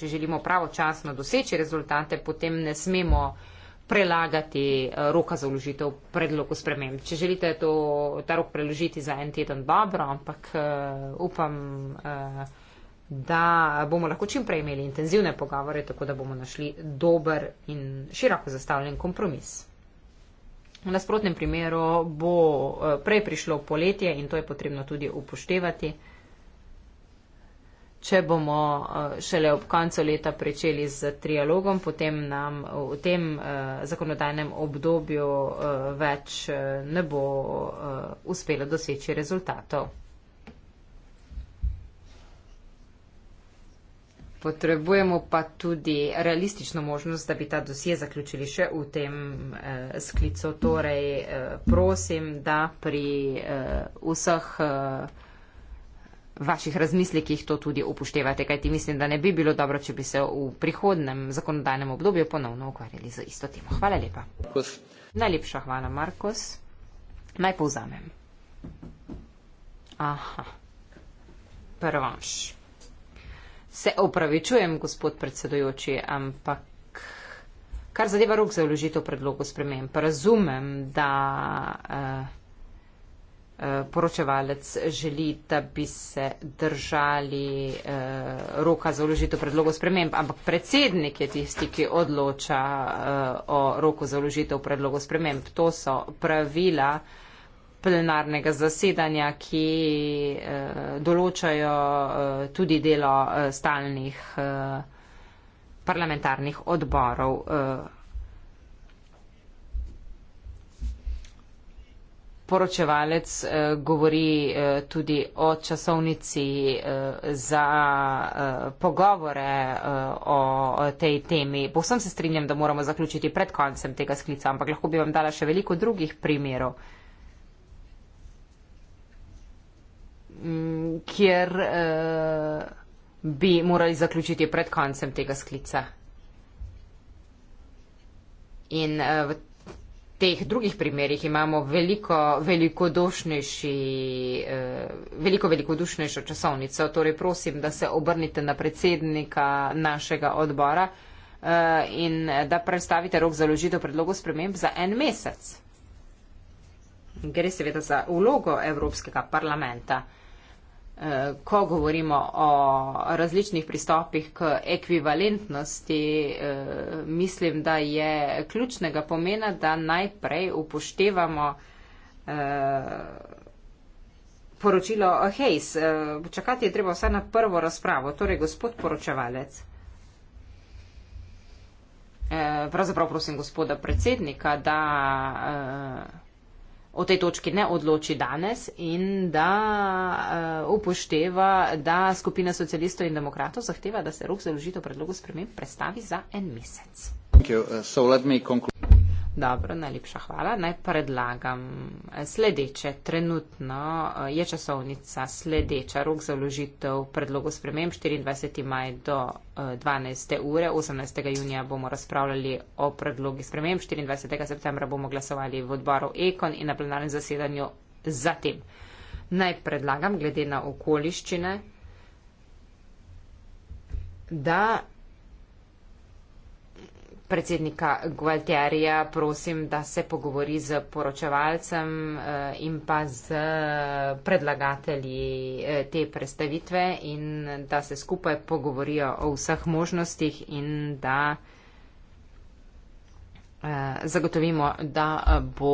S2: če želimo pravočasno doseči rezultate, potem ne smemo prelagati roka za vložitev predlogu sprememb. Če želite to, ta rok preložiti za en teden, dobro, ampak upam, da bomo lahko čim prej imeli intenzivne pogovore, tako da bomo našli dober in široko zastavljen kompromis. V nasprotnem primeru bo eh, prej prišlo poletje in to je potrebno tudi upoštevati. Če bomo eh, šele ob koncu leta pričeli z trialogom, potem nam v tem eh, zakonodajnem obdobju več ne bo uspelo doseči rezultatov. Potrebujemo pa tudi realistično možnost, da bi ta dosje zaključili še v tem eh, sklicu. Torej, eh, prosim, da pri eh, vseh eh, vaših razmislekih to tudi upoštevate, kajti mislim, da ne bi bilo dobro, če bi se v prihodnem zakonodajnem obdobju ponovno ukvarjali z isto temo. Hvala lepa. Markus. Najlepša hvala, Markus. Naj povzamem. Aha. Prvanš. Se opravičujem, gospod predsedujoči, ampak kar zadeva rok za vložitev predlogov spremem, pa razumem, da eh, eh, poročevalec želi, da bi se držali eh, roka za vložitev predlogov sprememb, ampak predsednik je tisti, ki odloča o roku za vložitev predlogov sprememb. To so pravila, ki so plenarnega zasedanja, ki eh, določajo eh, tudi delo eh, stalnih parlamentarnih odborov. Poročevalec govori tudi o časovnici za pogovore o tej temi. Povsem se strinjam, da moramo zaključiti pred koncem tega sklica, ampak lahko bi vam dala še veliko drugih primerov. kjer eh, bi morali zaključiti pred koncem tega sklica. In eh, v teh drugih primerjih imamo veliko, veliko, eh, veliko velikodušnejšo časovnico. Torej prosim, da se obrnite na predsednika našega odbora in da predstavite rok za ložitev predlogov sprememb za en mesec. Gre seveda za ulogo Evropskega parlamenta. Eh, ko govorimo o različnih pristopih k ekvivalentnosti, eh, mislim, da je ključnega pomena, da najprej upoštevamo eh, poročilo Hejs. Čakati je treba vse na prvo razpravo. Torej, gospod poročevalec. Pravzaprav prosim gospoda predsednika, da o tej točki ne odloči danes in da uh, upošteva, da skupina socialistov in demokratov zahteva, da se rok za ložitev predlogu sprememb prestavi za en mesec. Dobro, najlepša hvala. Naj predlagam eh, sledeče. Trenutno eh, je časovnica sledeča, rok za vložitev predlogov sprememb 24. maj do 12. Eh, ure. 18. junija bomo razpravljali o predlogi sprememb, 24. septembra bomo glasovali v odboru Ekon in na plenarnem zasedanju zatem. Naj predlagam, glede na okoliščine, da predsednika Gualtierija prosim, da se pogovori z poročevalcem eh, in pa z eh, predlagatelji eh, te predstavitve in da se skupaj pogovorijo o vseh možnostih in da zagotovimo, da bo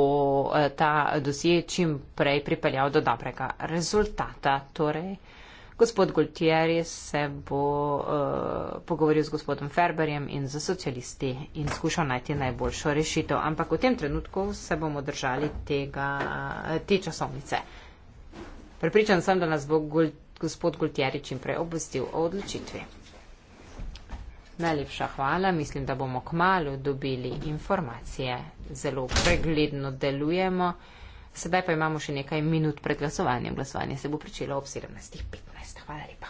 S2: ta dosje čim prej pripeljal do dobrega rezultata. Torej, Gospod Gultieri se bo uh, pogovoril z gospodom Ferberjem in z socialisti in skušal najti najboljšo rešitev. Ampak v tem trenutku se bomo držali tega, eh, te časovnice. Prepričan sem, da nas bo Gul gospod Gultieri čim prej obvestil o odločitvi. Najlepša hvala. Mislim, da bomo k malu dobili informacije. Zelo pregledno delujemo. Sedaj pa imamo še nekaj minut pred glasovanjem. Glasovanje se bo pričelo ob 17.15. Hvala lepa.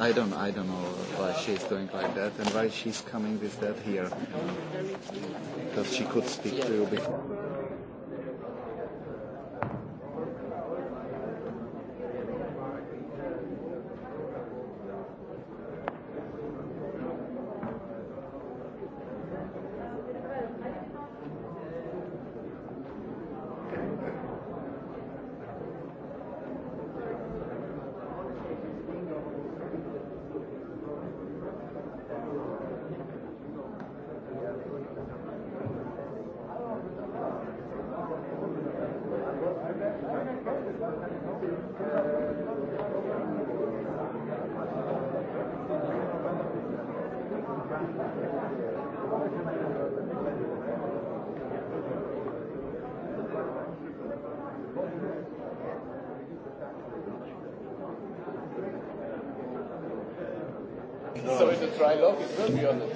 S1: I don't, I don't know why she's doing like that and why she's coming with that here. Because she could speak to you before.
S5: try lock, it will be on the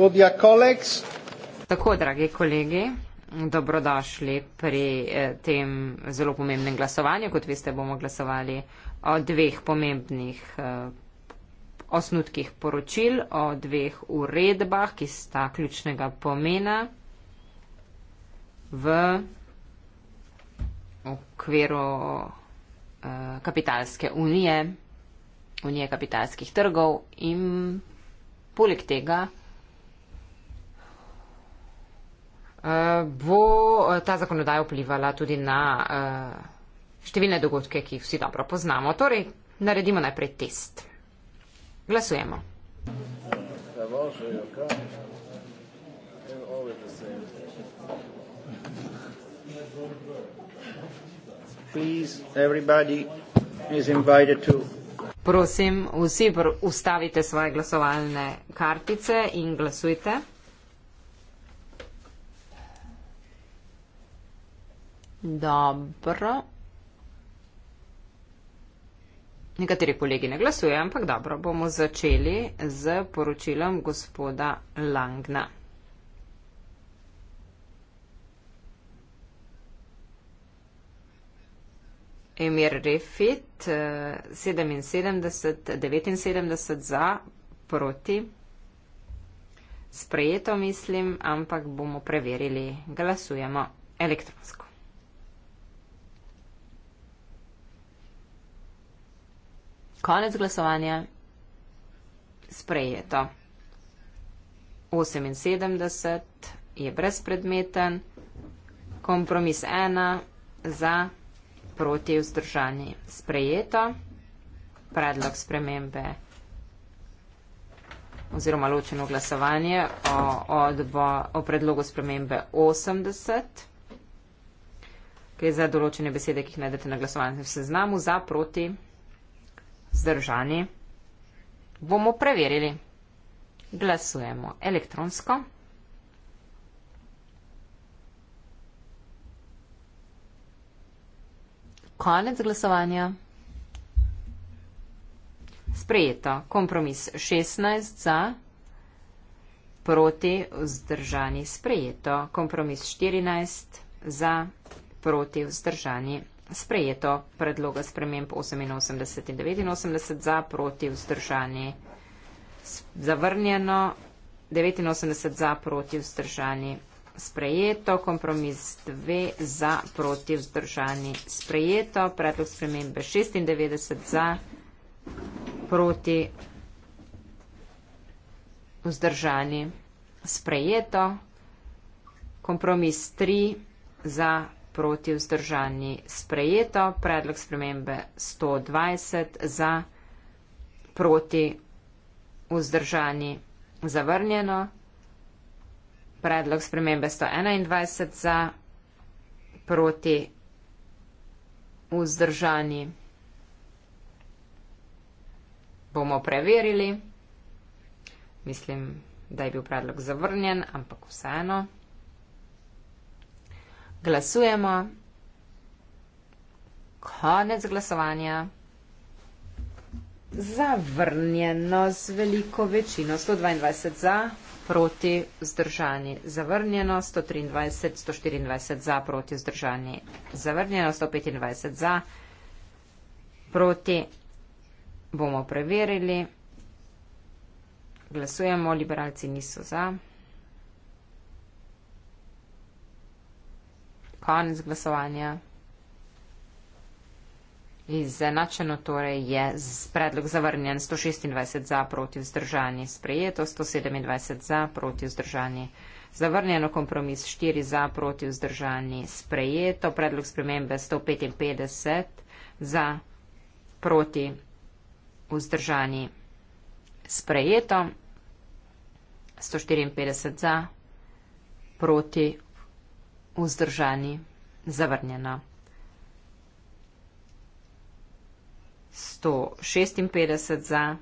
S1: Gospodja Koleks. Tako, dragi
S2: kolegi. Dobrodošli pri eh, tem zelo pomembnem glasovanju. Kot veste, bomo glasovali o dveh pomembnih eh, osnutkih poročil, o dveh uredbah, ki sta ključnega pomena v okviru eh, kapitalske unije, unije kapitalskih trgov in poleg tega Eh, bo eh, ta zakonodaja vplivala tudi na eh, številne dogodke, ki jih vsi dobro poznamo. Torej, naredimo najprej test. Glasujemo.
S1: Please, to...
S2: Prosim, vsi ustavite svoje glasovalne kartice in glasujte. Dobro. Nekateri kolegi ne glasujejo, ampak dobro, bomo začeli z poročilom gospoda Langna. Emir Refit, 77, eh, 79 za, proti. Sprejeto mislim, ampak bomo preverili. Glasujemo elektronsko. Konec glasovanja. Sprejeto. 78 je brezpredmeten. Kompromis 1 za proti vzdržani. Sprejeto. Predlog spremembe oziroma ločeno glasovanje o, o, dvo, o predlogu spremembe 80, ki je za določene besede, ki jih najdete na glasovanju v seznamu, za proti vzdržani vzdržani? Bomo preverili. Glasujemo elektronsko. Konec glasovanja. Sprejeto. Kompromis 16 za, proti vzdržani. Sprejeto. Kompromis 14 za, proti vzdržani sprejeto predloga sprememb 88 in 89 za proti vzdržanje. Zavrnjeno 89 za proti vzdržanje. Sprejeto kompromis 2 za proti vzdržanje. Sprejeto predlog spremembe 96 za proti vzdržanje. Sprejeto kompromis 3 za proti vzdržanje proti vzdržani sprejeto, predlog spremembe 120 za proti vzdržani zavrnjeno, predlog spremembe 121 za proti vzdržani bomo preverili. Mislim, da je bil predlog zavrnjen, ampak vseeno. Glasujemo. Konec glasovanja. Zavrnjeno z veliko večino, 122 za, proti zdržani. Zavrnjeno 123, 124 za, proti zdržani. Zavrnjeno 125 za, proti bomo preverili. Glasujemo, liberalci niso za. konec glasovanja. Izenačeno torej je predlog zavrnjen 126 za proti vzdržanje sprejeto, 127 za proti vzdržanje zavrnjeno, kompromis 4 za proti vzdržanje sprejeto, predlog spremembe 155 za proti vzdržanje sprejeto, 154 za proti vzdržani, zavrnjena. 156 za,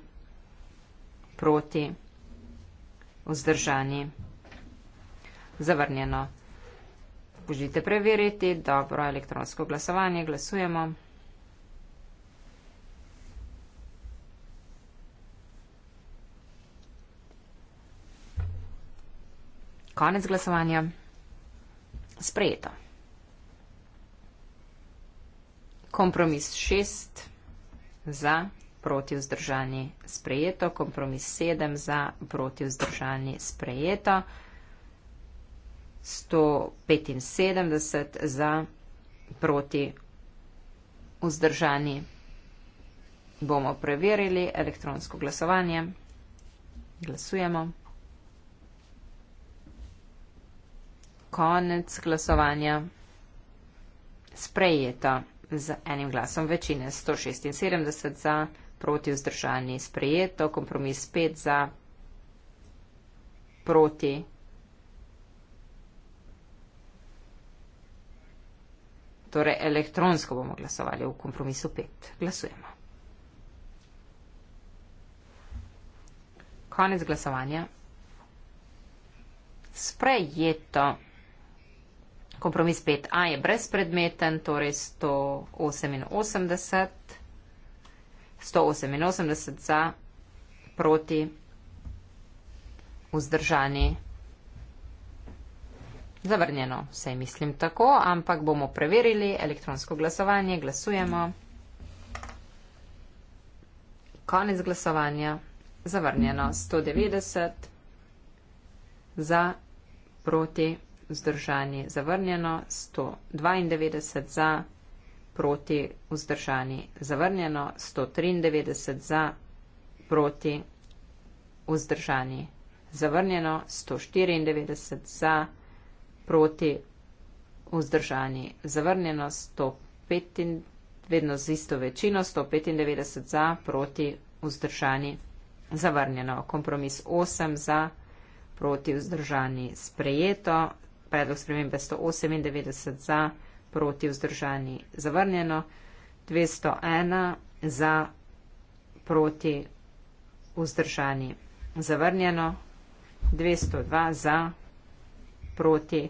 S2: proti, vzdržani, zavrnjeno. Požite preveriti, dobro elektronsko glasovanje, glasujemo. Konec glasovanja sprejeto. Kompromis šest za, proti vzdržani sprejeto, kompromis sedem za, proti vzdržani sprejeto, 175 za, proti vzdržani. Bomo preverili elektronsko glasovanje. Glasujemo. konec glasovanja sprejeta z enim glasom večine 176 za, proti vzdržani sprejeto, kompromis 5 za, proti. Torej elektronsko bomo glasovali v kompromisu 5. Glasujemo. Konec glasovanja. Sprejeto. Kompromis 5a je brezpredmeten, torej 188, 188 za proti vzdržani. Zavrnjeno, vse mislim tako, ampak bomo preverili elektronsko glasovanje. Glasujemo. Konec glasovanja. Zavrnjeno. 190 za proti vzdržani vzdržani zavrnjeno, 192 za, proti vzdržani zavrnjeno, 193 za, proti vzdržani zavrnjeno, 194 za, proti vzdržani zavrnjeno, 105, vedno z isto večino, 195 za, proti vzdržani zavrnjeno, kompromis 8 za, proti vzdržani sprejeto, predlog spremembe 198 za, proti vzdržani zavrnjeno, 201 za, proti vzdržani zavrnjeno, 202 za, proti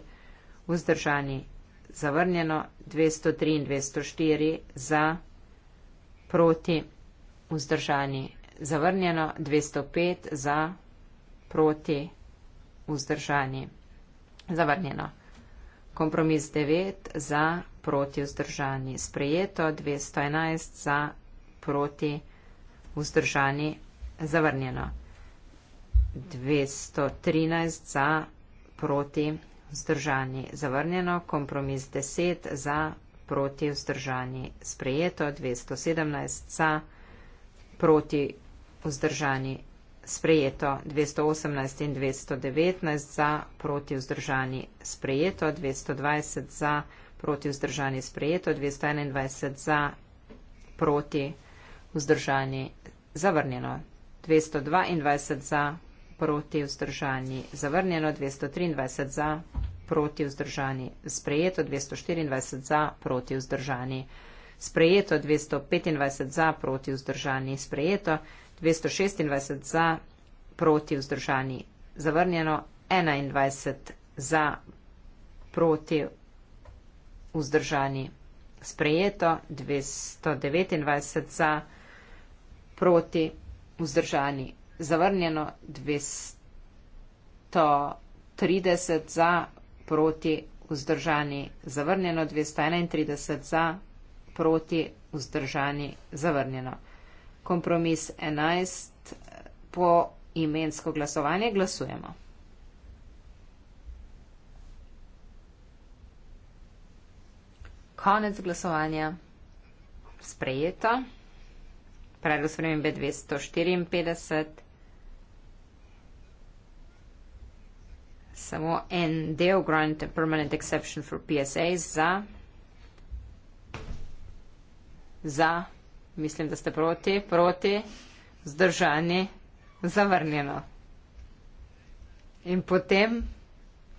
S2: vzdržani zavrnjeno, 203 in 204 za, proti vzdržani zavrnjeno, 205 za, proti vzdržani zavrnjeno. Zavrnjeno. Kompromis 9 za proti vzdržani. Sprejeto 211 za proti vzdržani. Zavrnjeno. 213 za proti vzdržani. Zavrnjeno. Kompromis 10 za proti vzdržani. Sprejeto 217 za proti vzdržani sprejeto 218 in 219 za proti vzdržani sprejeto, 220 za proti vzdržani sprejeto, 221 za proti vzdržani zavrnjeno, 222 za proti vzdržani zavrnjeno, 223 za proti vzdržani sprejeto, 224 za proti vzdržani sprejeto, 225 za proti vzdržani sprejeto, 226 za, proti vzdržani, zavrnjeno 21 za, proti vzdržani, sprejeto 229 za, proti vzdržani, zavrnjeno 230 za, proti vzdržani, zavrnjeno 231 za, proti vzdržani, zavrnjeno kompromis 11 po imensko glasovanje glasujemo. Konec glasovanja. Sprejeto. Predlog spremembe 254. Samo en del grant permanent exception for PSA za. Za mislim, da ste proti, proti, zdržani, zavrnjeno. In potem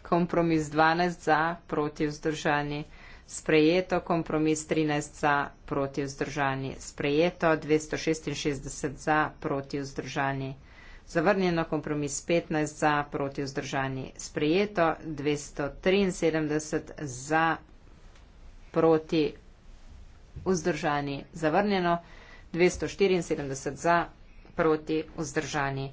S2: kompromis 12 za, proti, vzdržani, sprejeto, kompromis 13 za, proti, vzdržani, sprejeto, 266 za, proti, vzdržani, zavrnjeno, kompromis 15 za, proti, vzdržani, sprejeto, 273 za, proti, vzdržani vzdržani, zavrnjeno, 274 za, proti, vzdržani,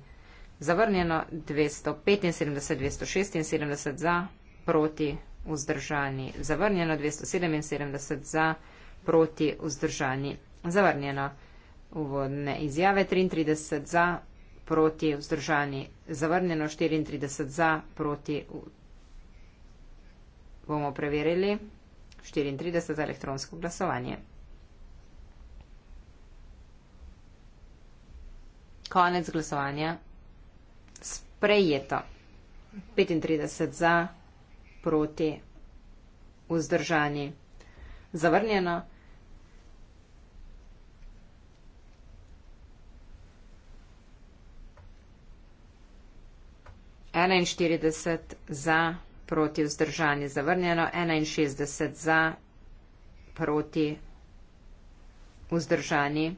S2: zavrnjeno, 275, 276 za, proti, vzdržani, zavrnjeno, 277 za, proti, vzdržani, zavrnjeno, uvodne izjave, 33 za, proti, vzdržani, zavrnjeno, 34 za, proti, bomo preverili. 34 elektronsko glasovanje. Konec glasovanja. Sprejeto. 35 za, proti, vzdržani. Zavrnjeno. Enainštirideset za proti vzdržanje zavrnjeno, 61 za proti vzdržanje.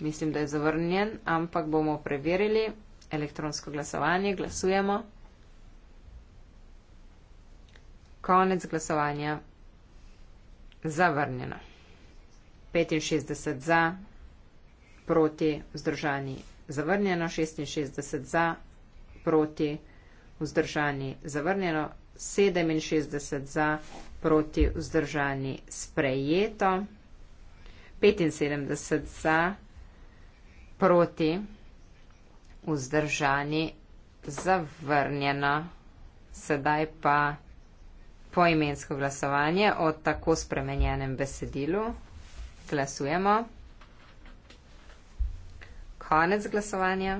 S2: Mislim, da je zavrnjen, ampak bomo preverili elektronsko glasovanje. Glasujemo. Konec glasovanja. Zavrnjeno. 65 za, proti vzdržani. Zavrnjeno. 66 za, proti, vzdržani zavrnjeno, 67 za, proti, vzdržani sprejeto, 75 za, proti, vzdržani zavrnjeno. Sedaj pa poimensko glasovanje o tako spremenjenem besedilu. Glasujemo. Konec glasovanja.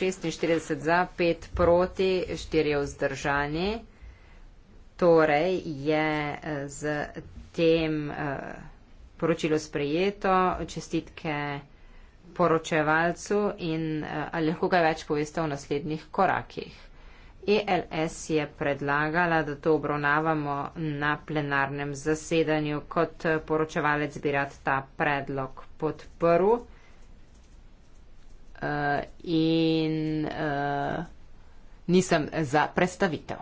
S2: 46 za, 5 proti, 4 vzdržani. Torej je eh, z tem eh, poročilo sprejeto. Čestitke poročevalcu in eh, ali lahko kaj več poveste v naslednjih korakih. ELS je predlagala, da to obravnavamo na plenarnem zasedanju. Kot poročevalec bi rad ta predlog podprl uh, in uh, nisem za predstavitev.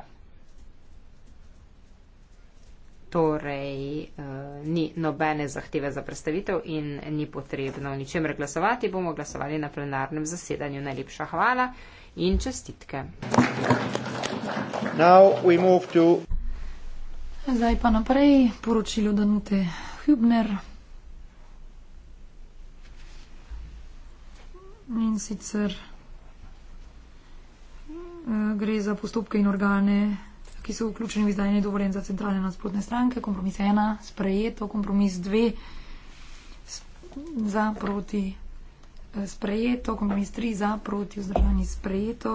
S2: Torej, uh, ni nobene zahteve za predstavitev in ni potrebno o ničemer glasovati. Bomo glasovali na plenarnem zasedanju. Najlepša hvala in čestitke.
S1: To...
S3: Zdaj pa naprej poročilo Danute Hübner. In sicer eh, gre za postopke in organe, ki so vključeni v izdajanje dovoljen za centralne nasprotne stranke. Kompromis ena, sprejeto. Kompromis dve, za, proti, eh, sprejeto. Kompromis tri, za, proti, vzdržani, sprejeto.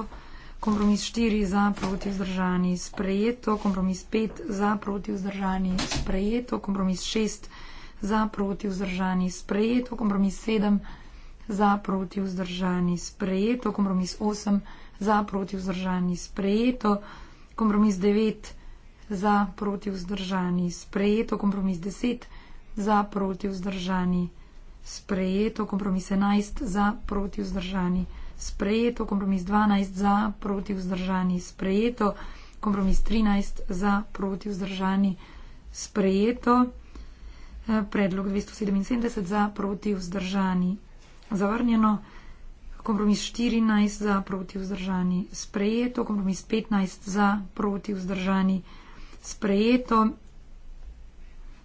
S3: Kompromis 4 za proti vzdržani sprejeto, kompromis 5 za proti vzdržani sprejeto, kompromis 6 za proti vzdržani sprejeto, kompromis 7 za proti vzdržani sprejeto za proti vzdržani sprejeto, kompromis 8 za proti vzdržani sprejeto, kompromis 9 za proti vzdržani sprejeto, kompromis 10 za proti vzdržani sprejeto, kompromis 11 za proti vzdržani sprejeto, kompromis 12 za proti vzdržani sprejeto, kompromis 13 za proti vzdržani sprejeto, eh, predlog 277 za proti vzdržani zavrnjeno, kompromis 14 za proti vzdržani sprejeto, kompromis 15 za proti vzdržani sprejeto,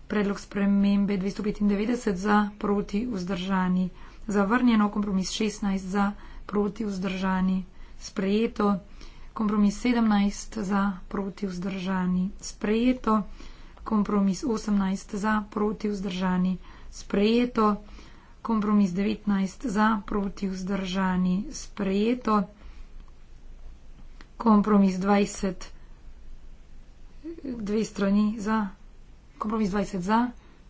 S3: predlog spremembe 295 za proti vzdržani zavrnjeno, kompromis 16 za proti vzdržani sprejeto, kompromis 17 za proti vzdržani sprejeto, kompromis 18 za proti vzdržani sprejeto kompromis 19 za, proti vzdržani sprejeto, kompromis 20 dve strani za, kompromis 20 za,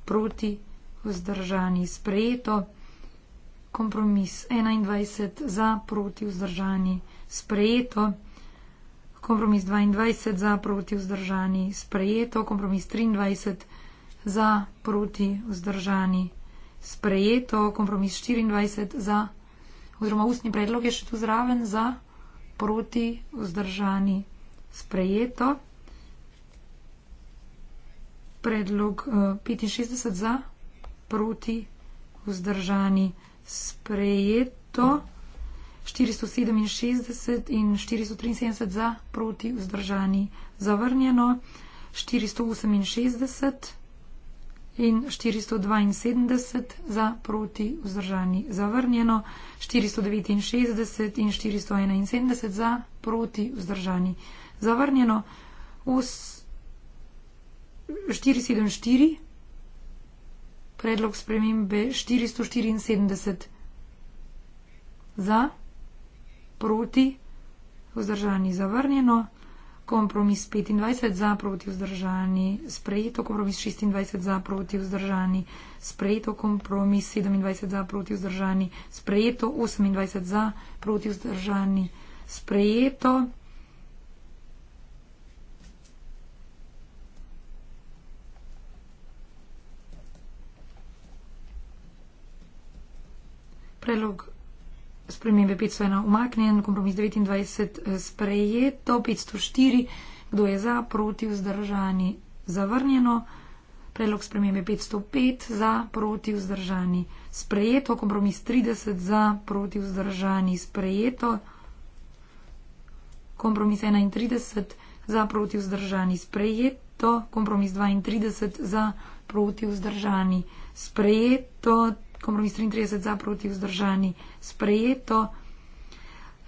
S3: proti vzdržani sprejeto, kompromis 21 za, proti vzdržani sprejeto, kompromis 22 za, proti vzdržani sprejeto, kompromis 23 za, proti vzdržani sprejeto sprejeto, kompromis 24 za, oziroma ustni predlog je še tu zraven za, proti, vzdržani, sprejeto. Predlog uh, eh, 65 za, proti, vzdržani, sprejeto. 467 in 473 za, proti, vzdržani, zavrnjeno. 468 in 472 za proti vzdržani zavrnjeno, 469 in 471 za proti vzdržani zavrnjeno, 474 predlog spremembe 474 za proti vzdržani zavrnjeno, kompromis 25 za proti vzdržani, sprejeto kompromis 26 za proti vzdržani, sprejeto kompromis 27 za proti vzdržani, sprejeto 28 za proti vzdržani, sprejeto. Predlog spremembe 501 umaknjen, kompromis 29 sprejeto, 504, kdo je za, proti, vzdržani, zavrnjeno, predlog spremembe 505, za, proti, vzdržani, sprejeto, kompromis 30, za, proti, vzdržani, sprejeto, kompromis 31, za, proti, vzdržani, sprejeto, kompromis 32, za, proti, vzdržani, sprejeto, kompromis 33 za proti vzdržani sprejeto,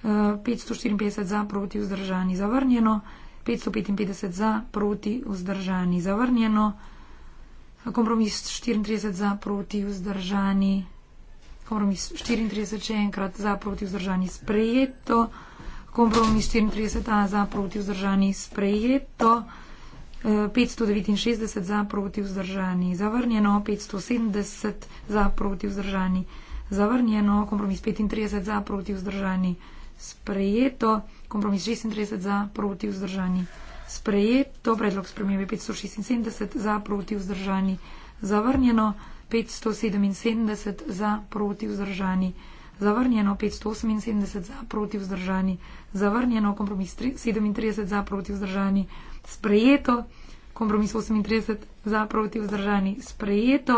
S3: 554 za proti vzdržani zavrnjeno, 555 za proti vzdržani zavrnjeno, kompromis 34 za proti vzdržani, kompromis 34 še enkrat za proti vzdržani sprejeto, kompromis 34a za proti vzdržani sprejeto, 569 za proti vzdržani, zavrnjeno 570 za proti vzdržani, zavrnjeno kompromis 35 za proti vzdržani, sprejeto kompromis 36 za proti vzdržani, sprejeto predlog spremembe 576 za proti vzdržani, zavrnjeno 577 za proti vzdržani, zavrnjeno 578 za proti vzdržani, zavrnjeno, kompromis 37 za proti vzdržani sprejeto, kompromis 38 za proti vzdržani sprejeto,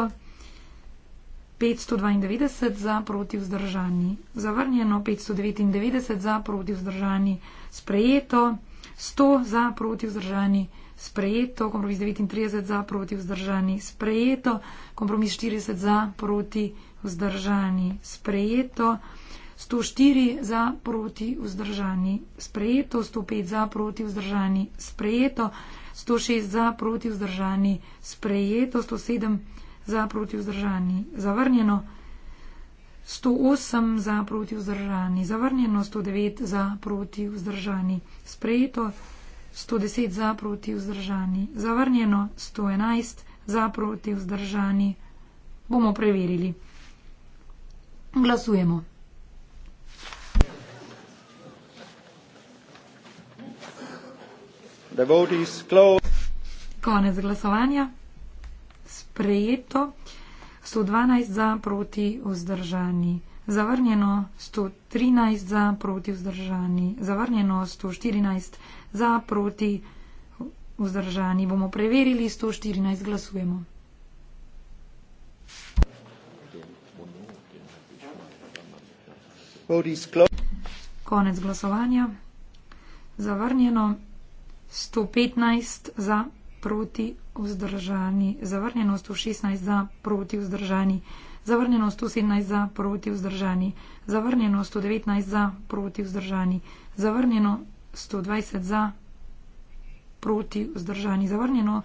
S3: 592 za proti vzdržani zavrnjeno, 599 za proti vzdržani sprejeto, 100 za proti vzdržani sprejeto, kompromis 39 za proti vzdržani sprejeto, kompromis 40 za proti vzdržani sprejeto. 104 za proti vzdržani sprejeto, 105 za proti vzdržani sprejeto, 106 za proti vzdržani sprejeto, 107 za proti vzdržani zavrnjeno, 108 za proti vzdržani zavrnjeno, 109 za proti vzdržani sprejeto, 110 za proti vzdržani zavrnjeno, 111 za proti vzdržani bomo preverili. Glasujemo. Konec glasovanja. Sprejeto. 112 za proti vzdržani. Zavrnjeno 113 za proti vzdržani. Zavrnjeno 114 za proti vzdržani. Bomo preverili 114. Glasujemo. Konec glasovanja. Zavrnjeno. 115 za proti vzdržani, zavrnjeno 116 za proti vzdržani, zavrnjeno 117 za proti vzdržani, zavrnjeno 119 za proti vzdržani, zavrnjeno 120 za proti vzdržani, zavrnjeno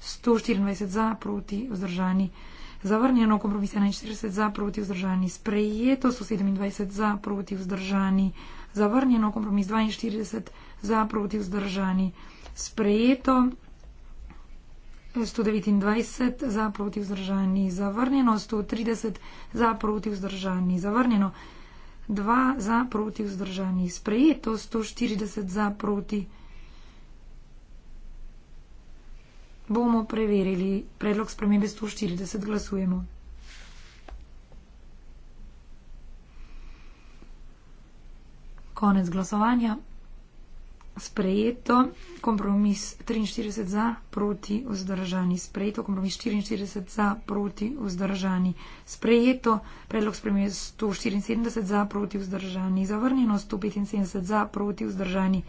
S3: 124 za proti vzdržani, zavrnjeno kompromis 41 za proti vzdržani, sprejeto 127 za proti vzdržani, zavrnjeno kompromis 42 za proti vzdržani sprejeto. 129 za proti vzdržani zavrnjeno, 130 za proti vzdržani zavrnjeno, 2 za proti vzdržani sprejeto, 140 za proti. Bomo preverili predlog spremembe 140, glasujemo. Konec glasovanja sprejeto, kompromis 43 za, proti vzdržani, sprejeto, kompromis 44 za, proti vzdržani, sprejeto, predlog spremenja 174 za, proti vzdržani, zavrnjeno 175 za, proti vzdržani,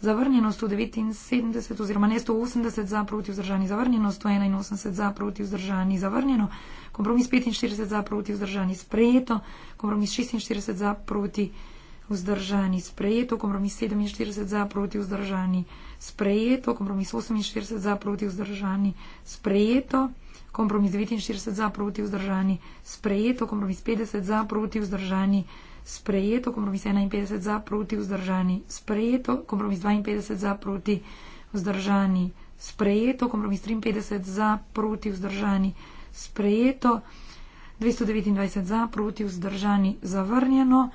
S3: zavrnjeno 179 oziroma ne 180 za, proti vzdržani, zavrnjeno 181 za, proti vzdržani, zavrnjeno, kompromis 45 za, proti vzdržani, sprejeto, kompromis 46 za, proti vzdržani vzdržani, sprejeto, kompromis 47 za, proti vzdržani, sprejeto, kompromis 48 za, proti vzdržani, sprejeto, kompromis 49 za, proti vzdržani, sprejeto, kompromis 50 za, proti vzdržani, sprejeto, kompromis 51 za, proti vzdržani, sprejeto, kompromis 52 za, proti vzdržani, sprejeto, kompromis 53 za, proti vzdržani, sprejeto, 229 za, proti vzdržani, zavrnjeno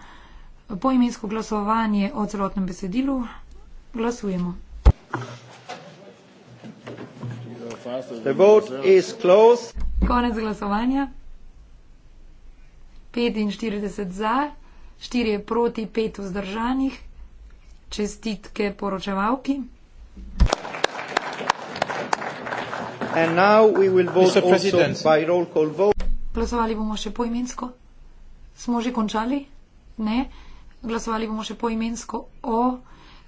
S3: poimensko glasovanje o celotnem besedilu. Glasujemo.
S1: The vote is closed.
S3: Konec glasovanja. 45 za, 4 proti, 5 vzdržanih. Čestitke poročevalki.
S1: And now we will vote also by roll call vote.
S3: Glasovali bomo še poimensko. Smo že končali? Ne glasovali bomo še poimensko o eh,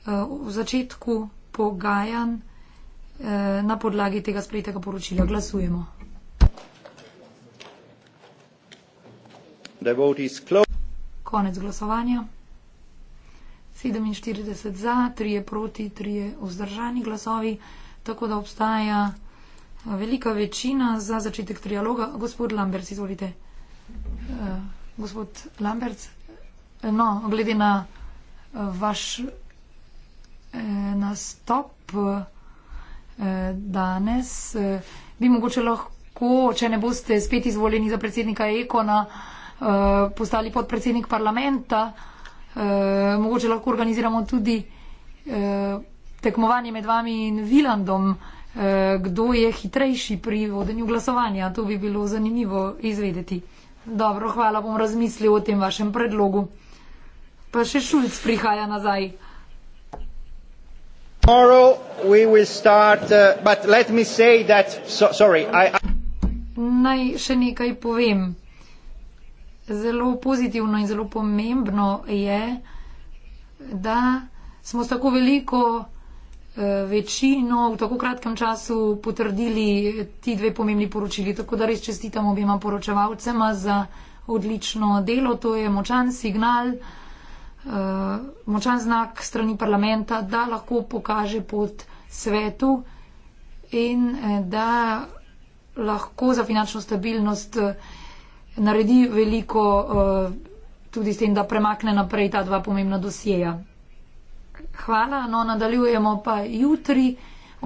S3: v začetku pogajanj eh, na podlagi tega sprejetega poročila. Glasujemo. Konec glasovanja. Sedeminštirideset za, trije proti, trije vzdržani glasovi, tako da obstaja eh, velika večina za začetek trialoga. Gospod Lamberts, izvolite. Gospod Lamberts. No, glede na eh, vaš eh, nastop eh, danes, bi mogoče lahko, če ne boste spet izvoljeni za predsednika Ekona, postali podpredsednik parlamenta, mogoče lahko organiziramo tudi tekmovanje med vami in Vilandom, kdo je hitrejši pri vodenju glasovanja. To bi bilo zanimivo izvedeti. Dobro, hvala, bom razmislil o tem vašem predlogu. Pa še Šulc prihaja nazaj.
S1: Tomorrow we will start, uh, but let me say that. So, sorry, I, I.
S3: Naj še nekaj povem. Zelo pozitivno in zelo pomembno je, da smo s tako veliko uh, večino v tako kratkem času potrdili ti dve pomembni poročili. Tako da res čestitam obima poročevalcema za odlično delo. To je močan signal. Uh, Eh, močan znak strani parlamenta, da lahko pokaže pot svetu in eh, da lahko za finančno stabilnost eh, naredi veliko tudi s tem, da premakne naprej ta dva pomembna dosjeja. Hvala, no, nadaljujemo pa jutri.